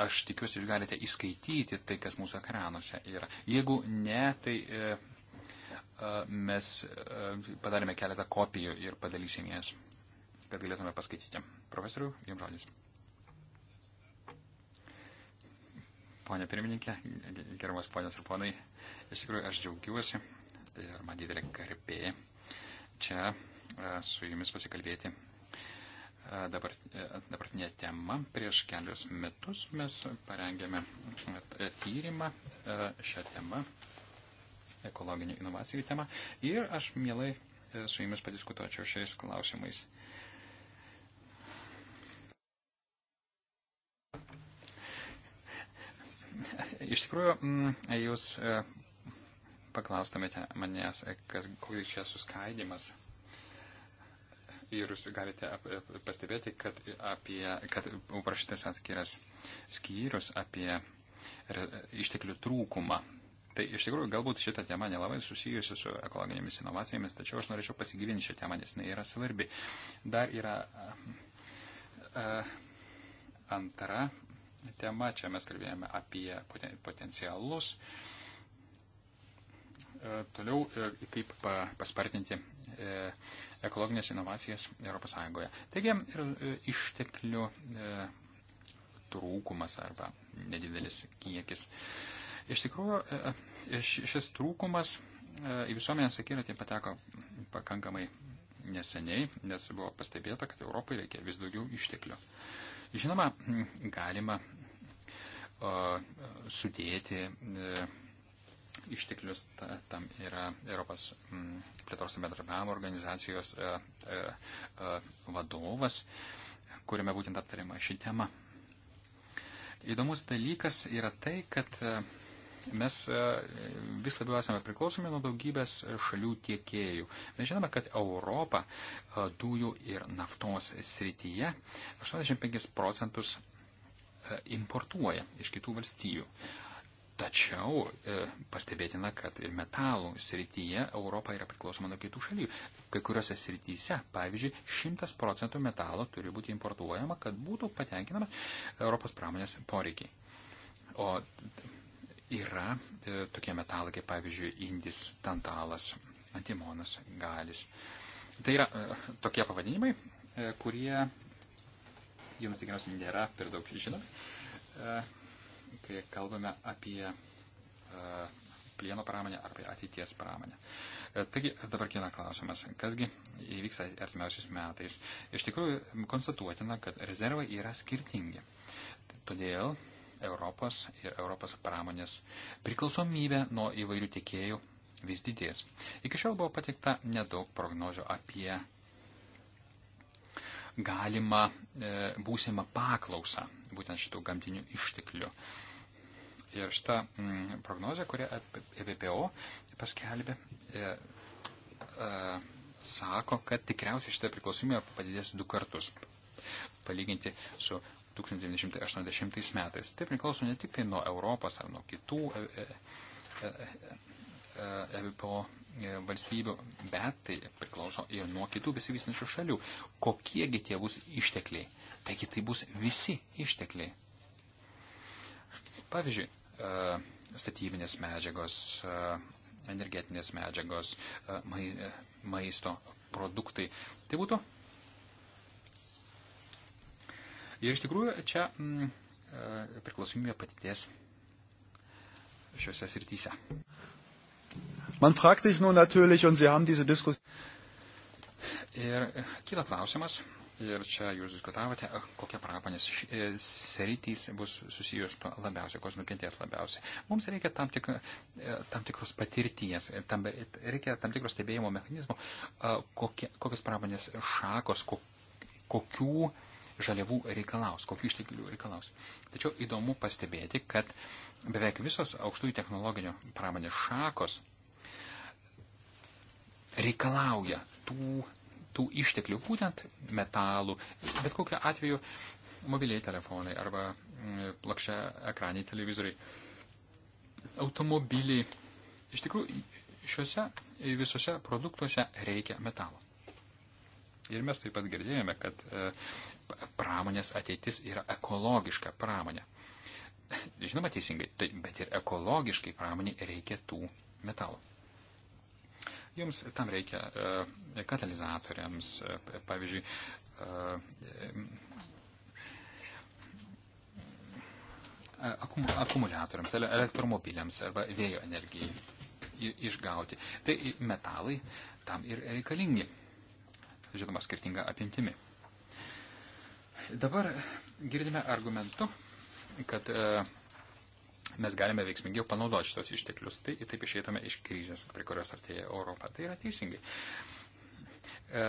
Aš tikiuosi, jūs galite įskaityti tai, kas mūsų ekranuose yra. Jeigu ne, tai e, e mes e, padarėme keletą kopijų ir padalysim jas, kad galėtume paskaityti. Profesoriu, jums žodis. Pone pirmininkė, gerbiamas ponios ir ponai, iš tikrųjų aš džiaugiuosi ir man didelė garbė čia e, su jumis pasikalbėti dabar, dabartinė tema. Prieš kelius metus mes parengėme tyrimą e, šią temą, ekologinių inovacijų temą. Ir aš mielai e, su jumis padiskutuočiau šiais klausimais. Iš tikrųjų, jūs e, paklaustumėte manęs, kas kokia čia suskaidimas ir jūs galite pastebėti, kad, apie, kad uprašytas atskiras skyrius apie išteklių trūkumą. Tai iš tikrųjų galbūt šita tema nelabai susijusi su ekologinėmis inovacijomis, tačiau aš norėčiau pasigilinti šią temą, nes jinai yra svarbi. Dar yra uh, antra tema, čia mes kalbėjome apie poten, potencialus uh, E, toliau e, kaip paspartinti e, ekologinės inovacijas ES. Taigi išteklių trūkumas arba nedidelis kiekis. Iš tikrųjų, šis trūkumas į visuomenės akiratį pateko pakankamai neseniai, nes buvo pastebėta, kad Europai reikia vis daugiau išteklių. Žinoma, galima sudėti išteklius, ta, tam yra Europos plėtros bendradarbiavimo organizacijos e, e, e, vadovas, kuriame būtent aptariama ši tema. Įdomus dalykas yra tai, kad e, mes e, vis labiau esame priklausomi nuo daugybės šalių tiekėjų. Mes žinome, kad Europa e, dujų ir naftos srityje 85 procentus importuoja iš kitų valstybių. Tačiau e, pastebėtina, kad ir metalų srityje Europa yra priklausoma nuo kitų šalių. Kai kuriuose srityse, pavyzdžiui, 100 procentų metalo turi būti importuojama, kad būtų patenkinamas Europos pramonės poreikiai. O yra e, tokie metalai, kaip pavyzdžiui, indis, tantalas, antimonas, galis. Tai yra e, tokie pavadinimai, e, kurie jums tikriausiai nėra per daug žinomi. E, kai kalbame apie e, plieno pramonę arba ateities pramonę. E, taigi dabar kila klausimas, kasgi įvyks artimiausiais metais. Iš tikrųjų, konstatuotina, kad rezervai yra skirtingi. Todėl Europos ir Europos pramonės priklausomybė nuo įvairių tiekėjų vis didės. Iki šiol buvo pateikta nedaug prognozių apie galimą e, būsimą paklausą būtent šitų gamtinių išteklių. Ir šita mm, prognozija, kurią EBPO paskelbė, e, e, sako, kad tikriausiai šitą priklausomybę padidės du kartus, palyginti su 1980 metais. Tai priklauso ne tik tai nuo Europos ar nuo kitų EBPO e, e, e, e E, valstybių, bet tai priklauso ir nuo kitų besivystančių šalių. Kokiegi tie bus ištekliai? Taigi tai bus visi ištekliai. Pavyzdžiui, e, statybinės medžiagos, e, energetinės medžiagos, maisto produktai. Tai būtų. Ir iš tikrųjų čia m, mm, priklausomybė patidės šiuose srityse. Man fragt sich nun natürlich, und Sie haben diese Diskussion. Ir kyla klausimas, ir čia jūs diskutavote, e, kokie pramonės e, sritys bus susijęs labiausiai, kos nukentės labiausiai. Mums reikia tam, tik, e, tam tikros patirties, tam, reikia tam tikros stebėjimo mechanizmo, kokie, kokios pramonės šakos, kokių žaliavų reikalaus, kokių išteklių reikalaus. Tačiau įdomu pastebėti, kad uh, beveik visos aukštųjų technologinių pramonės šakos reikalauja tų, tų išteklių, būtent metalų, bet kokiu atveju mobiliai telefonai arba mm, plakščia ekraniai televizoriai, automobiliai. Iš tikrųjų, šiuose visuose produktuose reikia metalo. Ir mes taip pat girdėjome, kad e, pramonės ateitis yra ekologiška pramonė. Žinoma, teisingai, tai, bet ir ekologiškai pramoniai reikia tų metalų. Jums tam reikia e, katalizatoriams, e, pavyzdžiui, e, e akum, akumuliatoriams, elektromobiliams arba vėjo energijai išgauti. Tai metalai tam ir reikalingi, žinoma, skirtinga apimtimi. Dabar girdime argumentu, kad e, mes galime veiksmingiau panaudoti šitos išteklius. Tai taip išeitume iš krizės, prie kurios artėja Europa. Tai yra teisingai. E,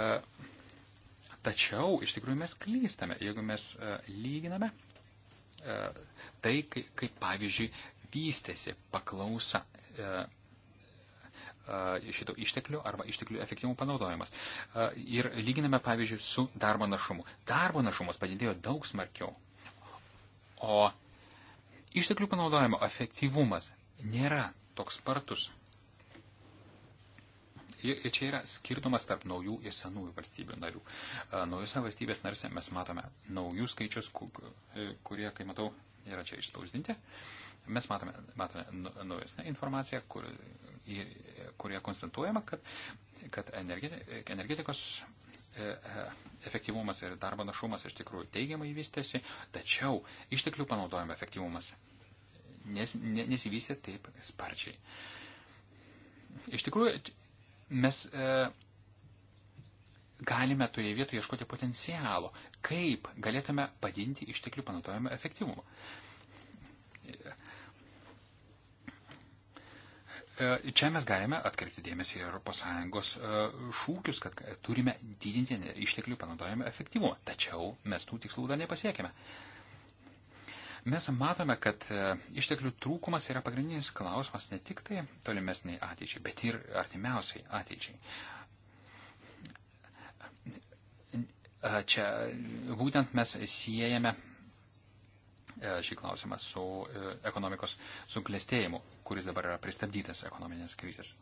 tačiau iš tikrųjų mes klystame, jeigu mes e, lyginame tai, kaip pavyzdžiui vystėsi paklausa šitų išteklių arba išteklių efektyvų panaudojimas. Ir lyginame, pavyzdžiui, su darbo našumu. Darbo našumas padidėjo daug smarkiau O išteklių panaudojimo efektyvumas nėra toks spartus. Ir, ir čia yra skirtumas tarp naujų ir senųjų valstybių narių. E, naujose valstybės narse mes matome naujus skaičius, e, kurie, kai matau, yra čia išspausdinti. Mes matome, matome naujesnę informaciją, kur, kurioje konstatuojama, kad, kad energetikos E, e, efektyvumas ir darbo našumas iš tikrųjų teigiamai vystėsi, tačiau išteklių panaudojimo efektyvumas nes, ne, nesivystė taip sparčiai. Iš tikrųjų, mes e, galime toje vietoje ieškoti potencialo, kaip galėtume padinti išteklių panaudojimo efektyvumą. E, E, čia mes galime atkreipti dėmesį į ES e, šūkius, kad turime didinti išteklių panaudojimą efektyvumą. Tačiau mes tų tikslų dar nepasiekime. Mes matome, kad e, išteklių trūkumas yra pagrindinis klausimas ne tik tai tolimesniai ateičiai, bet ir artimiausiai ateičiai. Čia būtent mes siejame E, šį klausimą su e, ekonomikos suklestėjimu, kuris dabar yra pristabdytas ekonominės krizės.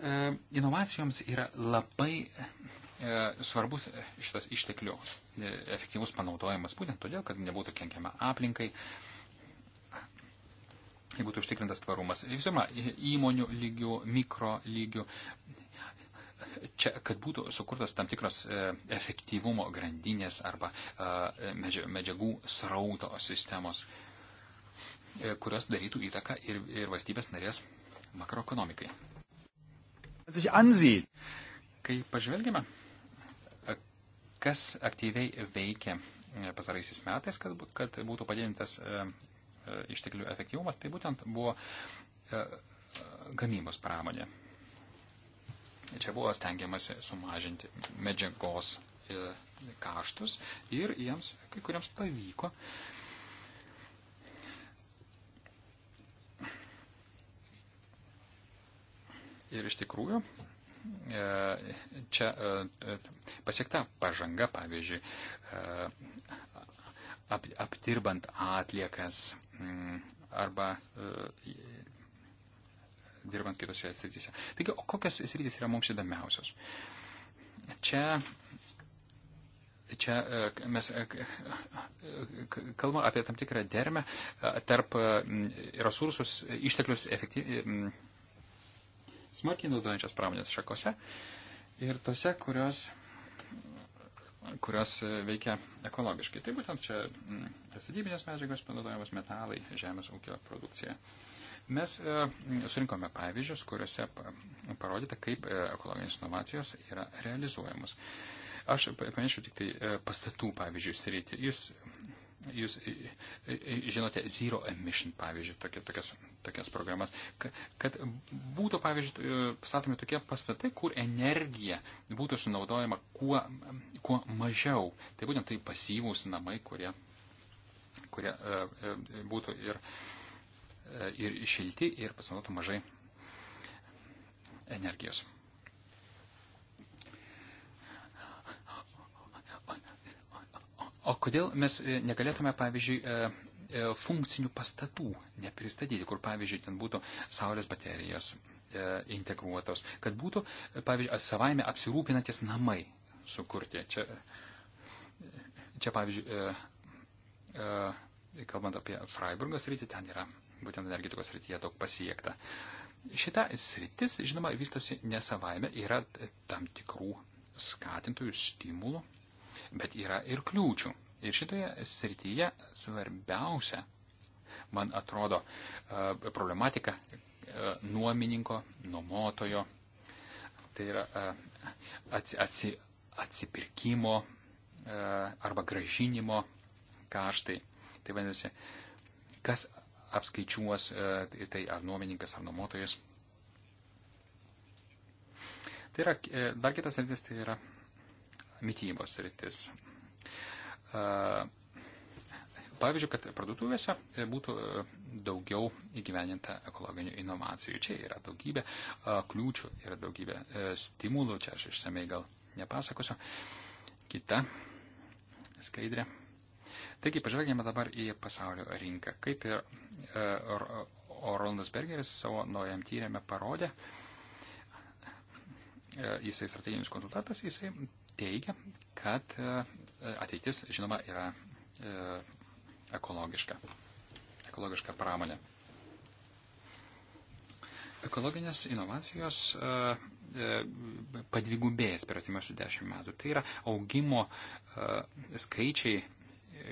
E, inovacijoms yra labai svarbus šitas išteklių efektyvus panaudojimas, būtent todėl, kad nebūtų kenkiama aplinkai, būtų užtikrintas tvarumas. Visuma, įmonių lygių, mikro lygių, čia, kad būtų sukurtos tam tikros e, efektyvumo grandinės arba e, medžiagų srauto sistemos, e, kurios darytų įtaką ir, ir valstybės narės makroekonomikai. Kai pažvelgime, kas aktyviai veikia pasaraisiais metais, kad, kad būtų padidintas išteklių efektyvumas, tai būtent buvo gamybos pramonė. Čia buvo stengiamasi sumažinti medžiagos e, kaštus ir jiems, kai kuriems pavyko. Ir iš tikrųjų, e, čia e, pasiekta pažanga, pavyzdžiui, aptirbant atliekas arba dirbant kitose srityse. Taigi, o kokias srityse yra mums įdomiausios? Čia čia e, mes e, kalbame apie tam tikrą dermę e, tarp resursus, išteklius efektyviai smarkiai naudojančios pramonės šakose ir tose, kurios, kurios veikia ekologiškai. Tai būtent čia statybinės medžiagos panaudojamas metalai, žemės ūkio produkcija. Uh, Mes e, surinkome pavyzdžius, kuriuose parodyta, kaip e, ekologinės inovacijos yra realizuojamos. Aš paminėčiau tik tai e, pastatų pavyzdžių sritį. Jūs, jūs žinote Zero Emission pavyzdžių, tokia, tokias, tokias programas, kad būtų, pavyzdžiui, statomi tokie pastatai, kur energija būtų sunaudojama kuo, kuo mažiau. Tai būtent tai pasyvūs namai, kurie, kurie būtų ir E, ir šilti ir pasinaudotų mažai energijos. O kodėl mes e, negalėtume, pavyzdžiui, e, funkcinių pastatų nepristatyti, kur, pavyzdžiui, ten būtų saulės baterijos integruotos, kad būtų, pavyzdžiui, savaime apsirūpinantis namai sukurti. Čia, čia pavyzdžiui, kalbant apie Freiburgas rytį, ten yra būtent energetikos srityje daug pasiekta. Šita sritis, žinoma, vystosi ne savaime, yra tam tikrų skatintojų stimulų, bet yra ir kliūčių. Ir šitoje srityje svarbiausia, man atrodo, e, problematika e, nuomininko, nuomotojo, tai yra e, atsi, atsipirkimo arba gražinimo kaštai. Tai vadinasi, kas apskaičiuos e, tai, tai ar nuomininkas, ar nuomotojas. Tai yra, e, dar kitas sritis tai yra mytybos sritis. E, pavyzdžiui, kad parduotuvėse būtų daugiau įgyveninta ekologinių inovacijų. Čia yra daugybė kliūčių, yra daugybė stimulų, čia aš išsamei gal nepasakosiu. Kita skaidrė. Taigi, pažvelgime dabar į pasaulio rinką. Kaip ir e, Rolandas Bergeris savo naujam tyrimė parodė, e, jisai strateginis konsultantas, jisai teigia, kad e, ateitis, žinoma, yra e, ekologiška. Ekologiška pramonė. Ekologinės inovacijos e, e, padvigubėjęs per atimiausių dešimt metų. Tai yra augimo e, skaičiai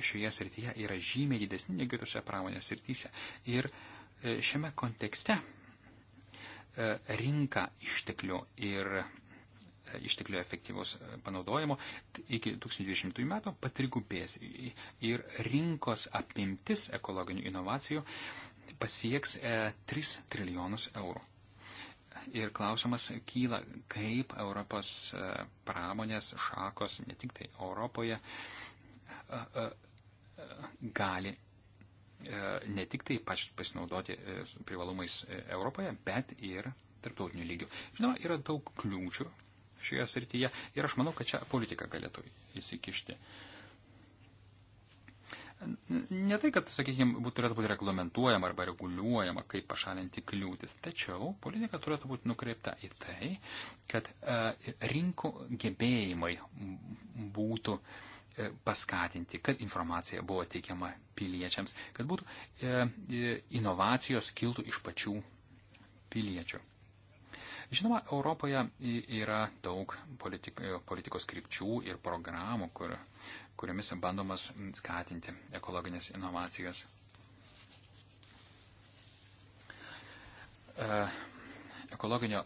šioje srityje yra žymiai didesni negu kitose pramonės srityse. Ir e, šiame kontekste e, rinka išteklių ir e, išteklių efektyvus panaudojimo iki 2020 metų patrigubės ir rinkos apimtis ekologinių inovacijų pasieks 3 trilijonus eurų. Ir klausimas kyla, kaip Europos pramonės šakos, ne tik tai Europoje, gali e, ne tik tai pasinaudoti e, privalumais e, Europoje, bet ir tarptautiniu lygiu. Žinoma, yra daug kliūčių šioje srityje ir aš manau, kad čia politika galėtų įsikišti. Ne tai, kad, sakykime, būtų, turėtų būti reglamentuojama arba reguliuojama, kaip pašalinti kliūtis, tačiau politika turėtų būti nukreipta į tai, kad e, rinkų gebėjimai būtų e, E, paskatinti, kad informacija buvo teikiama piliečiams, kad būtų e, e, inovacijos kiltų iš pačių piliečių. Žinoma, Europoje yra daug politikos krypčių ir programų, kur, kuriomis bandomas skatinti ekologinės inovacijas. Ekologinio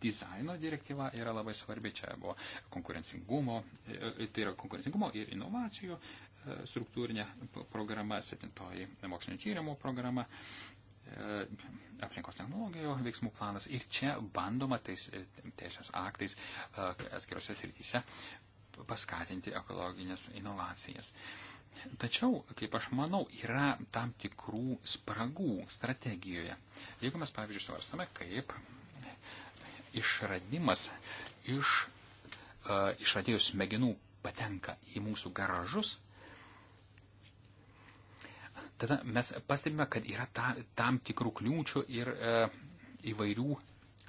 dizaino direktyva yra labai svarbi. Čia buvo konkurencingumo, e, tai yra konkurencingumo ir inovacijų e, struktūrinė programa, septintoji mokslinio tyrimų programa, e, aplinkos technologijų veiksmų planas. Ir čia bandoma tais teisės aktais atskirose srityse paskatinti ekologinės inovacijas. Tačiau, kaip aš manau, yra tam tikrų spragų strategijoje. Jeigu mes, pavyzdžiui, svarstame, kaip išradimas iš uh, e, išradėjų smegenų patenka į mūsų garažus, tada mes pastebime, kad yra ta, tam tikrų kliūčių ir uh, įvairių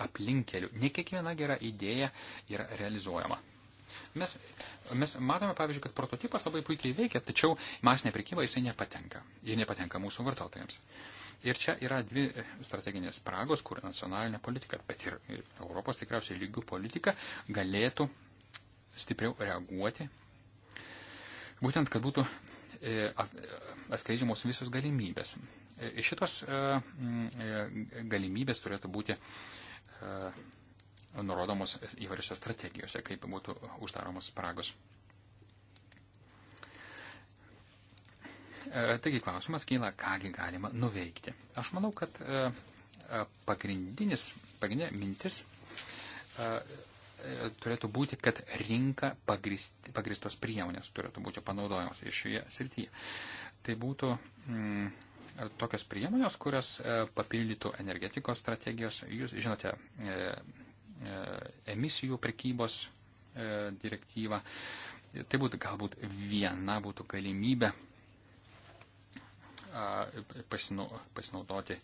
aplinkelių. Ne kiekviena gera idėja yra realizuojama. Mes, mes matome, pavyzdžiui, kad prototipas labai puikiai veikia, tačiau masinė prekyba jisai nepatenka. Jie nepatenka mūsų vartotojams. Uh, Ir čia yra dvi strateginės spragos, kur nacionalinė politika, bet ir Europos tikriausiai lygių politika galėtų stipriau reaguoti. Būtent, kad būtų e, atskleidžiamos visos galimybės. E, šitos e, galimybės turėtų būti nurodomos įvairiose strategijose, kaip būtų uždaromos spragos. E, taigi klausimas kyla, kągi galima nuveikti. Aš manau, kad e, e, pagrindinis, pagrindinė mintis turėtų būti, kad rinka pagrist, pagristos priemonės turėtų būti panaudojamos ir šioje srityje. Tai būtų mm, tokios priemonės, kurios papildytų energetikos strategijos. Jūs žinote, e, e, emisijų prekybos e, direktyvą. Tai būtų galbūt viena būtų galimybė pasinaudoti.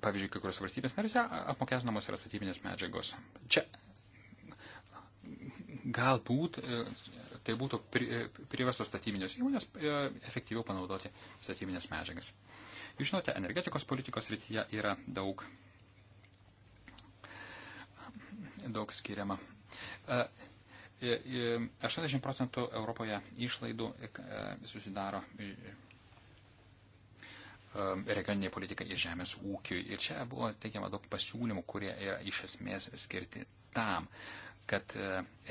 Pavyzdžiui, kai kurios valstybės narėse apmokestinamos yra statybinės medžiagos. Čia galbūt e, tai būtų e, priverstos statybinės įmonės e, efektyviau panaudoti statybinės medžiagas. Jūs žinote, energetikos politikos rytyje yra daug, daug skiriama. 80 e, e, procentų Europoje išlaidų e, susidaro regioniniai politikai ir žemės ūkiui. Ir čia buvo teikiama daug pasiūlymų, kurie yra iš esmės skirti tam, kad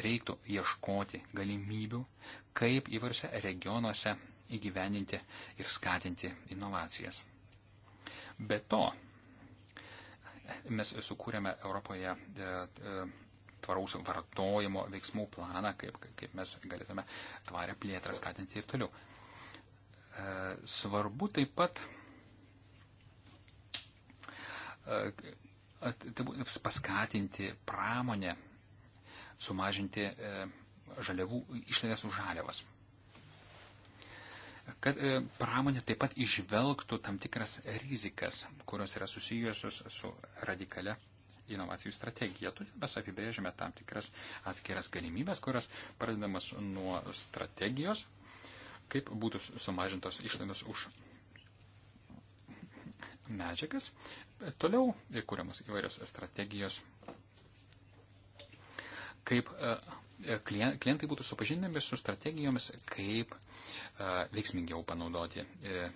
reiktų ieškoti galimybių, kaip įvairiose regionuose įgyveninti ir skatinti inovacijas. Be to, mes sukūrėme Europoje tvaraus vartojimo veiksmų planą, kaip, kaip mes galėtume tvarę plėtrą skatinti ir toliau. E, svarbu taip pat e, tai paskatinti pramonę, sumažinti e, žaliavų, išlaidas už žaliavas. Kad pramonė taip pat išvelgtų tam tikras rizikas, kurios yra susijusios su radikale inovacijų strategiją. Todėl mes apibrėžiame tam tikras atskiras galimybės, kurios pradedamas nuo strategijos, kaip būtų sumažintos išlaidos už medžiagas. Toliau kūriamos įvairios strategijos, kaip e, klientai būtų supažindami su strategijomis, kaip e, veiksmingiau panaudoti e,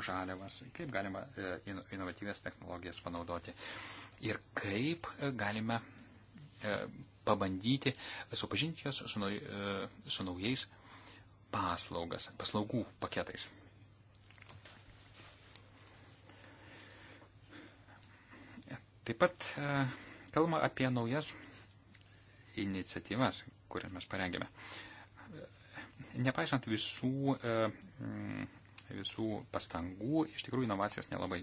žaliavas, kaip galima e, inovatyvės technologijas panaudoti ir kaip e, galime e, pabandyti supažinti jas su, nauj, su naujais paslaugas, paslaugų paketais. Taip pat kalbama apie naujas iniciatyvas, kurias mes parengėme. Nepaisant visų visų pastangų iš tikrųjų inovacijos nelabai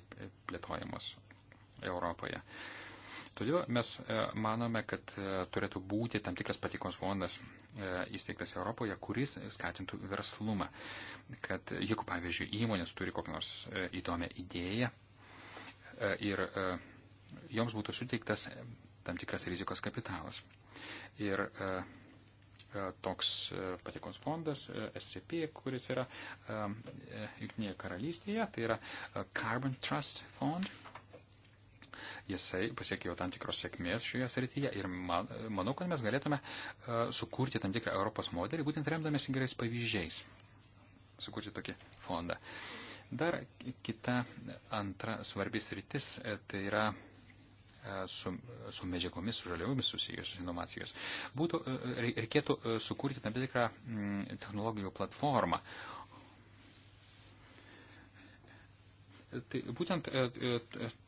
plėtojamos Europoje. Todėl mes e, manome, kad e, turėtų būti tam tikras patikos fondas e, įsteigtas Europoje, kuris skatintų verslumą. Kad jeigu, pavyzdžiui, įmonės turi kokią nors įdomią idėją ir joms būtų suteiktas tam tikras rizikos kapitalas. Ir uh, E, toks e, patikos fondas e, SCP, kuris yra Junktinėje karalystėje, tai yra Carbon Trust Fond. Jisai pasiekė jau tam tikros sėkmės šioje srityje ir man, manau, kad mes galėtume sukurti tam tikrą Europos modelį, būtent remdamėsi gerais pavyzdžiais, sukurti tokį fondą. Dar kita antra svarbis rytis, tai yra E, su, su medžiagomis, su žaliavomis susijusios inovacijas. Būtų, e, e, reikėtų sukurti tam tikrą mm, technologijų platformą. Tai būtent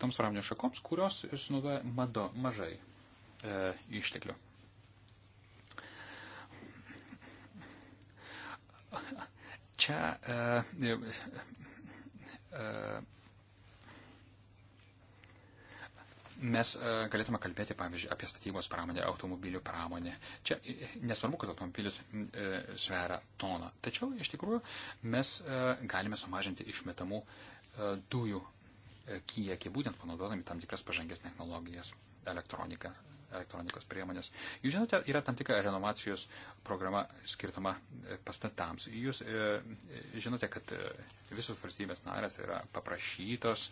toms pramonės šakoms, kurios sunaudoja mado, mažai e, išteklių. Čia e, e, e, mes e, galėtume kalbėti, pavyzdžiui, apie statybos pramonę, automobilių pramonę. Čia e, nesvarbu, kad automobilis e, sveria toną. Tačiau, iš tikrųjų, mes galime sumažinti išmetamų dujų kiekį, būtent panaudodami tam tikras pažangės technologijas, elektroniką, elektronikos priemonės. Jūs žinote, yra tam tikra renovacijos programa skirtama pastatams. Jūs žinote, kad visos valstybės narės yra paprašytos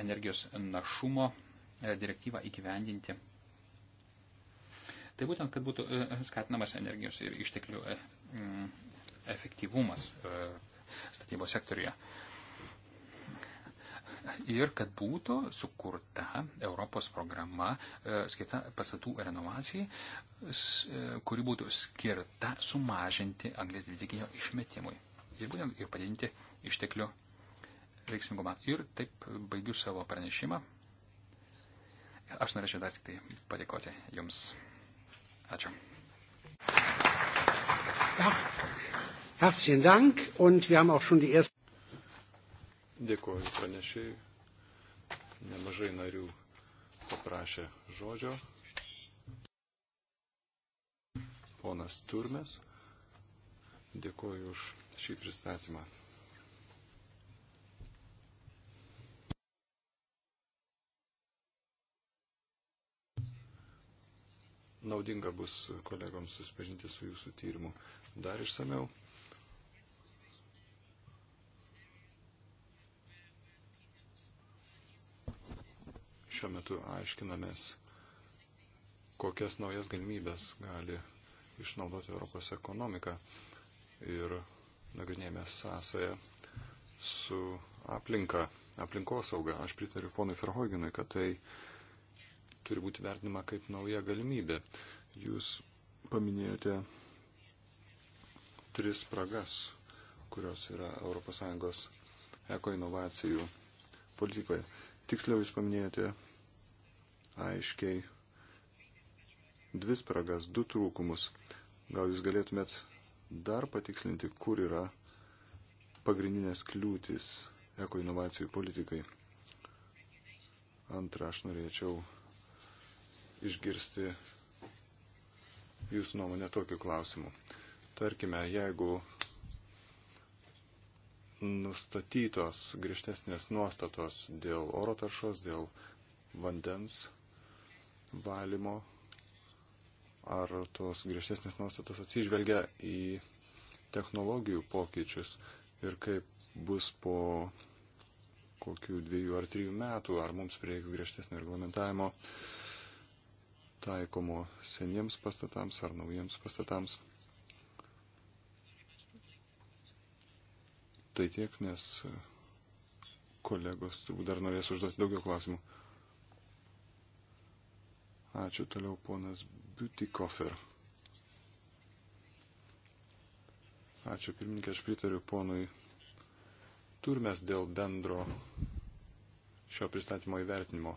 energijos našumo e, direktyvą įgyvendinti. Tai būtent, kad būtų e, skatinamas energijos ir išteklių e, mm, efektyvumas statybos sektoriuje. Ir kad būtų sukurta Europos programa skirta pastatų renovacijai, kuri būtų skirta sumažinti anglės dvideginio išmetimui ir būtent ir padidinti išteklių veiksmingumą. Ir taip baigiu savo pranešimą. Aš norėčiau dar tik tai padėkoti Jums. Ačiū. Herzlichen Dank und wir haben auch schon die erste. Dėkuoju pranešėjai. Nemažai narių paprašė žodžio. Ponas Turmes. Dėkuoju už šį pristatymą. naudinga bus kolegoms susipažinti su jūsų tyrimu dar išsameu. Šiuo metu aiškinamės, kokias naujas galimybės gali išnaudoti Europos ekonomiką ir nagrinėjame sąsąją su aplinka, aplinkosauga. Aš pritariu ponui Ferhoginui, kad tai uh, turi būti vertinama kaip nauja galimybė. Jūs paminėjote tris spragas, kurios yra ES ekoinovacijų politikoje. Tiksliau jūs paminėjote aiškiai dvi spragas, du trūkumus. Gal jūs galėtumėt dar patikslinti, kur yra pagrindinės kliūtis ekoinovacijų politikai. Antra, aš norėčiau išgirsti jūsų nuomonę tokiu klausimu. Tarkime, jeigu nustatytos griežtesnės nuostatos dėl oro taršos, dėl vandens valymo, ar tos griežtesnės nuostatos atsižvelgia į technologijų pokyčius ir kaip bus po kokių dviejų ar trijų metų, ar mums prieiks griežtesnio reglamentavimo uh, taikomo seniems pastatams ar naujiems pastatams. Tai tiek, nes e, kolegos dar norės užduoti daugiau klausimų. Ačiū toliau ponas Butikofer. Ačiū pirmininkė, aš pritariu ponui Turmes dėl bendro šio pristatymo įvertinimo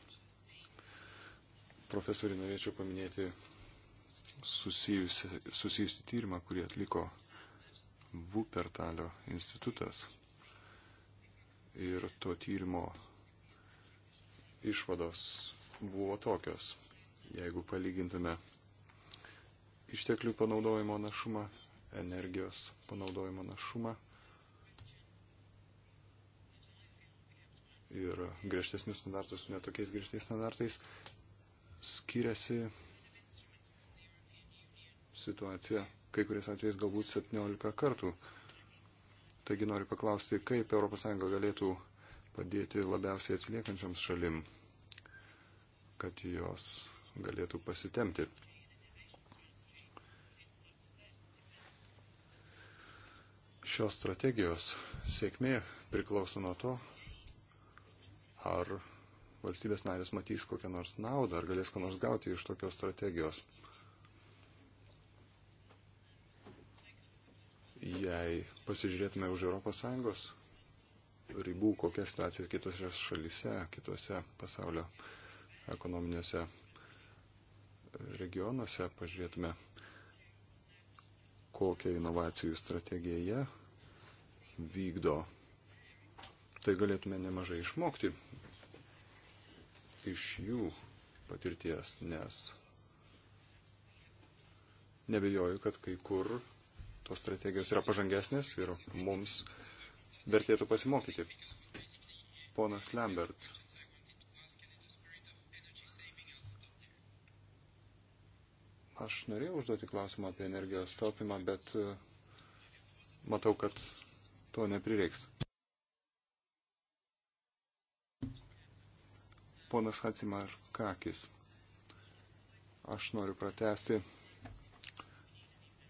profesorį norėčiau paminėti susijusi, susijusi tyrimą, kurį atliko Vupertalio institutas. Ir to tyrimo išvados buvo tokios. Jeigu palygintume išteklių panaudojimo našumą, energijos panaudojimo našumą ir griežtesnius standartus su netokiais griežtais standartais, skiriasi situacija kai kuriais atvejais galbūt 17 kartų. Taigi noriu paklausti, kaip ES galėtų padėti labiausiai atsiliekančioms šalim, kad jos galėtų pasitemti. Šios strategijos sėkmė priklauso nuo to, ar valstybės narės matys kokią nors naudą ar galės ko nors gauti iš tokios strategijos. Jei pasižiūrėtume už ES ribų, kokia situacija kitose šalise, kitose pasaulio ekonominiuose regionuose, pažiūrėtume, kokią inovacijų strategiją vykdo, tai galėtume nemažai išmokti iš jų patirties, nes nebejoju, kad kai kur tos strategijos yra pažangesnės ir mums vertėtų pasimokyti. Ponas Lambert. Aš norėjau užduoti klausimą apie energijos taupimą, bet e, matau, kad to neprireiks. Ponas Hatsimar Kakis. Aš noriu pratesti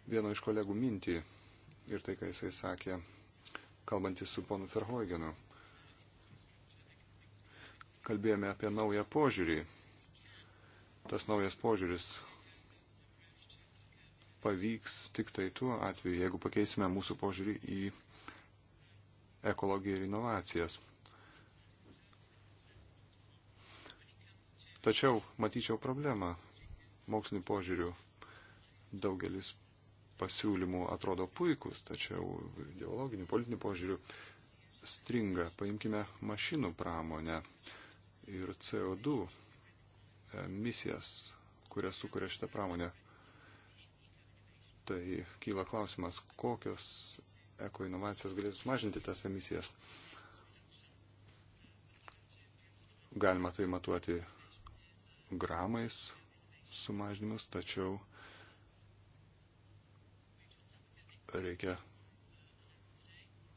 vieno iš kolegų mintį ir tai, ką jisai sakė, kalbantis su ponu Ferhoigenu. Kalbėjome apie naują požiūrį. Tas naujas požiūris pavyks tik tai tuo atveju, jeigu pakeisime mūsų požiūrį į ekologiją ir inovacijas. Tačiau matyčiau problemą mokslinių požiūrių. Daugelis pasiūlymų atrodo puikus, tačiau ideologinių, politinių požiūrių stringa. Paimkime mašinų pramonę ir CO2 misijas, kurias sukuria šitą pramonę. Tai kyla klausimas, kokios ekoinovacijos galėtų sumažinti tas emisijas. Galima tai matuoti gramais sumažinimus, tačiau reikia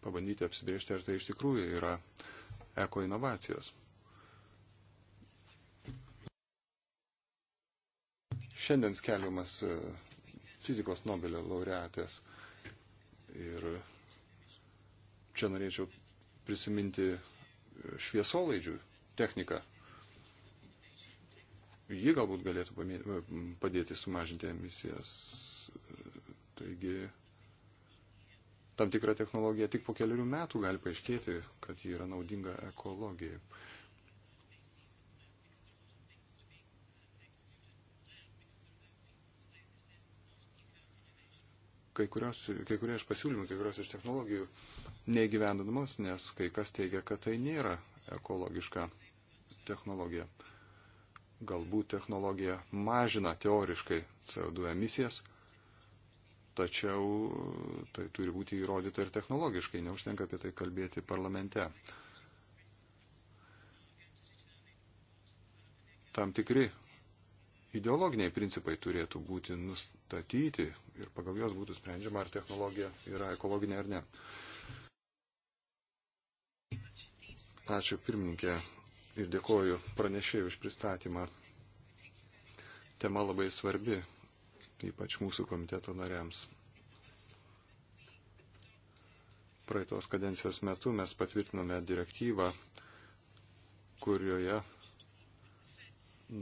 pabandyti apsibriežti, ar tai iš tikrųjų yra ekoinovacijos. Šiandien skelbiamas e, fizikos Nobelio laureatės ir čia norėčiau prisiminti šviesolaidžių techniką, Ji galbūt galėtų padėti sumažinti emisijas. Taigi, tam tikra technologija tik po keliarių metų gali paaiškėti, kad ji yra naudinga ekologijai. kai, kurios, kai kurie iš pasiūlymų, kai kurios iš technologijų neįgyvendinamos, nes kai kas teigia, kad tai nėra ekologiška technologija. Galbūt technologija mažina teoriškai CO2 emisijas, tačiau tai turi būti įrodyta ir technologiškai, neužtenka apie tai kalbėti parlamente. Tam tikri ideologiniai principai turėtų būti nustatyti ir pagal juos būtų sprendžiama, ar technologija yra ekologinė ar ne. Ačiū pirmininkė ir dėkoju pranešėjui už pristatymą. Tema labai svarbi, ypač mūsų komiteto nariams. Praeitos kadencijos metu mes patvirtinome direktyvą, kurioje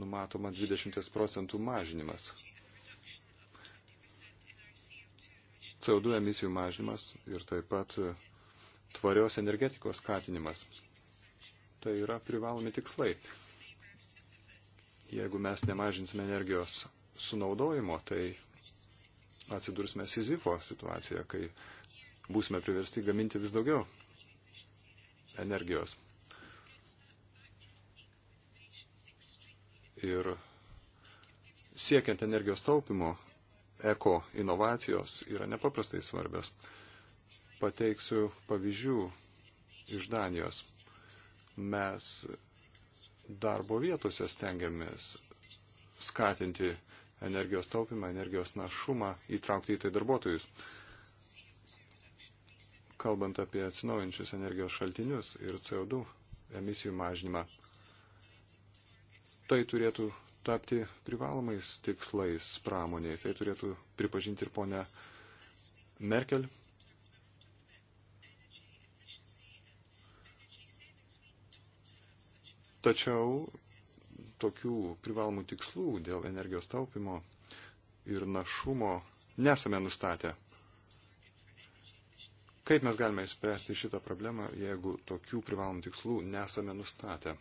numatoma 20 procentų mažinimas. CO2 emisijų mažinimas ir taip pat tvarios energetikos skatinimas. Tai yra privalomi tikslai. Jeigu mes nemažinsime energijos sunaudojimo, tai atsidursime Sizifo situaciją, kai būsime priversti gaminti vis daugiau energijos. Ir siekiant energijos taupimo, eko inovacijos yra nepaprastai svarbios. Pateiksiu pavyzdžių iš Danijos mes darbo vietose stengiamės skatinti energijos taupimą, energijos našumą, įtraukti į tai darbuotojus. Kalbant apie atsinaujančius energijos šaltinius ir CO2 emisijų mažinimą, tai turėtų tapti privalomais tikslais pramoniai. Tai turėtų pripažinti ir ponia Merkel Tačiau tokių privalomų tikslų dėl energijos taupimo ir našumo nesame nustatę. Kaip mes galime įspręsti šitą problemą, jeigu tokių privalomų tikslų nesame nustatę?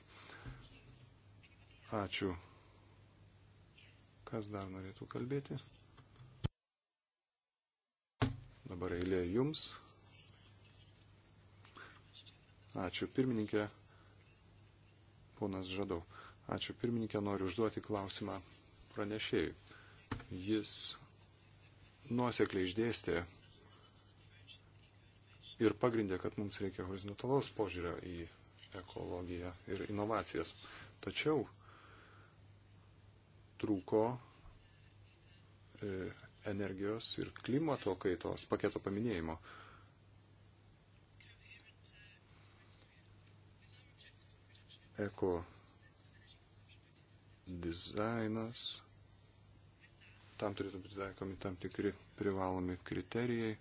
Ačiū. Kas dar norėtų kalbėti? Dabar eilė jums. Ačiū pirmininkė. Ponas Žadau, ačiū pirmininkė, noriu užduoti klausimą pranešėjui. Jis nuosekliai išdėstė ir pagrindė, kad mums reikia horizontalaus požiūrio į ekologiją ir inovacijas. Tačiau trūko e, energijos ir klimato kaitos paketo paminėjimo. eko dizainas. Tam turėtų būti taikomi tam tikri privalomi kriterijai.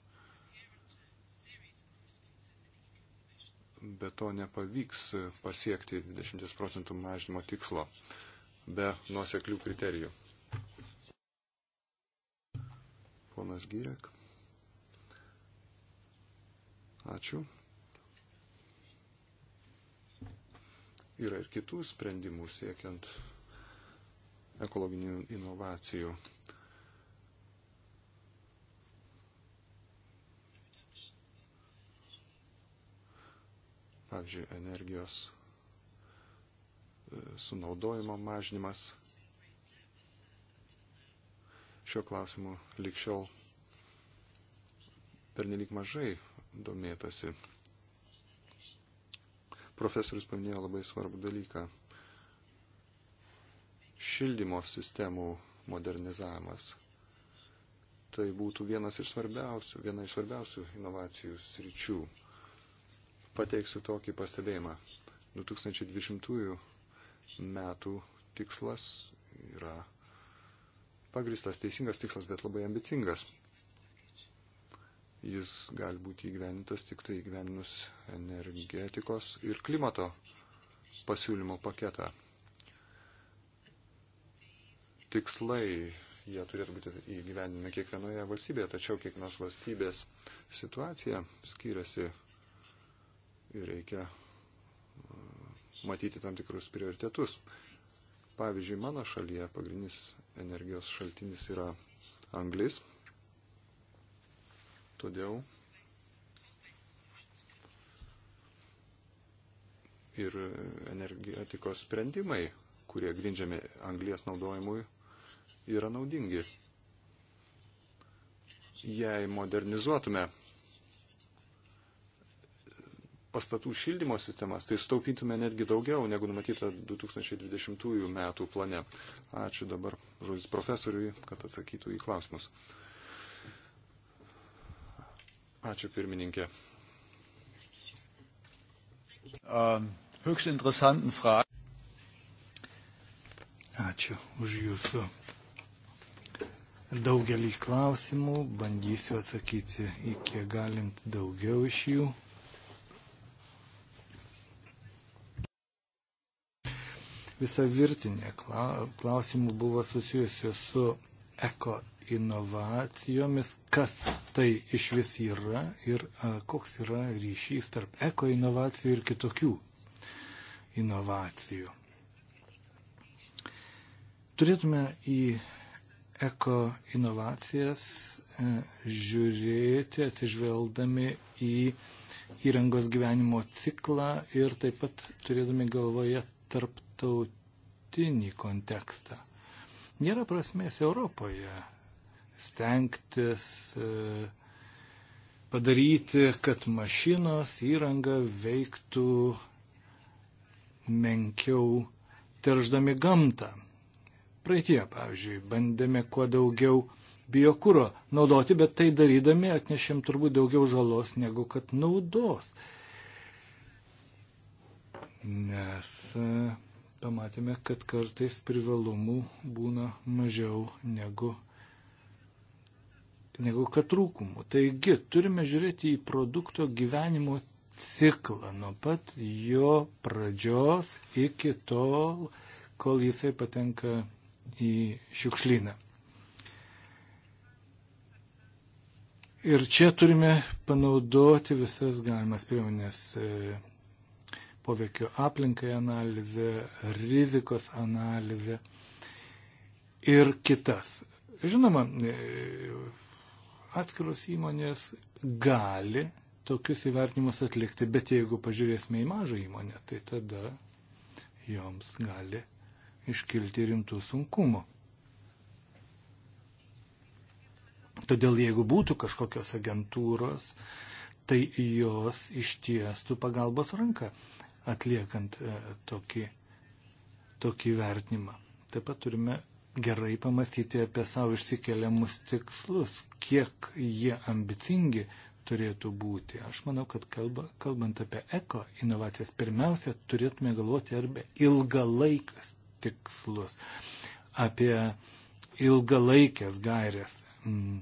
Be to nepavyks pasiekti 20 procentų mažinimo tikslo be nuoseklių kriterijų. Ponas Gyrek. Ačiū. Yra ir kitų sprendimų siekiant ekologinių inovacijų. Pavyzdžiui, energijos e, sunaudojimo mažinimas. Šiuo klausimu likščiau pernelyg mažai domėtasi. Profesorius paminėjo labai svarbų dalyką. Šildymo sistemų modernizavimas. Tai būtų vienas iš svarbiausių, viena iš svarbiausių inovacijų sričių. Pateiksiu tokį pastebėjimą. 2020 metų tikslas yra pagristas, teisingas tikslas, bet labai ambicingas. Jis gali būti įgyvenintas tik tai įgyveninus energetikos ir klimato pasiūlymų paketą. Tikslai jie turėtų būti įgyvendinami kiekvienoje valstybėje, tačiau kiekvienos valstybės situacija skiriasi ir reikia mm, matyti tam tikrus prioritetus. Pavyzdžiui, mano šalyje pagrindinis energijos šaltinis yra anglis, Todėl ir energetikos sprendimai, kurie grindžiami anglės naudojimui, yra naudingi. Jei modernizuotume pastatų šildymo sistemas, tai staupytume netgi daugiau negu numatyta 2020 metų plane. Ačiū dabar žodis profesoriui, kad atsakytų į klausimus. Ačiū pirmininkė. Um, Ačiū už jūsų daugelį klausimų. Bandysiu atsakyti į kiek galint daugiau iš jų. Visa virtinė klausimų buvo susijusi su eko inovacijomis, kas tai iš vis yra ir koks yra ryšys tarp eko inovacijų ir kitokių inovacijų. Turėtume į eko inovacijas e, žiūrėti atsižvelgdami į įrangos gyvenimo ciklą ir taip pat turėdami galvoje tarptautinį kontekstą. Nėra prasmės Europoje stengtis e, padaryti, kad mašinos įranga veiktų menkiau terždami gamtą. Praeitie, pavyzdžiui, bandėme kuo daugiau biokūro naudoti, bet tai darydami atnešėm turbūt daugiau žalos negu kad naudos. Nes e, pamatėme, kad kartais privalumų būna mažiau negu negu kad trūkumų. Taigi turime žiūrėti į produkto gyvenimo ciklą nuo pat jo pradžios iki tol, kol jisai patenka į šiukšlyną. Ir čia turime panaudoti visas galimas priemonės e, poveikio aplinkai analizę, rizikos analizę ir kitas. Žinoma, e, atskiros įmonės gali tokius įvertinimus atlikti, bet jeigu pažiūrėsime į mažą įmonę, tai tada joms gali iškilti rimtų sunkumų. Todėl jeigu būtų kažkokios agentūros, tai jos ištiestų pagalbos ranką atliekant e, tokį, tokį vertinimą. Taip pat turime gerai pamastyti apie savo išsikeliamus tikslus, kiek jie ambicingi turėtų būti. Aš manau, kad kalba, kalbant apie eko inovacijas, pirmiausia, turėtume galvoti arba ilgalaikas tikslus, apie ilgalaikės gairės. Mm.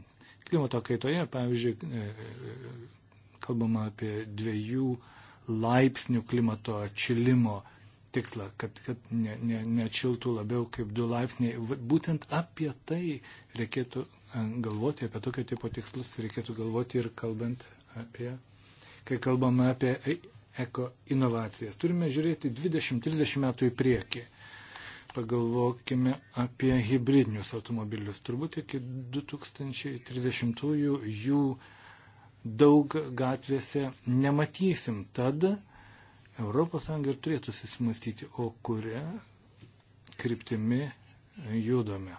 Klimato kaitoje, pavyzdžiui, e, e, kalbama apie dviejų laipsnių klimato atšilimo tikslą, kad, kad ne, ne, nečiltų labiau kaip 2 laipsniai. Būtent apie tai reikėtų e, galvoti, apie tokio tipo tikslus reikėtų galvoti ir kalbant apie, kai kalbame apie e, eko inovacijas. Turime žiūrėti 20-30 metų į priekį. Pagalvokime apie hybridinius automobilius. Turbūt iki 2030 jų daug gatvėse nematysim. Tad ES ir turėtų susimastyti, o kuria kryptimi judame.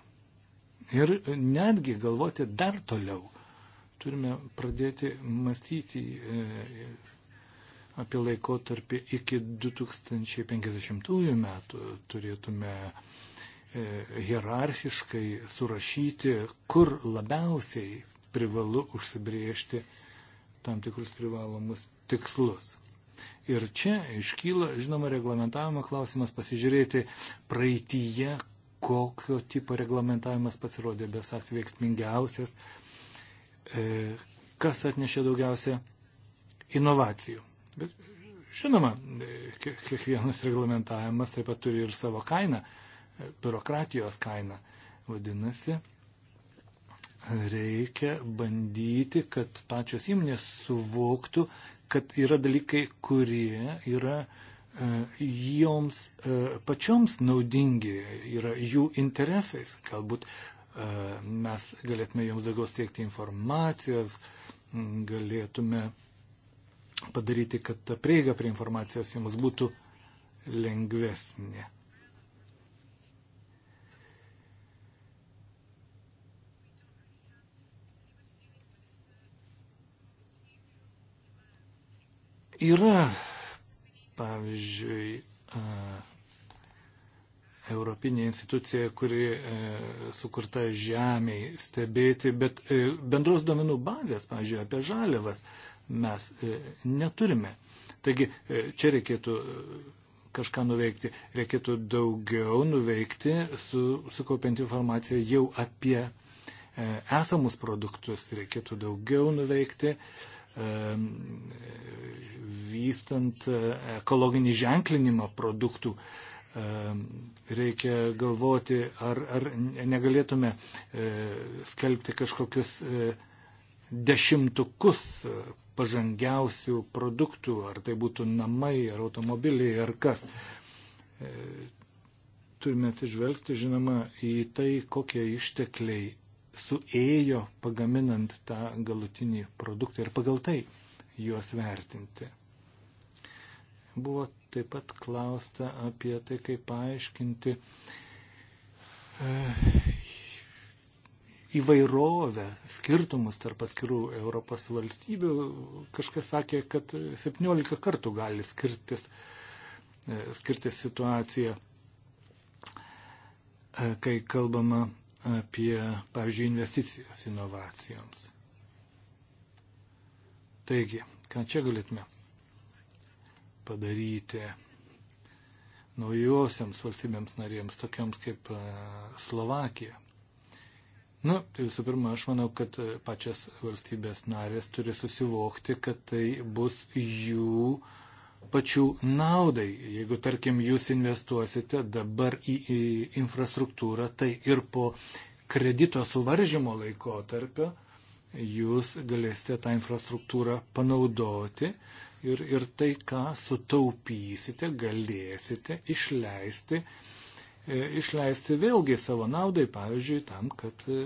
Ir netgi galvoti dar toliau. Turime pradėti mąstyti e, apie laikotarpį iki 2050 metų. Turėtume e, hierarchiškai surašyti, kur labiausiai privalu užsibriežti tam tikrus privalomus tikslus. Ir čia iškyla, žinoma, reglamentavimo klausimas pasižiūrėti praeitįje, kokio tipo reglamentavimas pasirodė besas veiksmingiausias, e, kas atnešė daugiausia inovacijų. Bet, žinoma, e, kiekvienas reglamentavimas taip pat turi ir savo kainą, e, biurokratijos kainą. Vadinasi, reikia bandyti, kad pačios įmonės suvoktų, kad yra dalykai, kurie yra e, joms e, pačioms naudingi, yra jų interesais. Galbūt e, mes galėtume joms daugiau steigti informacijos, galėtume padaryti, kad ta prieiga prie informacijos jums būtų lengvesnė. Yra, pavyzdžiui, Europinė institucija, kuri e, sukurta žemiai stebėti, bet e, bendros duomenų bazės, pavyzdžiui, apie žaliavas mes e, neturime. Taigi e, čia reikėtų e, kažką nuveikti, reikėtų daugiau nuveikti, su, sukaupiant informaciją jau apie e, esamus produktus, reikėtų daugiau nuveikti. E, vystant e, ekologinį ženklinimą produktų, reikia galvoti, ar, ar negalėtume e, skelbti kažkokius e, dešimtukus pažangiausių produktų, ar tai būtų namai, ar automobiliai, ar kas. Turime atsižvelgti, žinoma, į tai, kokie ištekliai suėjo pagaminant tą galutinį produktą ir pagal tai juos vertinti. Buvo taip pat klausta apie tai, kaip paaiškinti e, įvairovę, skirtumus tarp atskirų Europos valstybių. Kažkas sakė, kad 17 kartų gali skirtis, e, skirtis situacija, e, kai kalbama apie, pavyzdžiui, investicijas inovacijoms. Taigi, ką čia galėtume padaryti naujosiams valstybėms narėms, tokiams kaip e, Slovakija. Nu, tai visų pirma, aš manau, kad e, pačias valstybės narės turi susivokti, kad tai bus jų uh, pačių naudai. Jeigu, tarkim, jūs investuosite dabar į, į infrastruktūrą, tai ir po kredito suvaržymo laikotarpio jūs galėsite tą infrastruktūrą panaudoti ir, ir tai, ką sutaupysite, galėsite išleisti, e, išleisti vėlgi savo naudai, pavyzdžiui, tam, kad e,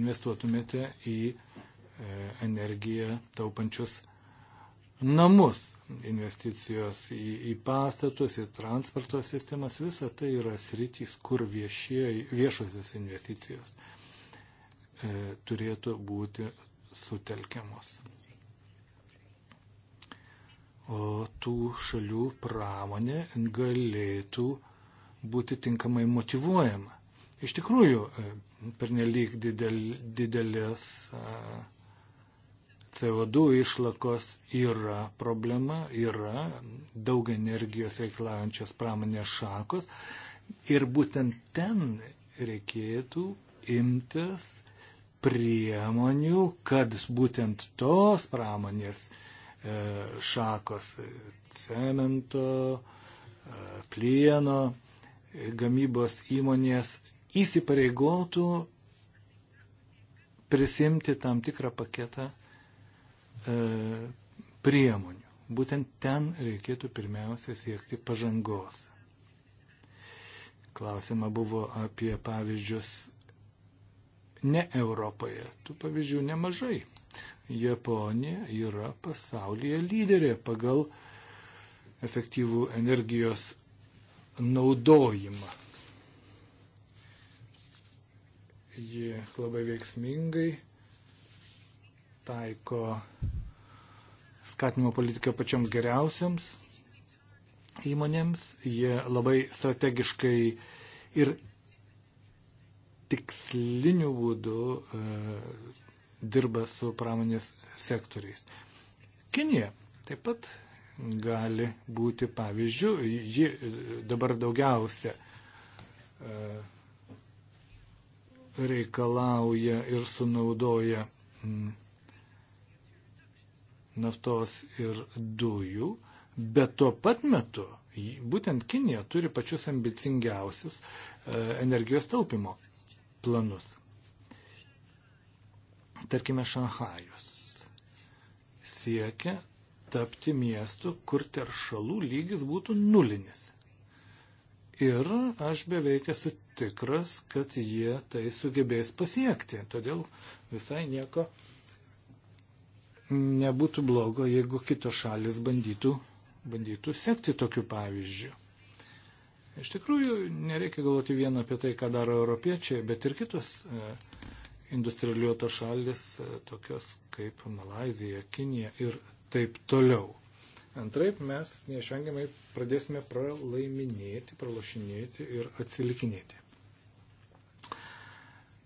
investuotumėte į e, energiją taupančius namus, investicijos į, į pastatus, į transporto sistemas, visa tai yra sritys, kur viešie, viešosios investicijos e, turėtų būti sutelkiamos. O tų šalių pramonė galėtų būti tinkamai motivuojama. Iš tikrųjų, e, pernelyg didel, didelės. E, CO2 išlakos yra problema, yra daug energijos reikalaujančios pramonės šakos ir būtent ten reikėtų imtis priemonių, kad būtent tos pramonės e, šakos cemento, e, plieno e, gamybos įmonės įsipareigotų prisimti tam tikrą paketą E, priemonių. Būtent ten reikėtų pirmiausia siekti pažangos. Klausima buvo apie pavyzdžius ne Europoje. Tų pavyzdžių nemažai. Japonija yra pasaulyje lyderė pagal efektyvų energijos naudojimą. Ji labai veiksmingai taiko skatinimo politiką pačioms geriausiams įmonėms. Jie labai strategiškai ir tiksliniu būdu e, dirba su pramonės sektoriais. Kinija taip pat gali būti pavyzdžių. Ji e, dabar daugiausia e, reikalauja ir sunaudoja naftos ir dujų, bet tuo pat metu būtent Kinija turi pačius ambicingiausius e, energijos taupimo planus. Tarkime, Šanhajus siekia tapti miestu, kur teršalų lygis būtų nulinis. Ir aš beveik esu tikras, kad jie tai sugebės pasiekti. Todėl visai nieko nebūtų blogo, jeigu kitos šalis bandytų, bandytų sekti tokiu pavyzdžiu. Iš tikrųjų, nereikia galvoti vien apie tai, ką daro europiečiai, bet ir kitos e, industrialiuotos šalis, e, tokios kaip Malazija, Kinija ir taip toliau. Antraip mes neišvengiamai pradėsime pralaiminėti, pralašinėti ir atsilikinėti.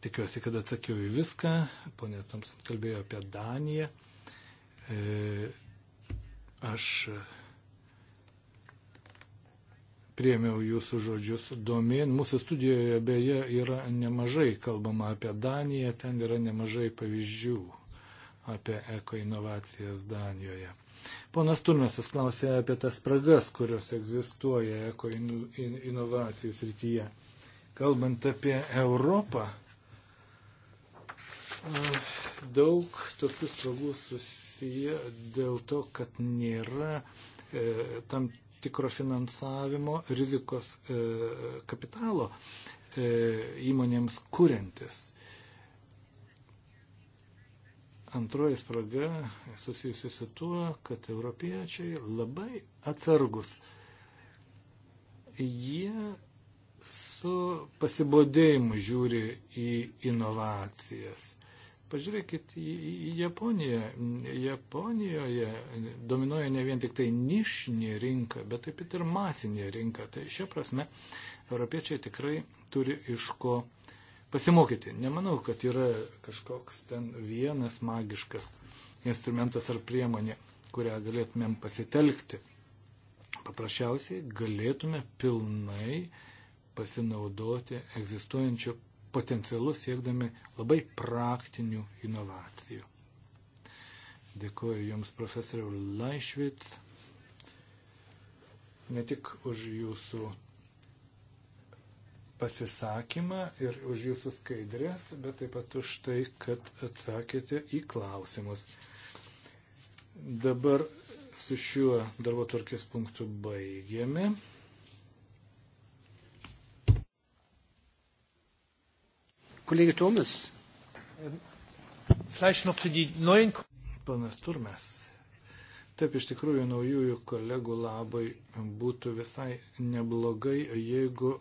Tikiuosi, kad atsakiau į viską. Pone Toms kalbėjo apie Daniją. E, aš e, priemiau jūsų žodžius domėn. Mūsų studijoje beje yra nemažai kalbama apie Daniją, ten yra nemažai pavyzdžių apie ekoinovacijas Danijoje. Ponas Turmesas klausė apie tas spragas, kurios egzistuoja ekoinovacijų srityje. Kalbant apie Europą, daug tokių spragų susiję komisija dėl to, kad nėra e, tam tikro finansavimo rizikos e, kapitalo e, įmonėms kuriantis. Antroji spraga susijusi su tuo, kad europiečiai labai atsargus. Jie su pasibodėjimu žiūri į inovacijas. Pažiūrėkit į, į Japoniją. Japonijoje dominuoja ne vien tik tai nišinė rinka, bet taip pat ir masinė rinka. Tai šia prasme europiečiai tikrai turi iš ko pasimokyti. Nemanau, kad yra kažkoks ten vienas magiškas instrumentas ar priemonė, kurią galėtumėm pasitelkti. Paprasčiausiai galėtume pilnai pasinaudoti egzistuojančiu potencialu siekdami labai praktinių inovacijų. Dėkuoju Jums, profesoriau Laišvic, ne tik už Jūsų pasisakymą ir už Jūsų skaidrės, bet taip pat už tai, kad atsakėte į klausimus. Dabar su šiuo darbo tvarkės punktu baigėme. Kollege Thomas. Vielleicht noch zu die neuen. Ponas Turmes. Taip, iš tikrųjų, naujųjų kolegų labai būtų visai neblogai, jeigu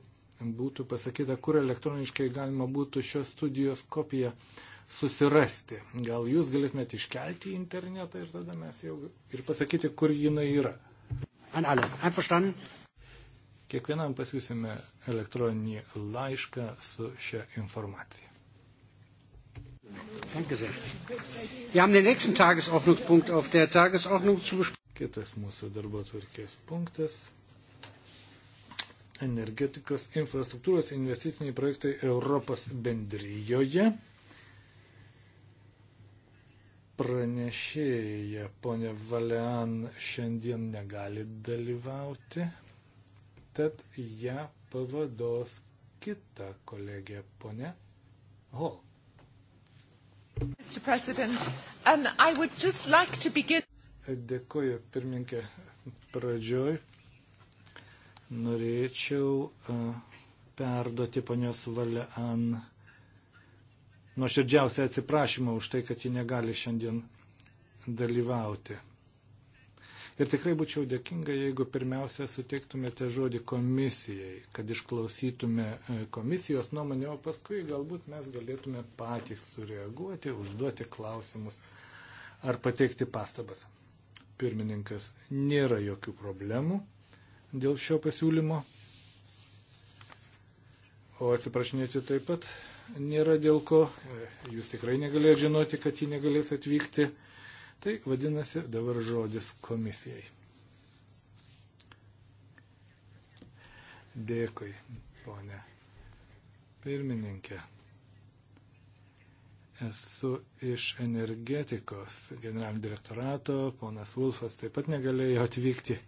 būtų pasakyta, kur elektroniškai galima būtų šios studijos kopiją susirasti. Gal jūs galėtumėte iškelti į internetą ir tada mes jau ir pasakyti, kur jinai yra. An alle. Einverstanden? Kiekvienam pasiūsime elektroninį laišką su šia informacija. Kitas mūsų darbo tvarkės punktas - energetikos infrastruktūros investiciniai projektai Europos bendryjoje. Pranešėja ponė Valean šiandien negali dalyvauti, tad ją pavados kita kolegė, ponė Hol. Mr. President, um, I would just like to begin. Dėkuoju, pirmininkė, pradžioj. Norėčiau uh, perduoti ponios valia an nuoširdžiausią atsiprašymą už tai, kad ji negali šiandien dalyvauti. Ir tikrai būčiau dėkinga, jeigu pirmiausia suteiktumėte žodį komisijai, kad išklausytume e, komisijos nuomonę, o paskui galbūt mes galėtume patys sureaguoti, užduoti klausimus ar pateikti pastabas. Pirmininkas, nėra jokių problemų dėl šio pasiūlymo. O atsiprašinėti taip pat nėra dėl ko. E, jūs tikrai negalėjote žinoti, kad ji negalės atvykti. Tai vadinasi dabar žodis komisijai. Dėkui, ponė pirmininkė. Esu iš energetikos generalinio direktorato, ponas Vulfas taip pat negalėjo atvykti.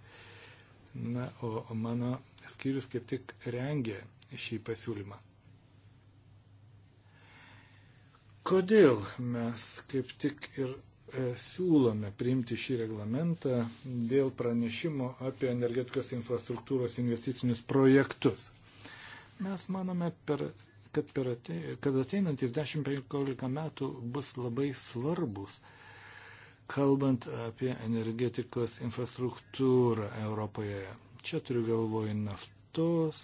Na, o mano skyrius kaip tik rengė šį pasiūlymą. Kodėl mes kaip tik ir E, siūlome priimti šį reglamentą dėl pranešimo apie energetikos infrastruktūros investicinius projektus. Mes manome, per, kad, per ate, kad ateinantis 10-15 metų bus labai svarbus, kalbant apie energetikos infrastruktūrą Europoje. Čia turiu galvoj naftos,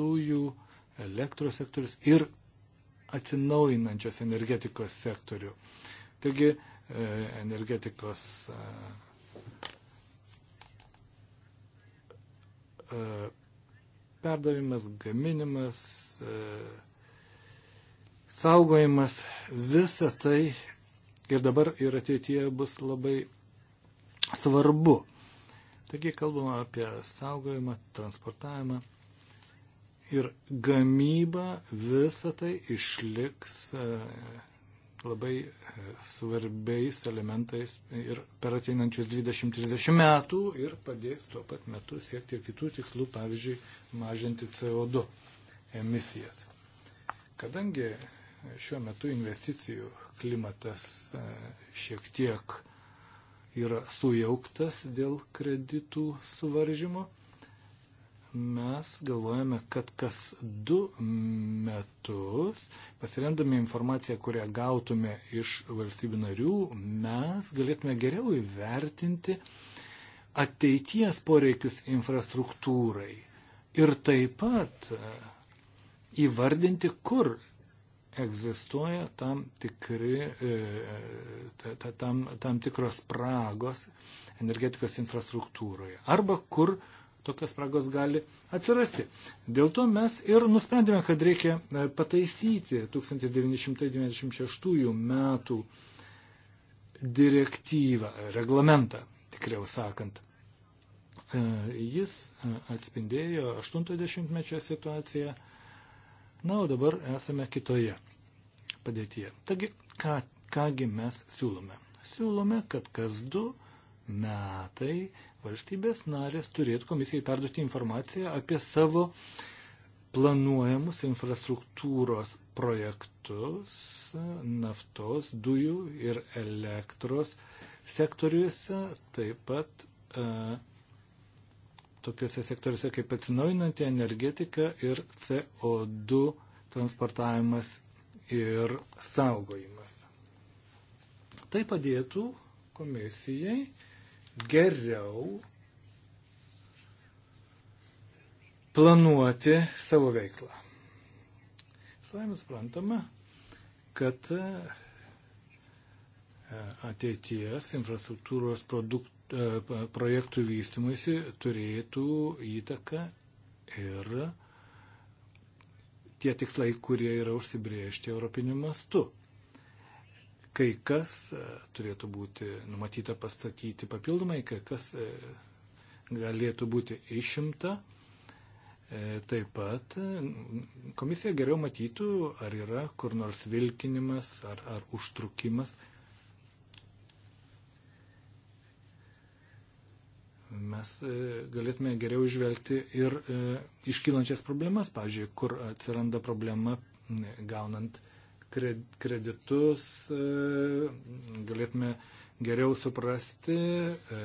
dujų, elektros sektorius ir atsinaujinančios energetikos sektorių. Taigi, E, energetikos e, e, perdavimas, gaminimas, saugojimas, visa tai ir dabar ir ateityje bus labai svarbu. Taigi kalbama apie saugojimą, transportavimą ir gamybą, visa tai išliks labai e, svarbiais elementais ir per ateinančius 20-30 metų ir padės tuo pat metu siekti ir kitų tikslų, pavyzdžiui, mažinti CO2 emisijas. Kadangi šiuo metu investicijų klimatas e, šiek tiek yra sujauktas dėl kreditų suvaržymo, mes galvojame, kad kas du metus, pasirendami informaciją, kurią gautume iš valstybių narių, mes galėtume geriau įvertinti ateities poreikius infrastruktūrai ir taip pat e, įvardinti, kur egzistuoja tam, tikri, e, tam, tam tikros spragos energetikos infrastruktūroje arba kur tokios spragos gali atsirasti. Dėl to mes ir nusprendėme, kad reikia e, pataisyti 1996 metų direktyvą, reglamentą, tikriau sakant. E, jis e, atspindėjo 80-mečio situaciją, na, o dabar esame kitoje padėtyje. Taigi, ką, kągi mes siūlome? Siūlome, kad kas du metai valstybės narės turėtų komisijai perduoti informaciją apie savo planuojamus infrastruktūros projektus naftos, dujų ir elektros sektoriuose, taip pat e, tokiuose sektoriuose kaip atsinaujinanti energetika ir CO2 transportavimas ir saugojimas. Tai padėtų komisijai geriau planuoti savo veiklą. Savame suprantama, kad e, ateities infrastruktūros produkt, e, projektų vystimuisi turėtų įtaką ir tie tikslai, kurie yra užsibriežti europiniu mastu. Kai kas e, turėtų būti numatyta pastatyti papildomai, kai kas e, galėtų būti išimta. E, taip pat komisija geriau matytų, ar yra kur nors vilkinimas ar, ar užtrukimas. Mes galėtume geriau išvelgti ir iškylančias problemas, pavyzdžiui, kur atsiranda problema gaunant kreditus, e, galėtume geriau suprasti, e,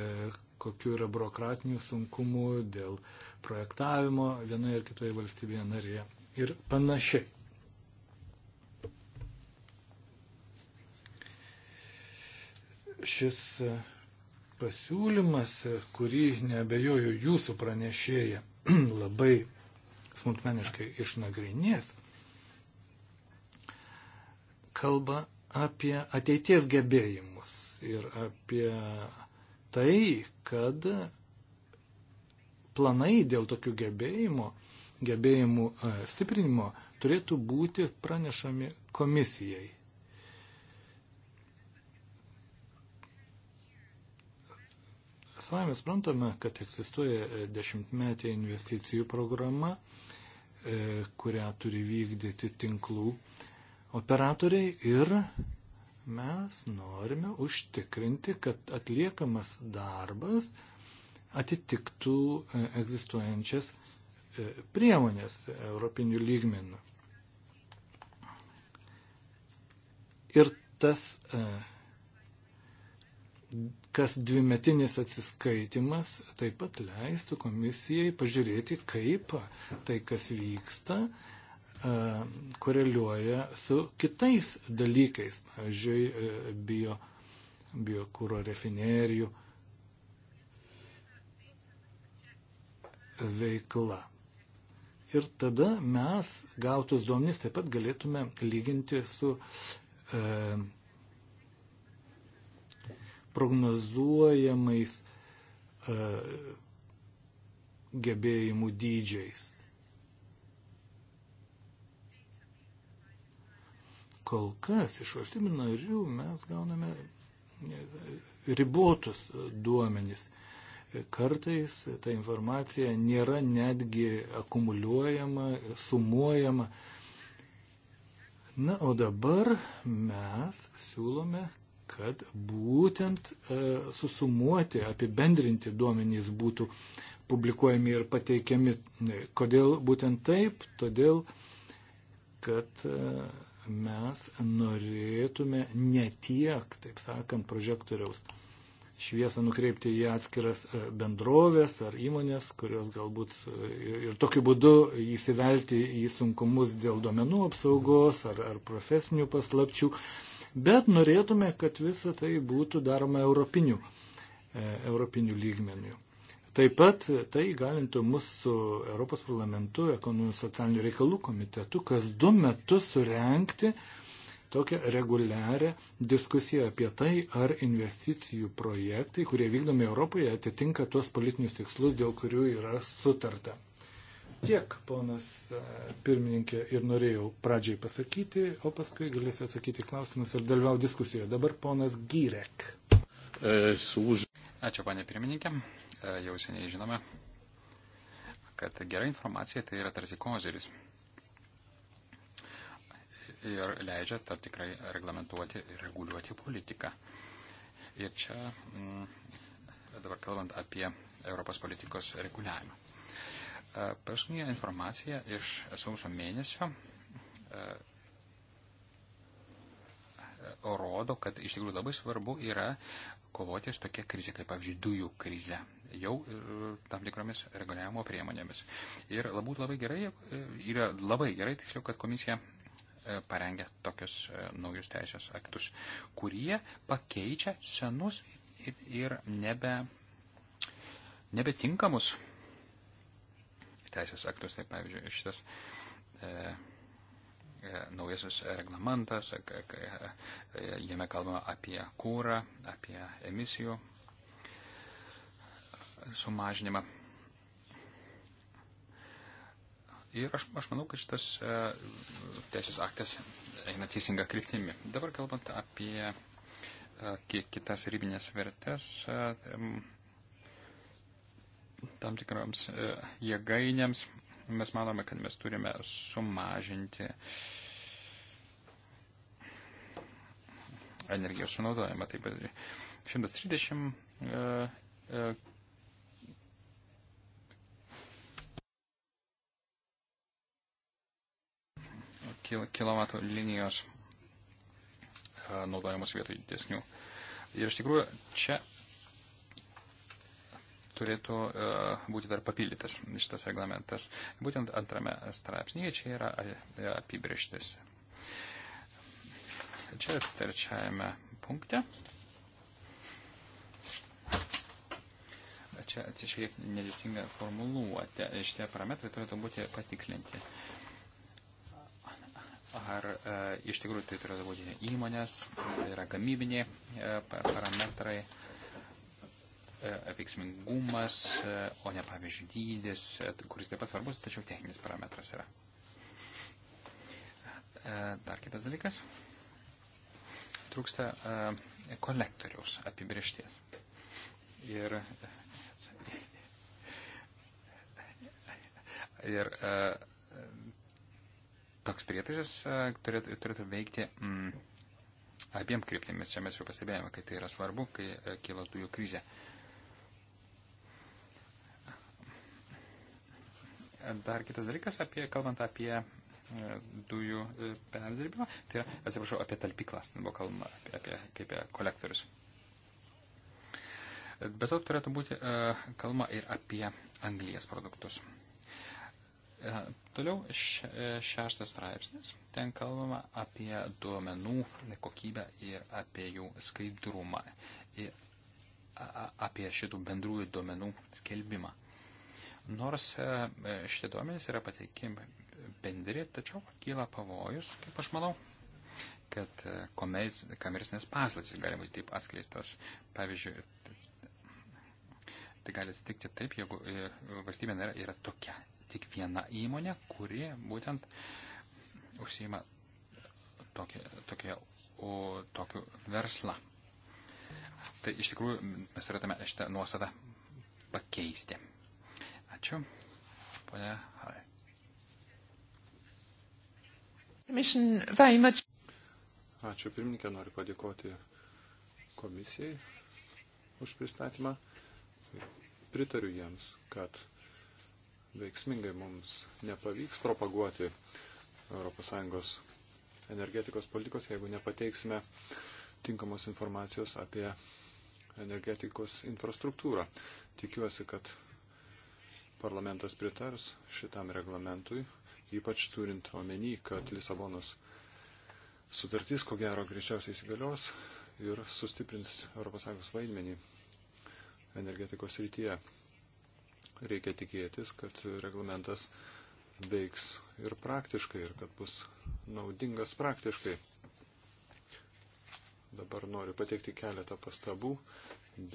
kokiu yra biurokratinių sunkumų dėl projektavimo vienoje ar kitoje valstybėje narėje ir panašiai. Šis pasiūlymas, kurį nebejoju jūsų pranešėja labai smulkmeniškai išnagrinės, kalba apie ateities gebėjimus ir apie tai, kad planai dėl tokių gebėjimų, gebėjimų stiprinimo turėtų būti pranešami komisijai. Savai mes prantame, kad egzistuoja e, dešimtmetė investicijų programa, e, kurią turi vykdyti tinklų operatoriai ir mes norime užtikrinti, kad atliekamas darbas atitiktų e, egzistuojančias e, priemonės europinių lygmenų. Ir tas, e, kas dvimetinis atsiskaitimas, taip pat leistų komisijai pažiūrėti, kaip tai, kas vyksta, E, koreliuoja su kitais dalykais, pavyzdžiui, e, bio, biokūro refinerijų veikla. Ir tada mes gautus duomenys taip pat galėtume lyginti su e, prognozuojamais e, gebėjimų dydžiais. Kol kas iš valstybių narių mes gauname e, ribotus e, duomenys. E, kartais ta informacija nėra netgi akumuliuojama, sumuojama. Na, o dabar mes siūlome, kad būtent e, susumuoti, apibendrinti duomenys būtų publikuojami ir pateikiami. Kodėl būtent taip? Todėl, kad e, mes norėtume ne tiek, taip sakant, prožektoriaus šviesą nukreipti į atskiras e, bendrovės ar įmonės, kurios galbūt e, ir tokiu būdu įsivelti į sunkumus dėl duomenų apsaugos ar, ar profesinių paslapčių, bet norėtume, kad visa tai būtų daroma europiniu, e, europiniu lygmeniu. Taip pat tai galintų mus su Europos parlamentu, ekonominių socialinių reikalų komitetu, kas du metus surenkti tokią reguliarią diskusiją apie tai, ar investicijų projektai, kurie vykdomi Europoje, atitinka tuos politinius tikslus, dėl kurių yra sutarta. Tiek, ponas e, pirmininkė, ir norėjau pradžiai pasakyti, o paskui galėsiu atsakyti klausimus ir dalyvau diskusijoje. Dabar ponas Gyrek. E, Ačiū, panė pirmininkė. E, jau seniai žinome, kad gera informacija tai yra tarsi kozeris ir leidžia tam tikrai reglamentuoti ir reguliuoti politiką. Ir čia m, mm, dabar kalbant apie Europos politikos reguliavimą. E, paskutinė informacija iš sausio mėnesio e, rodo, kad iš tikrųjų labai svarbu yra kovoti su tokia krize, kaip pavyzdžiui, dujų krize jau e, tam tikromis reguliavimo priemonėmis. Ir labai labai gerai, e, yra labai gerai tiksliau, kad komisija e, parengia tokius naujus teisės aktus, kurie pakeičia senus ir, ir nebe, nebetinkamus teisės aktus. Tai pavyzdžiui, šitas e, e, naujasis reglamentas, jame kalbama apie kūrą, apie emisijų sumažinimą. Ir aš, aš manau, kad šitas e, teisės aktas eina teisinga kryptimi. Dabar kalbant apie e, kitas ribinės vertės e, tam tikroms jėgainėms, mes manome, kad mes turime sumažinti energijos sunaudojimą. Taip pat 130 kW linijos e, naudojamos vietoj didesnių. Ir iš tikrųjų čia turėtų e, būti dar papildytas šitas reglamentas. Būtent antrame straipsnėje čia yra e, apibrieštis. Čia trečiajame punkte. Čia atsižiūrėk nedėsingą formuluotę. Šitie parametrai turėtų būti patikslinti. Uh, ar e, iš tikrųjų tai turėtų būti įmonės, tai yra gamybiniai e, parametrai, e, veiksmingumas, e, o ne pavyzdžiui dydis, e, kuris taip pat svarbus, tačiau techninis parametras yra. E, dar kitas dalykas. Trūksta e, kolektoriaus apibriešties. Ir e, ir e, toks prietaisas e, turėtų, turėtų veikti mm, abiem kryptimis. Čia mes jau pastebėjome, kad tai yra svarbu, kai e, kyla dujų krizė. Dar kitas dalykas, apie, kalbant apie e, dujų perdirbimą, tai yra, atsiprašau, apie talpyklas, buvo kalbama apie, apie, apie, apie kolektorius. Bet to turėtų būti kalbama ir apie anglijas produktus. E, toliau e, šeštas straipsnis. Ten kalbama apie duomenų kokybę ir apie jų skaidrumą, ir e, apie šitų bendrųjų duomenų skelbimą. Nors šitie duomenys yra pateikimi bendri, tačiau kyla pavojus, kaip aš manau, kad komercinės paslaptys gali būti taip atskleistos. Pavyzdžiui, tai gali atsitikti taip, jeigu valstybė nėra, yra tokia tik viena įmonė, kuri būtent užsima tokia, tokia, o, tokiu verslą. Tai iš tikrųjų mes turėtume šitą nuostatą pakeisti. Ačiū. Pone Hai. Ačiū pirmininkė, noriu padėkoti komisijai už pristatymą. Pritariu jiems, kad veiksmingai mums nepavyks propaguoti ES energetikos politikos, jeigu nepateiksime tinkamos informacijos apie energetikos infrastruktūrą. Tikiuosi, kad parlamentas pritars šitam reglamentui, ypač turint omeny, kad Lisabonos sutartis, ko gero, greičiausiai įsigalios ir sustiprins ES vaidmenį energetikos rytyje. Reikia tikėtis, kad reglamentas veiks ir praktiškai, ir kad bus naudingas praktiškai. Dabar noriu pateikti keletą pastabų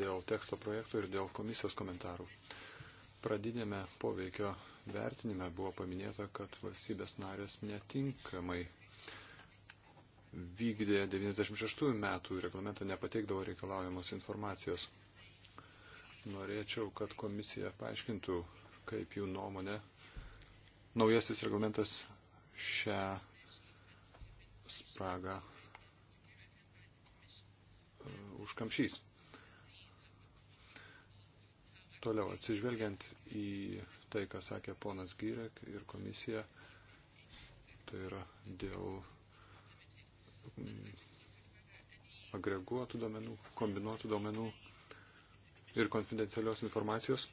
dėl teksto projektų ir dėl komisijos komentarų. Pradinėme poveikio vertinime buvo paminėta, kad valstybės narės netinkamai vykdė 96 metų reglamentą nepateikdavo reikalaujamos informacijos. Norėčiau, kad komisija paaiškintų, kaip jų nuomonė naujasis reglamentas šią spragą uh, užkamšys. Toliau atsižvelgiant į tai, ką sakė ponas Gyrek ir komisija, tai yra dėl mm, agreguotų domenų, kombinuotų domenų, ir konfidencialios informacijos.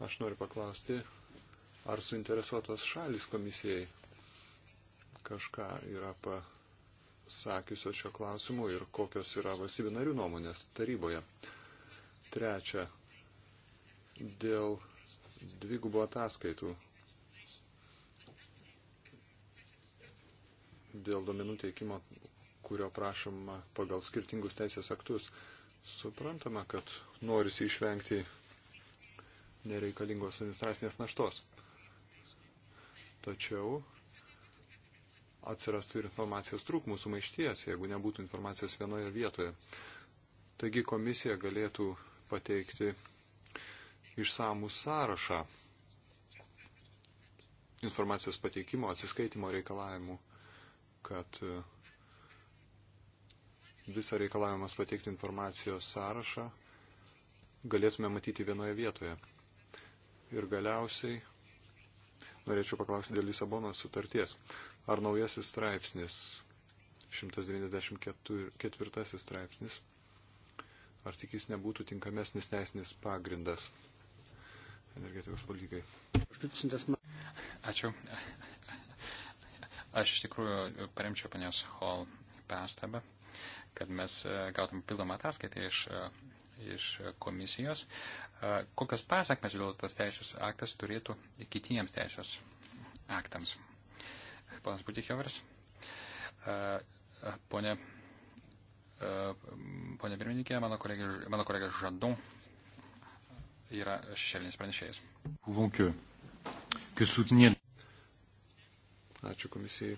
Aš noriu paklausti, ar suinteresuotos šalis komisijai kažką yra pasakiusios šio klausimu ir kokios yra valstybių narių nuomonės taryboje. Trečia, dėl dvigubo ataskaitų, dėl domenų teikimo, kurio prašoma pagal skirtingus teisės aktus. Suprantama, kad norisi išvengti nereikalingos administracinės naštos. Tačiau atsirastų ir informacijos trūkumų sumaišties, jeigu nebūtų informacijos vienoje vietoje. Taigi komisija galėtų pateikti išsamų sąrašą informacijos pateikimo, atsiskaitimo reikalavimų, kad visą reikalavimas pateikti informacijos sąrašą galėtume matyti vienoje vietoje. Ir galiausiai norėčiau paklausti dėl Lisabonos sutarties. Ar naujasis straipsnis, 194 straipsnis, ar tik jis nebūtų tinkamesnis teisinis pagrindas energetikos politikai? Ačiū. Aš iš tikrųjų paremčiau panios Hall pastabą kad mes e, gautum pildomą ataskaitą iš, e, iš komisijos, e, kokias pasakmes vėl tas teisės aktas turėtų kitiems teisės aktams. Ponas Butikiovaras, ponė, ponė pirmininkė, mano kolegė, mano kolegė Žadon yra šešėlinis pranešėjas. Ačiū komisijai.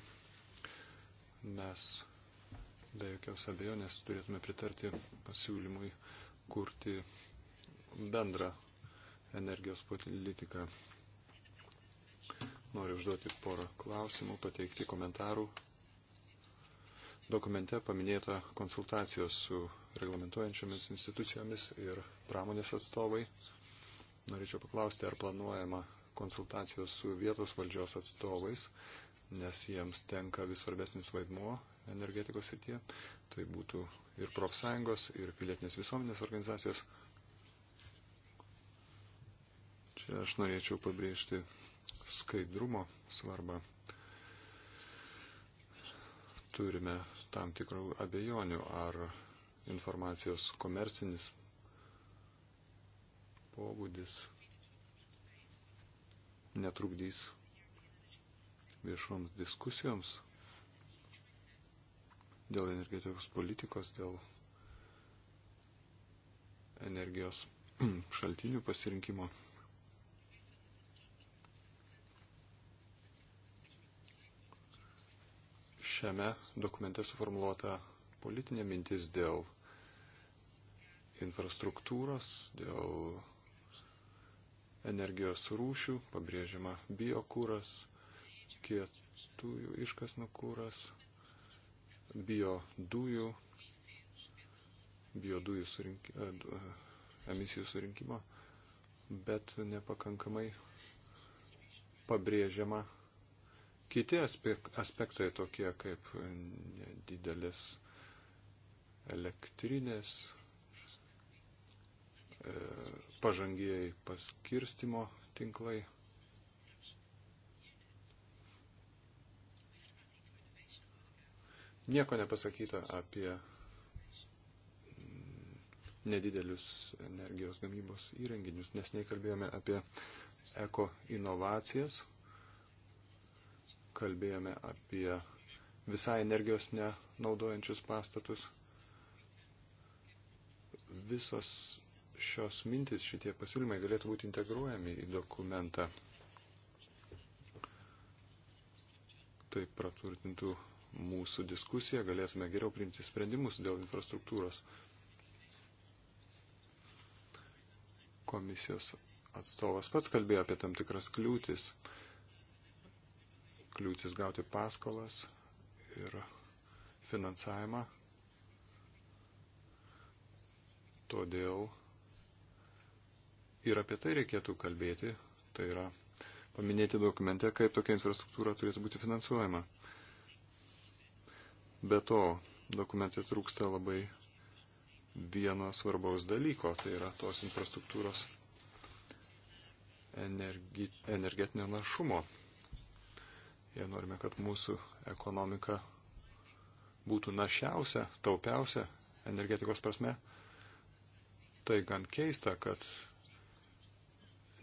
Mes be jokios abejonės turėtume pritarti pasiūlymui kurti bendrą energijos politiką. Noriu užduoti porą klausimų, pateikti komentarų. Dokumente paminėta konsultacijos su reglamentuojančiomis institucijomis ir pramonės atstovai. Norėčiau paklausti, ar planuojama konsultacijos su vietos valdžios atstovais, nes jiems tenka vis svarbesnis vaidmuo energetikos srityje. Tai būtų ir profsąjungos, ir pilietinės visuomenės organizacijos. Čia aš norėčiau pabrėžti skaidrumo svarbą. Turime tam tikrų abejonių, ar informacijos komercinis pobūdis netrukdys viešoms diskusijoms dėl energetikos politikos, dėl energijos šaltinių pasirinkimo. Šiame dokumente suformuoluota politinė mintis dėl infrastruktūros, dėl energijos rūšių, pabrėžiama biokūras, kietųjų iškasnų kūras, bio dujų, bio dujų surink, e, e, emisijų surinkimo, bet nepakankamai pabrėžiama kiti aspektai tokie kaip didelis elektrinės, e, pažangieji paskirstimo tinklai Nieko nepasakyta apie nedidelius energijos gamybos įrenginius, nes nekalbėjome apie eko inovacijas, kalbėjome apie visai energijos nenaudojančius pastatus. Visos šios mintis, šitie pasiūlymai galėtų būti integruojami į dokumentą. Tai praturtintų mūsų diskusiją galėtume geriau priimti sprendimus dėl infrastruktūros. Komisijos atstovas pats kalbėjo apie tam tikras kliūtis. Kliūtis gauti paskolas ir finansavimą. Todėl ir apie tai reikėtų kalbėti. Tai yra paminėti dokumente, kaip tokia infrastruktūra turėtų būti finansuojama. Be to, dokumentai trūksta labai vieno svarbaus dalyko, tai yra tos infrastruktūros energi, energetinio našumo. Jei norime, kad mūsų ekonomika būtų našiausia, taupiausia energetikos prasme, tai gan keista, kad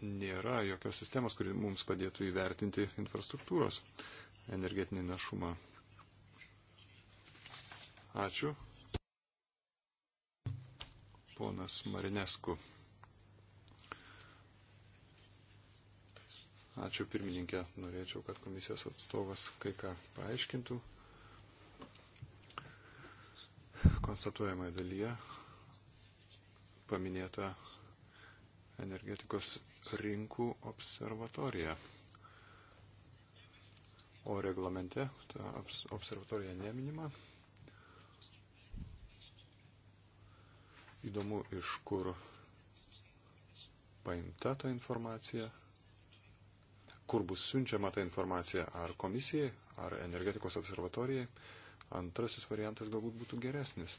nėra jokios sistemos, kuri mums padėtų įvertinti infrastruktūros energetinį našumą. Ačiū. Ponas Marinesku. Ačiū pirmininkė. Norėčiau, kad komisijos atstovas kai ką paaiškintų. Konstatuojamoje dalyje paminėta energetikos rinkų observatorija. O reglamente ta observatorija neminima. Įdomu, iš kur paimta ta informacija, kur bus siunčiama ta informacija, ar komisijai, ar energetikos observatorijai. Antrasis variantas galbūt būtų geresnis.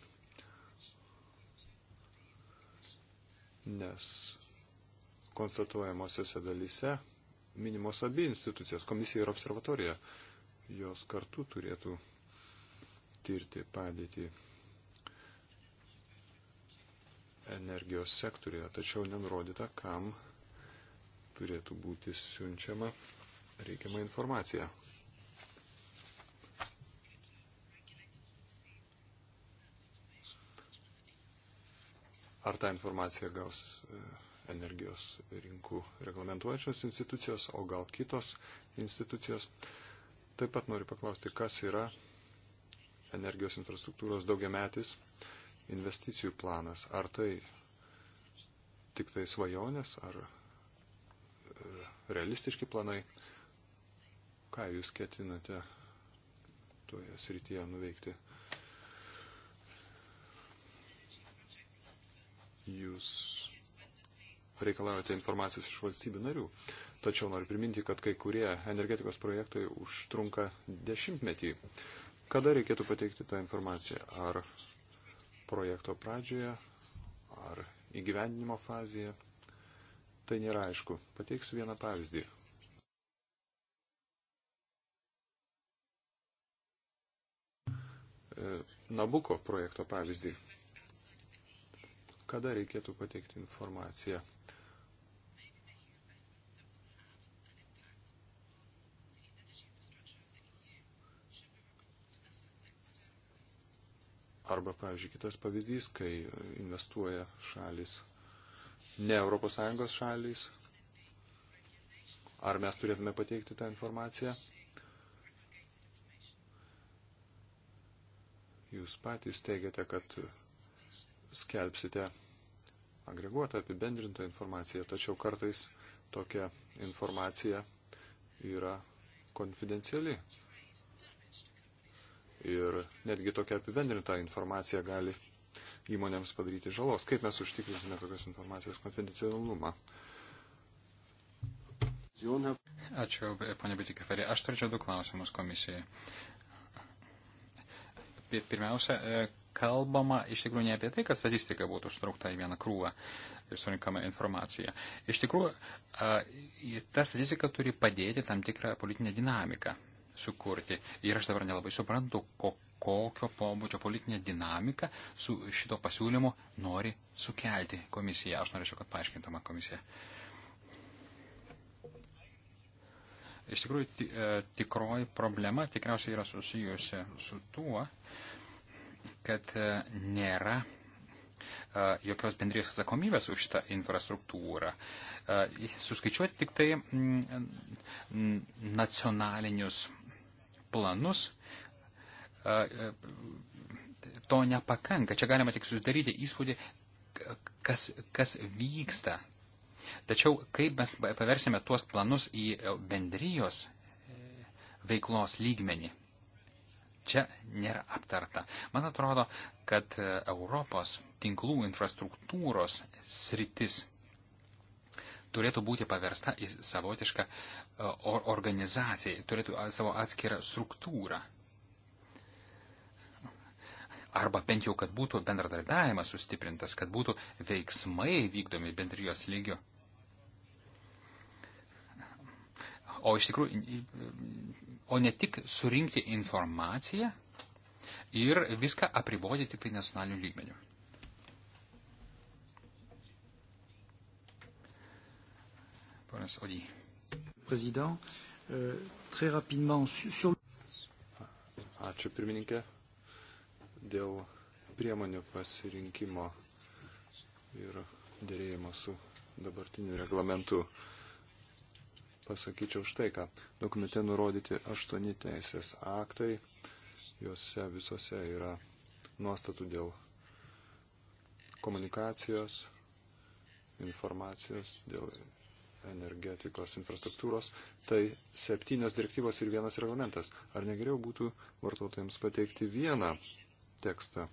Nes konstatuojamosiose dalyse minimos abi institucijos, komisija ir observatorija, jos kartu turėtų tirti padėtį energijos sektoriuje, tačiau nenurodyta, kam turėtų būti siunčiama reikiama informacija. Ar tą informaciją gaus e, energijos rinkų reglamentuojančios institucijos, o gal kitos institucijos. Taip pat noriu paklausti, kas yra energijos infrastruktūros daugiametis investicijų planas. Ar tai tik tai svajonės, ar e, realistiški planai? Ką jūs ketinate toje srityje nuveikti? Jūs reikalaujate informacijos iš valstybių narių. Tačiau noriu priminti, kad kai kurie energetikos projektai užtrunka dešimtmetį. Kada reikėtų pateikti tą informaciją? Ar projekto pradžioje ar įgyvendinimo fazėje. Tai nėra aišku. Pateiksiu vieną pavyzdį. E, Nabuko projekto pavyzdį. Kada reikėtų pateikti informaciją? Arba, pavyzdžiui, kitas pavyzdys, kai investuoja šalis, ne ES šalis. Ar mes turėtume pateikti tą informaciją? Jūs patys teigiate, kad skelbsite agreguotą apibendrintą informaciją, tačiau kartais tokia informacija yra konfidenciali ir netgi tokia apibendrinta informacija gali įmonėms padaryti žalos. Kaip mes užtikrinsime tokios informacijos konfidencialumą? Ačiū, ponė Bitikaferė. Aš turėčiau du klausimus komisijai. Pirmiausia, e, kalbama iš tikrųjų ne apie tai, kad statistika būtų užtraukta į vieną krūvą ir surinkama informacija. Iš tikrųjų, ta statistika turi padėti tam tikrą politinę dinamiką sukurti. Ir aš dabar nelabai suprantu, ko, kokio pobūdžio politinė dinamika su šito pasiūlymu nori sukelti komisija. Aš norėčiau, kad paaiškintų man komisija. Iš tikrųjų, e, tikroji problema tikriausiai yra susijusi su tuo, kad e, nėra e, jokios bendrijos atsakomybės už šitą infrastruktūrą. Suskaičiuoti tik tai nacionalinius planus, to nepakanka. Čia galima tik susidaryti įspūdį, kas, kas vyksta. Tačiau kaip mes paversime tuos planus į bendrijos e, veiklos lygmenį, čia nėra aptarta. Man atrodo, kad e, Europos tinklų infrastruktūros sritis turėtų būti paversta į savotišką e, organizaciją, turėtų savo atskirą struktūrą. Arba bent jau, kad būtų bendradarbiavimas sustiprintas, kad būtų veiksmai vykdomi bendrijos lygiu. O iš tikrųjų, o ne tik surinkti informaciją ir viską apriboti tik tai nacionaliniu lygmeniu. Ponas Odį. Prezident, eh, très rapidement sur. Ačiū pirmininkė dėl priemonių pasirinkimo ir dėrėjimo su dabartiniu reglamentu. Pasakyčiau štai ką. Dokumente nurodyti aštuoni teisės aktai. Juose visose yra nuostatų dėl komunikacijos, informacijos, dėl energetikos infrastruktūros, tai septynios direktyvos ir vienas reglamentas. Ar negeriau būtų vartotojams pateikti vieną tekstą?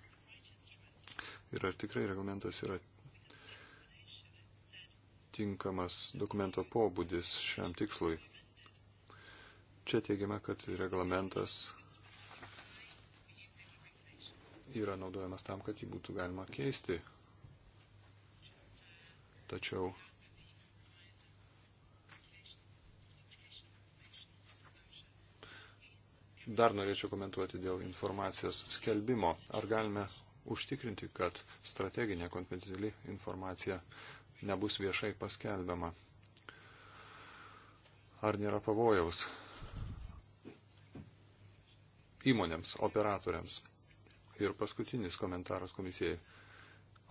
Ir ar tikrai reglamentas yra tinkamas dokumento pobūdis šiam tikslui? Čia teigiame, kad reglamentas yra naudojamas tam, kad jį būtų galima keisti. Tačiau dar norėčiau komentuoti dėl informacijos skelbimo. Ar galime užtikrinti, kad strateginė konfidenciali informacija nebus viešai paskelbiama? Ar nėra pavojaus įmonėms, operatoriams? Ir paskutinis komentaras komisijai.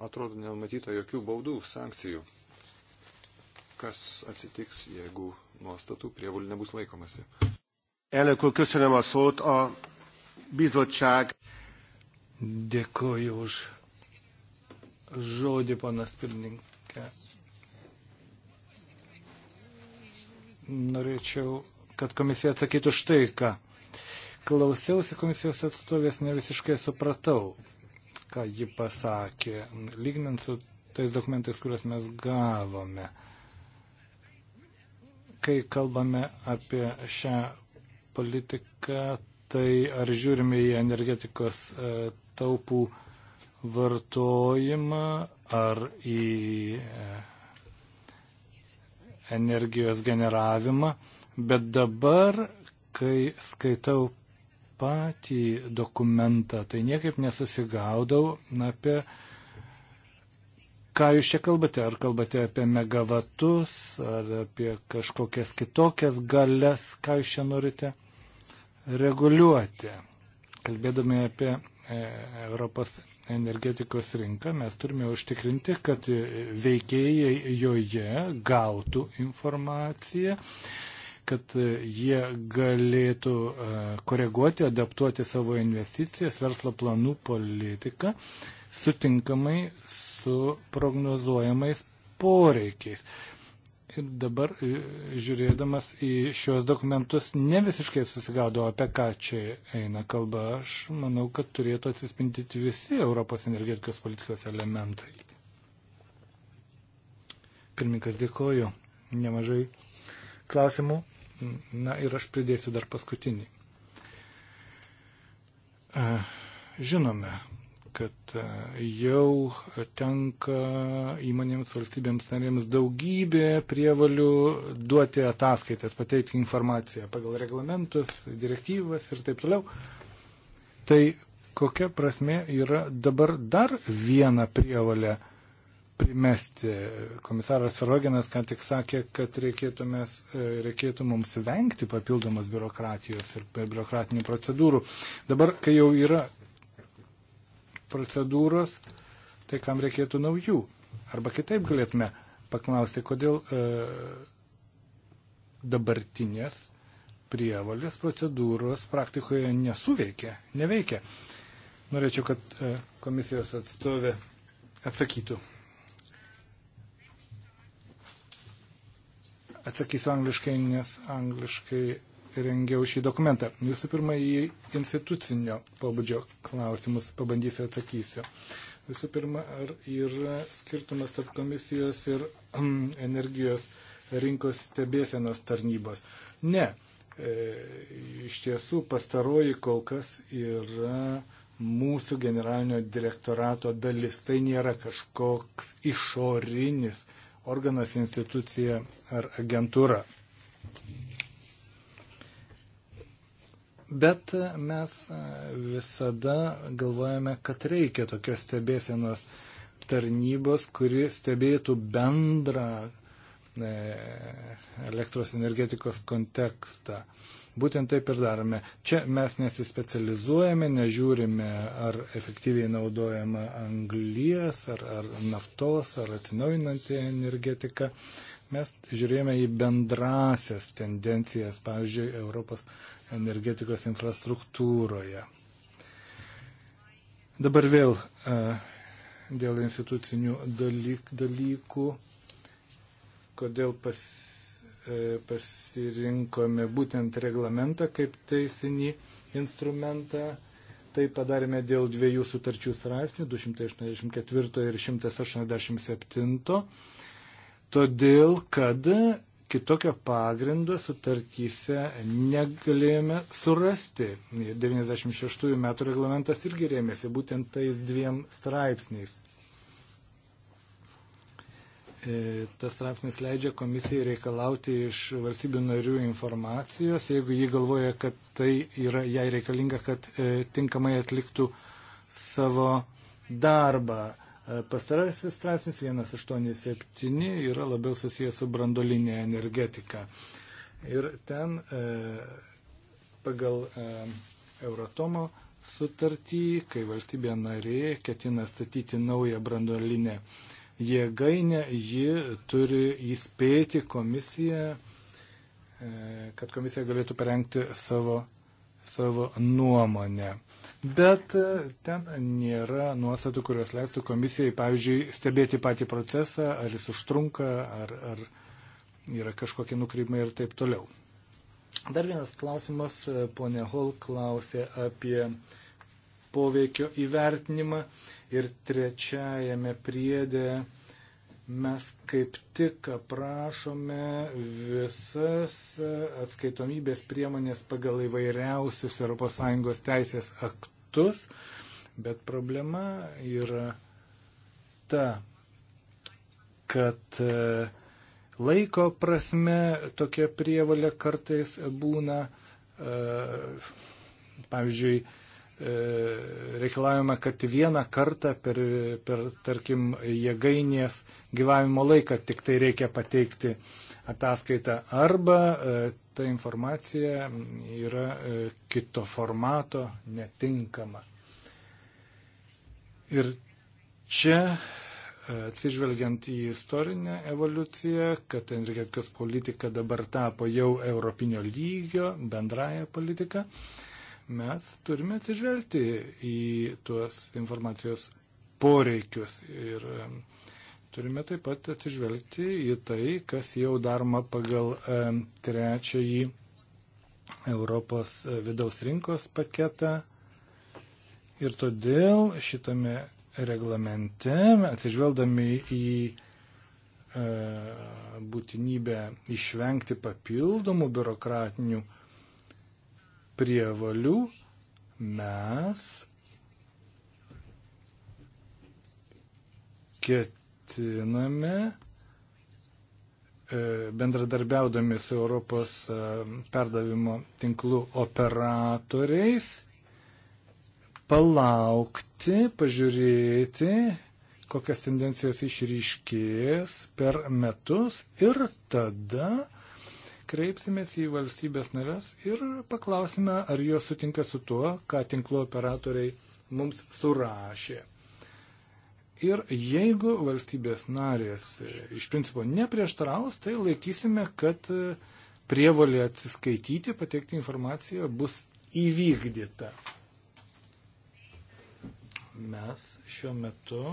Atrodo, nematyta jokių baudų, sankcijų. Kas atsitiks, jeigu nuostatų prievalių nebus laikomasi? Elnök úr, köszönöm a szót. A bizottság. Dėkoju už žodį, panas pirmininkė. Norėčiau, kad komisija atsakytų štai ką. Klausiausi komisijos atstovės, ne visiškai supratau, ką ji pasakė, lygnant su tais dokumentais, kuriuos mes gavome. Kai kalbame apie šią politiką, tai ar žiūrime į energetikos e, taupų vartojimą, ar į e, energijos generavimą. Bet dabar, kai skaitau patį dokumentą, tai niekaip nesusigaudau apie ką jūs čia kalbate? Ar kalbate apie megavatus, ar apie kažkokias kitokias galias, ką jūs čia norite reguliuoti. Kalbėdami apie e, Europos energetikos rinką, mes turime užtikrinti, kad veikėjai joje gautų informaciją, kad jie galėtų e, koreguoti, adaptuoti savo investicijas, verslo planų politiką sutinkamai su prognozuojamais poreikiais ir dabar e, žiūrėdamas į šios dokumentus ne visiškai susigaudo, apie ką čia eina kalba. Aš manau, kad turėtų atsispindyti visi Europos energetikos politikos elementai. Pirmininkas dėkoju. Nemažai klausimų. Na ir aš pridėsiu dar paskutinį. E, žinome, kad e, jau tenka įmonėms valstybėms narėms daugybė prievalių duoti ataskaitas, pateikti informaciją pagal reglamentus, direktyvas ir taip toliau. Tai kokia prasme yra dabar dar viena prievalė primesti. Komisaras Ferogenas ką tik sakė, kad reikėtų, mes, e, reikėtų mums vengti papildomas biurokratijos ir biurokratinių procedūrų. Dabar, kai jau yra procedūros, tai kam reikėtų naujų. Arba kitaip galėtume paklausti, kodėl e, dabartinės prievalės procedūros praktikoje nesuveikia, neveikia. Norėčiau, kad e, komisijos atstovė atsakytų. Atsakysiu angliškai, nes angliškai rengiau šį dokumentą. Visų pirma, į institucinio pobūdžio klausimus pabandysiu atsakysiu. Visų pirma, ar yra skirtumas tarp komisijos ir um, energijos rinkos stebėsenos tarnybos? Ne. E, iš tiesų, pastaroji kol kas yra mūsų generalinio direktorato dalis. Tai nėra kažkoks išorinis organas, institucija ar agentūra. Bet mes e, visada galvojame, kad reikia tokios stebėsienos tarnybos, kuri stebėtų bendrą e, elektros energetikos kontekstą. Būtent taip ir darome. Čia mes nesispecializuojame, nežiūrime, ar efektyviai naudojama anglijas, ar, ar naftos, ar atsinaujinanti energetika. E, Mes žiūrėjome į bendrasias tendencijas, pavyzdžiui, Europos energetikos infrastruktūroje. Dabar vėl e, dėl institucinių dalyk, dalykų, kodėl pas, e, pasirinkome būtent reglamentą kaip teisinį instrumentą. Tai padarėme dėl dviejų sutarčių straipsnių 284 ir 187 todėl kad kitokio pagrindo sutartyse negalėjome surasti. 96 metų reglamentas irgi rėmėsi būtent tais dviem straipsniais. E, tas straipsnis leidžia komisijai reikalauti iš valstybių narių informacijos, jeigu jį galvoja, kad tai yra jai reikalinga, kad e, tinkamai atliktų savo darbą. Pastarasis straipsnis 187 yra labiau susijęs su brandolinė energetika. Ir ten e, pagal e, Euratomo sutartį, kai valstybė narė ketina statyti naują brandolinę jėgainę, ji turi įspėti komisiją, e, kad komisija galėtų parengti savo, savo nuomonę bet e, ten nėra nuostatų, kurios leistų komisijai, pavyzdžiui, stebėti patį procesą, ar jis užtrunka, ar, ar yra kažkokie nukreipimai ir taip toliau. Dar vienas klausimas, e, ponė Hol klausė apie poveikio įvertinimą ir trečiajame priedė mes kaip tik aprašome visas atskaitomybės priemonės pagal įvairiausius ES teisės aktus, bet problema yra ta, kad e, laiko prasme tokia prievalė kartais būna, e, pavyzdžiui, E, reikalavimą, kad vieną kartą per, per tarkim, jėgainės gyvavimo laiką tik tai reikia pateikti ataskaitą arba e, ta informacija yra e, kito formato netinkama. Ir čia atsižvelgiant į istorinę evoliuciją, kad energetikos politika dabar tapo jau europinio lygio bendraja politika, mes turime atsižvelgti į tuos informacijos poreikius ir turime taip pat atsižvelgti į tai, kas jau daroma pagal trečiąjį Europos e, vidaus rinkos paketą. Ir todėl šitame reglamente, atsižvelgdami į e, būtinybę išvengti papildomų biurokratinių prievalių mes ketiname e, bendradarbiaudami su Europos e, perdavimo tinklų operatoriais palaukti, pažiūrėti, kokias tendencijos išryškės per metus ir tada kreipsimės į valstybės narės ir paklausime, ar jos sutinka su tuo, ką tinklo operatoriai mums surašė. Ir jeigu valstybės narės e, iš principo neprieštaraus, tai laikysime, kad e, prievolė atsiskaityti, pateikti informaciją bus įvykdyta. Mes šiuo metu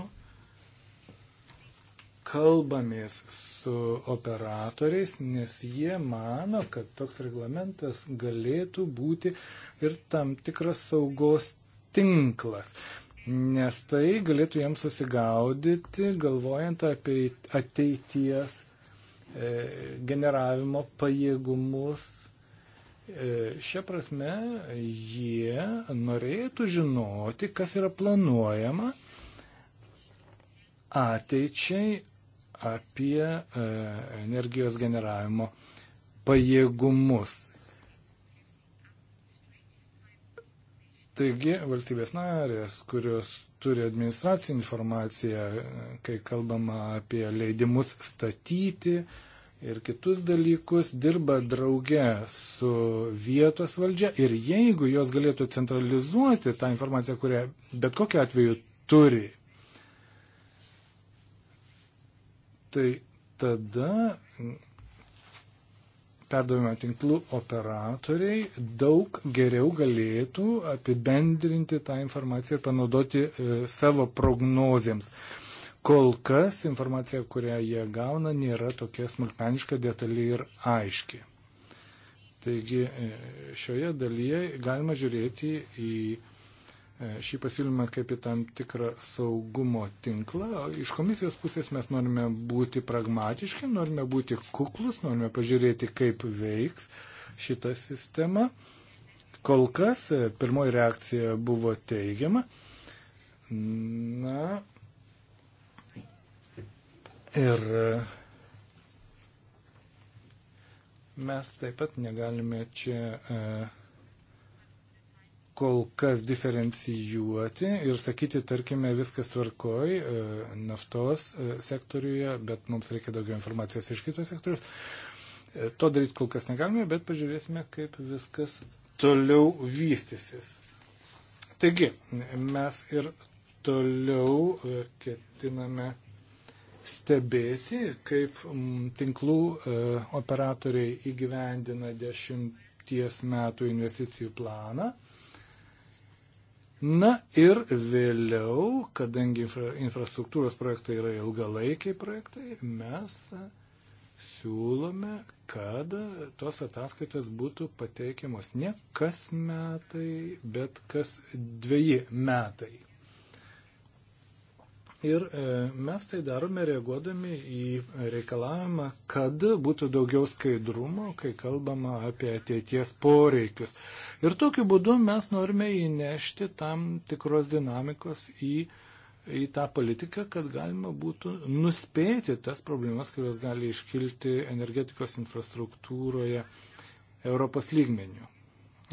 kalbamės su operatoriais, nes jie mano, kad toks reglamentas galėtų būti ir tam tikras saugos tinklas. Nes tai galėtų jiems susigaudyti, galvojant apie ateities e, generavimo pajėgumus. E, šia prasme, jie norėtų žinoti, kas yra planuojama ateičiai, apie e, energijos generavimo pajėgumus. Taigi valstybės narės, kurios turi administracinį informaciją, kai kalbama apie leidimus statyti ir kitus dalykus, dirba drauge su vietos valdžia ir jeigu jos galėtų centralizuoti tą informaciją, kurią bet kokiu atveju turi tai tada perdavimo tinklų operatoriai daug geriau galėtų apibendrinti tą informaciją ir panaudoti e, savo prognozėms. Kol kas informacija, kurią jie gauna, nėra tokia smulkmeniška, detali ir aiški. Taigi e, šioje dalyje galima žiūrėti į E, šį pasiūlymą kaip į tam tikrą saugumo tinklą. Iš komisijos pusės mes norime būti pragmatiški, norime būti kuklus, norime pažiūrėti, kaip veiks šita sistema. Kol kas e, pirmoji reakcija buvo teigiama. Na. Ir e, mes taip pat negalime čia. Uh, kol kas diferencijuoti ir sakyti, tarkime, viskas tvarkoj e, naftos e, sektoriuje, bet mums reikia daugiau informacijos iš kitos sektorius. E, to daryti kol kas negalime, bet pažiūrėsime, kaip viskas toliau vystysis. Taigi, mes ir toliau ketiname stebėti, kaip tinklų operatoriai įgyvendina dešimties metų investicijų planą Na ir vėliau, kadangi infra, infrastruktūros projektai yra ilgalaikiai projektai, mes siūlome, kad tos ataskaitos būtų pateikiamos ne kas metai, bet kas dveji metai. Ir e, mes tai darome reaguodami į reikalavimą, kad būtų daugiau skaidrumo, kai kalbama apie ateities poreikius. Ir tokiu būdu mes norime įnešti tam tikros dinamikos į, į tą politiką, kad galima būtų nuspėti tas problemas, kurios gali iškilti energetikos infrastruktūroje Europos lygmenių.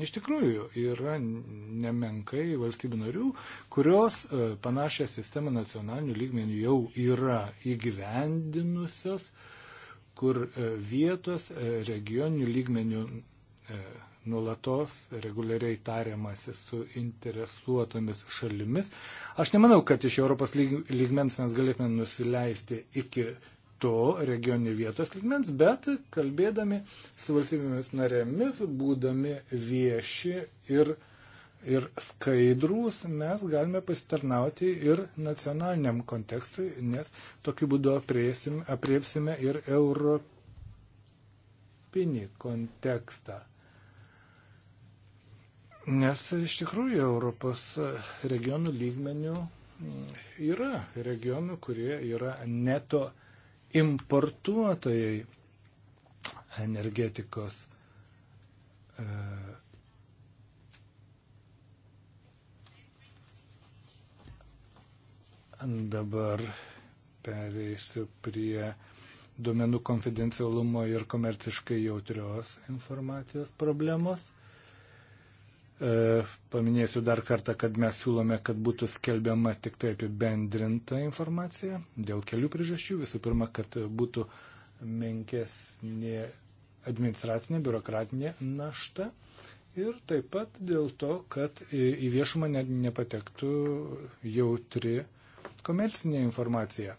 Iš tikrųjų, yra nemenkai valstybių narių, kurios e, panašią sistemą nacionalinių lygmenių jau yra įgyvendinusios, kur e, vietos e, regioninių lygmenių nulatos reguliariai tariamasi su interesuotomis šalimis. Aš nemanau, kad iš Europos lygmens mes galėtume nusileisti iki to regioninį vietos ligmens, bet kalbėdami su valstybėmis narėmis, būdami vieši ir, ir skaidrūs, mes galime pasitarnauti ir nacionaliniam kontekstui, nes tokiu būdu apriepsime ir europinį kontekstą. Nes iš tikrųjų Europos regionų lygmenių yra regionų, kurie yra neto importuotojai energetikos. E, dabar pereisiu prie duomenų konfidencialumo ir komerciškai jautrios informacijos problemos. E, paminėsiu dar kartą, kad mes siūlome, kad būtų skelbiama tik tai apibendrinta informacija dėl kelių priežasčių. Visų pirma, kad būtų menkesnė administracinė, biurokratinė našta. Ir taip pat dėl to, kad į viešumą nepatektų jautri komercinė informacija.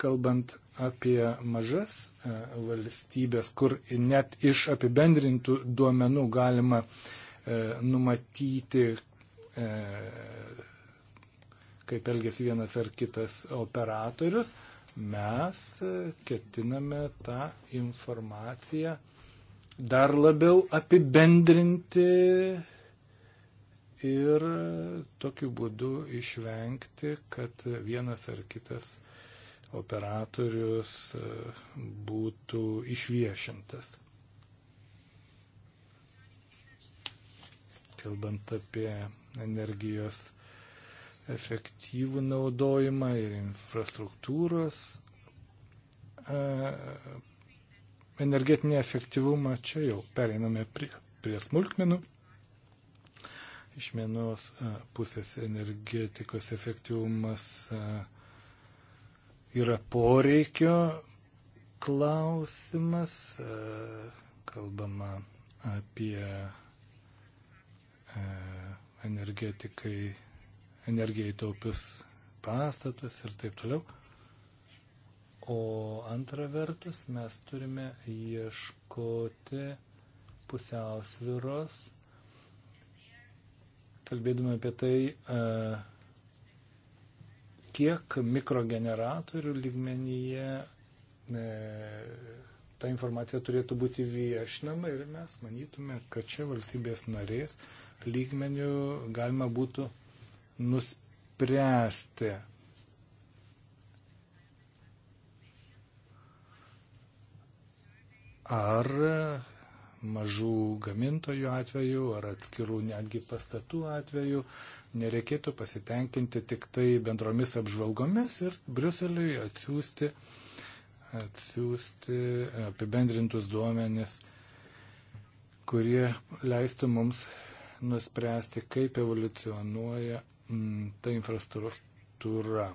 Kalbant apie mažas e, valstybės, kur net iš apibendrintų duomenų galima uh, E, numatyti, e, kaip elgesi vienas ar kitas operatorius, mes e, ketiname tą informaciją dar labiau apibendrinti ir tokiu būdu išvengti, kad vienas ar kitas operatorius būtų išviešintas. kalbant apie energijos efektyvų naudojimą ir infrastruktūros e, energetinį efektyvumą. Čia jau pereiname prie, prie smulkmenų. Iš vienos e, pusės energetikos efektyvumas e, yra poreikio klausimas. Kalbama apie E, energetikai, energijai taupis pastatus ir taip toliau. O antra vertus, mes turime ieškoti pusiausviros, kalbėdami apie tai, e, kiek mikrogeneratorių lygmenyje e, ta informacija turėtų būti viešinama ir mes manytume, kad čia valstybės narės lygmenių galima būtų nuspręsti. Ar mažų gamintojų atveju, ar atskirų netgi pastatų atveju nereikėtų pasitenkinti tik tai bendromis apžvalgomis ir Bruseliui atsiųsti, atsiųsti apibendrintus duomenis kurie leistų mums nuspręsti, kaip evoliucionuoja m, mm, ta infrastruktūra,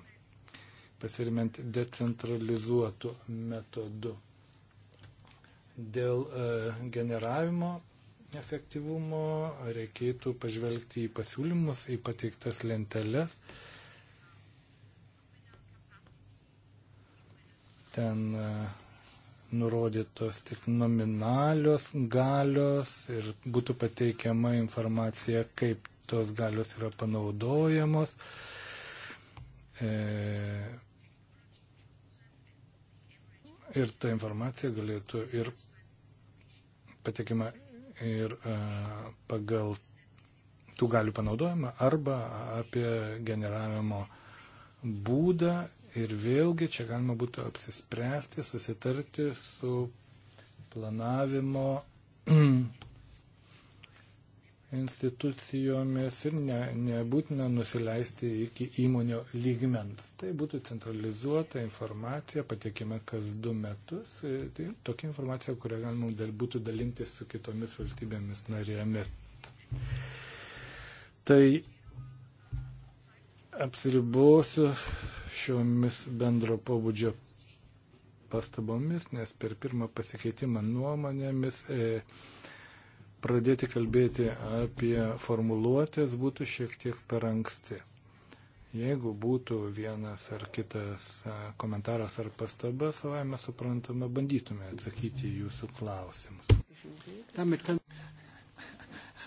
pasirimant decentralizuotų metodų. Dėl e, generavimo efektyvumo reikėtų pažvelgti į pasiūlymus, į pateiktas lenteles. Ten e, nurodytos tik nominalios galios ir būtų pateikiama informacija, kaip tos galios yra panaudojamos. E, ir ta informacija galėtų ir patikima ir e, pagal tų galių panaudojimą arba apie generavimo būdą Ir vėlgi čia galima būtų apsispręsti, susitarti su planavimo institucijomis ir ne, nebūtina nusileisti iki įmonių lygmens. Tai būtų centralizuota informacija, patikima kas du metus. E, tai tokia informacija, kurią galima dar būtų dalintis su kitomis valstybėmis narėmis. Tai apsiribosiu šiomis bendro pobūdžio pastabomis, nes per pirmą pasikeitimą nuomonėmis e, pradėti kalbėti apie formuluotės būtų šiek tiek per anksti. Jeigu būtų vienas ar kitas e, komentaras ar pastaba, savame suprantama, bandytume atsakyti jūsų klausimus.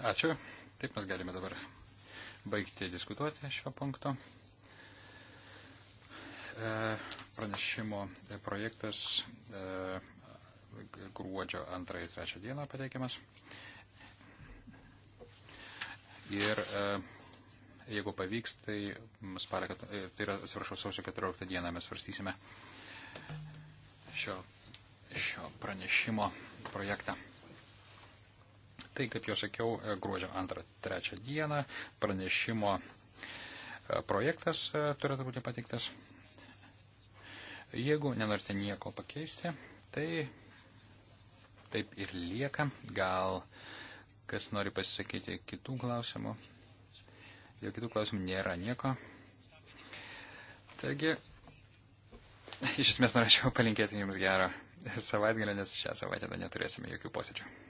Ačiū. Taip mes galime dabar baigti diskutuoti šio punkto. E, pranešimo projektas e, gruodžio 2 ir 3 dieną pateikiamas. Ir e, jeigu pavyks, tai spalio, tai yra, atsiprašau, sausio 14 dieną mes svarstysime šio, šio pranešimo projektą. Tai, kaip jau sakiau, e, gruodžio 2-3 dieną pranešimo e, projektas e, turėtų būti pateiktas. Jeigu nenorite nieko pakeisti, tai taip ir lieka. Gal kas nori pasisakyti kitų klausimų. Dėl kitų klausimų nėra nieko. Taigi, iš esmės norėčiau palinkėti Jums gerą savaitgalį, nes šią savaitę neturėsime jokių posėdžių.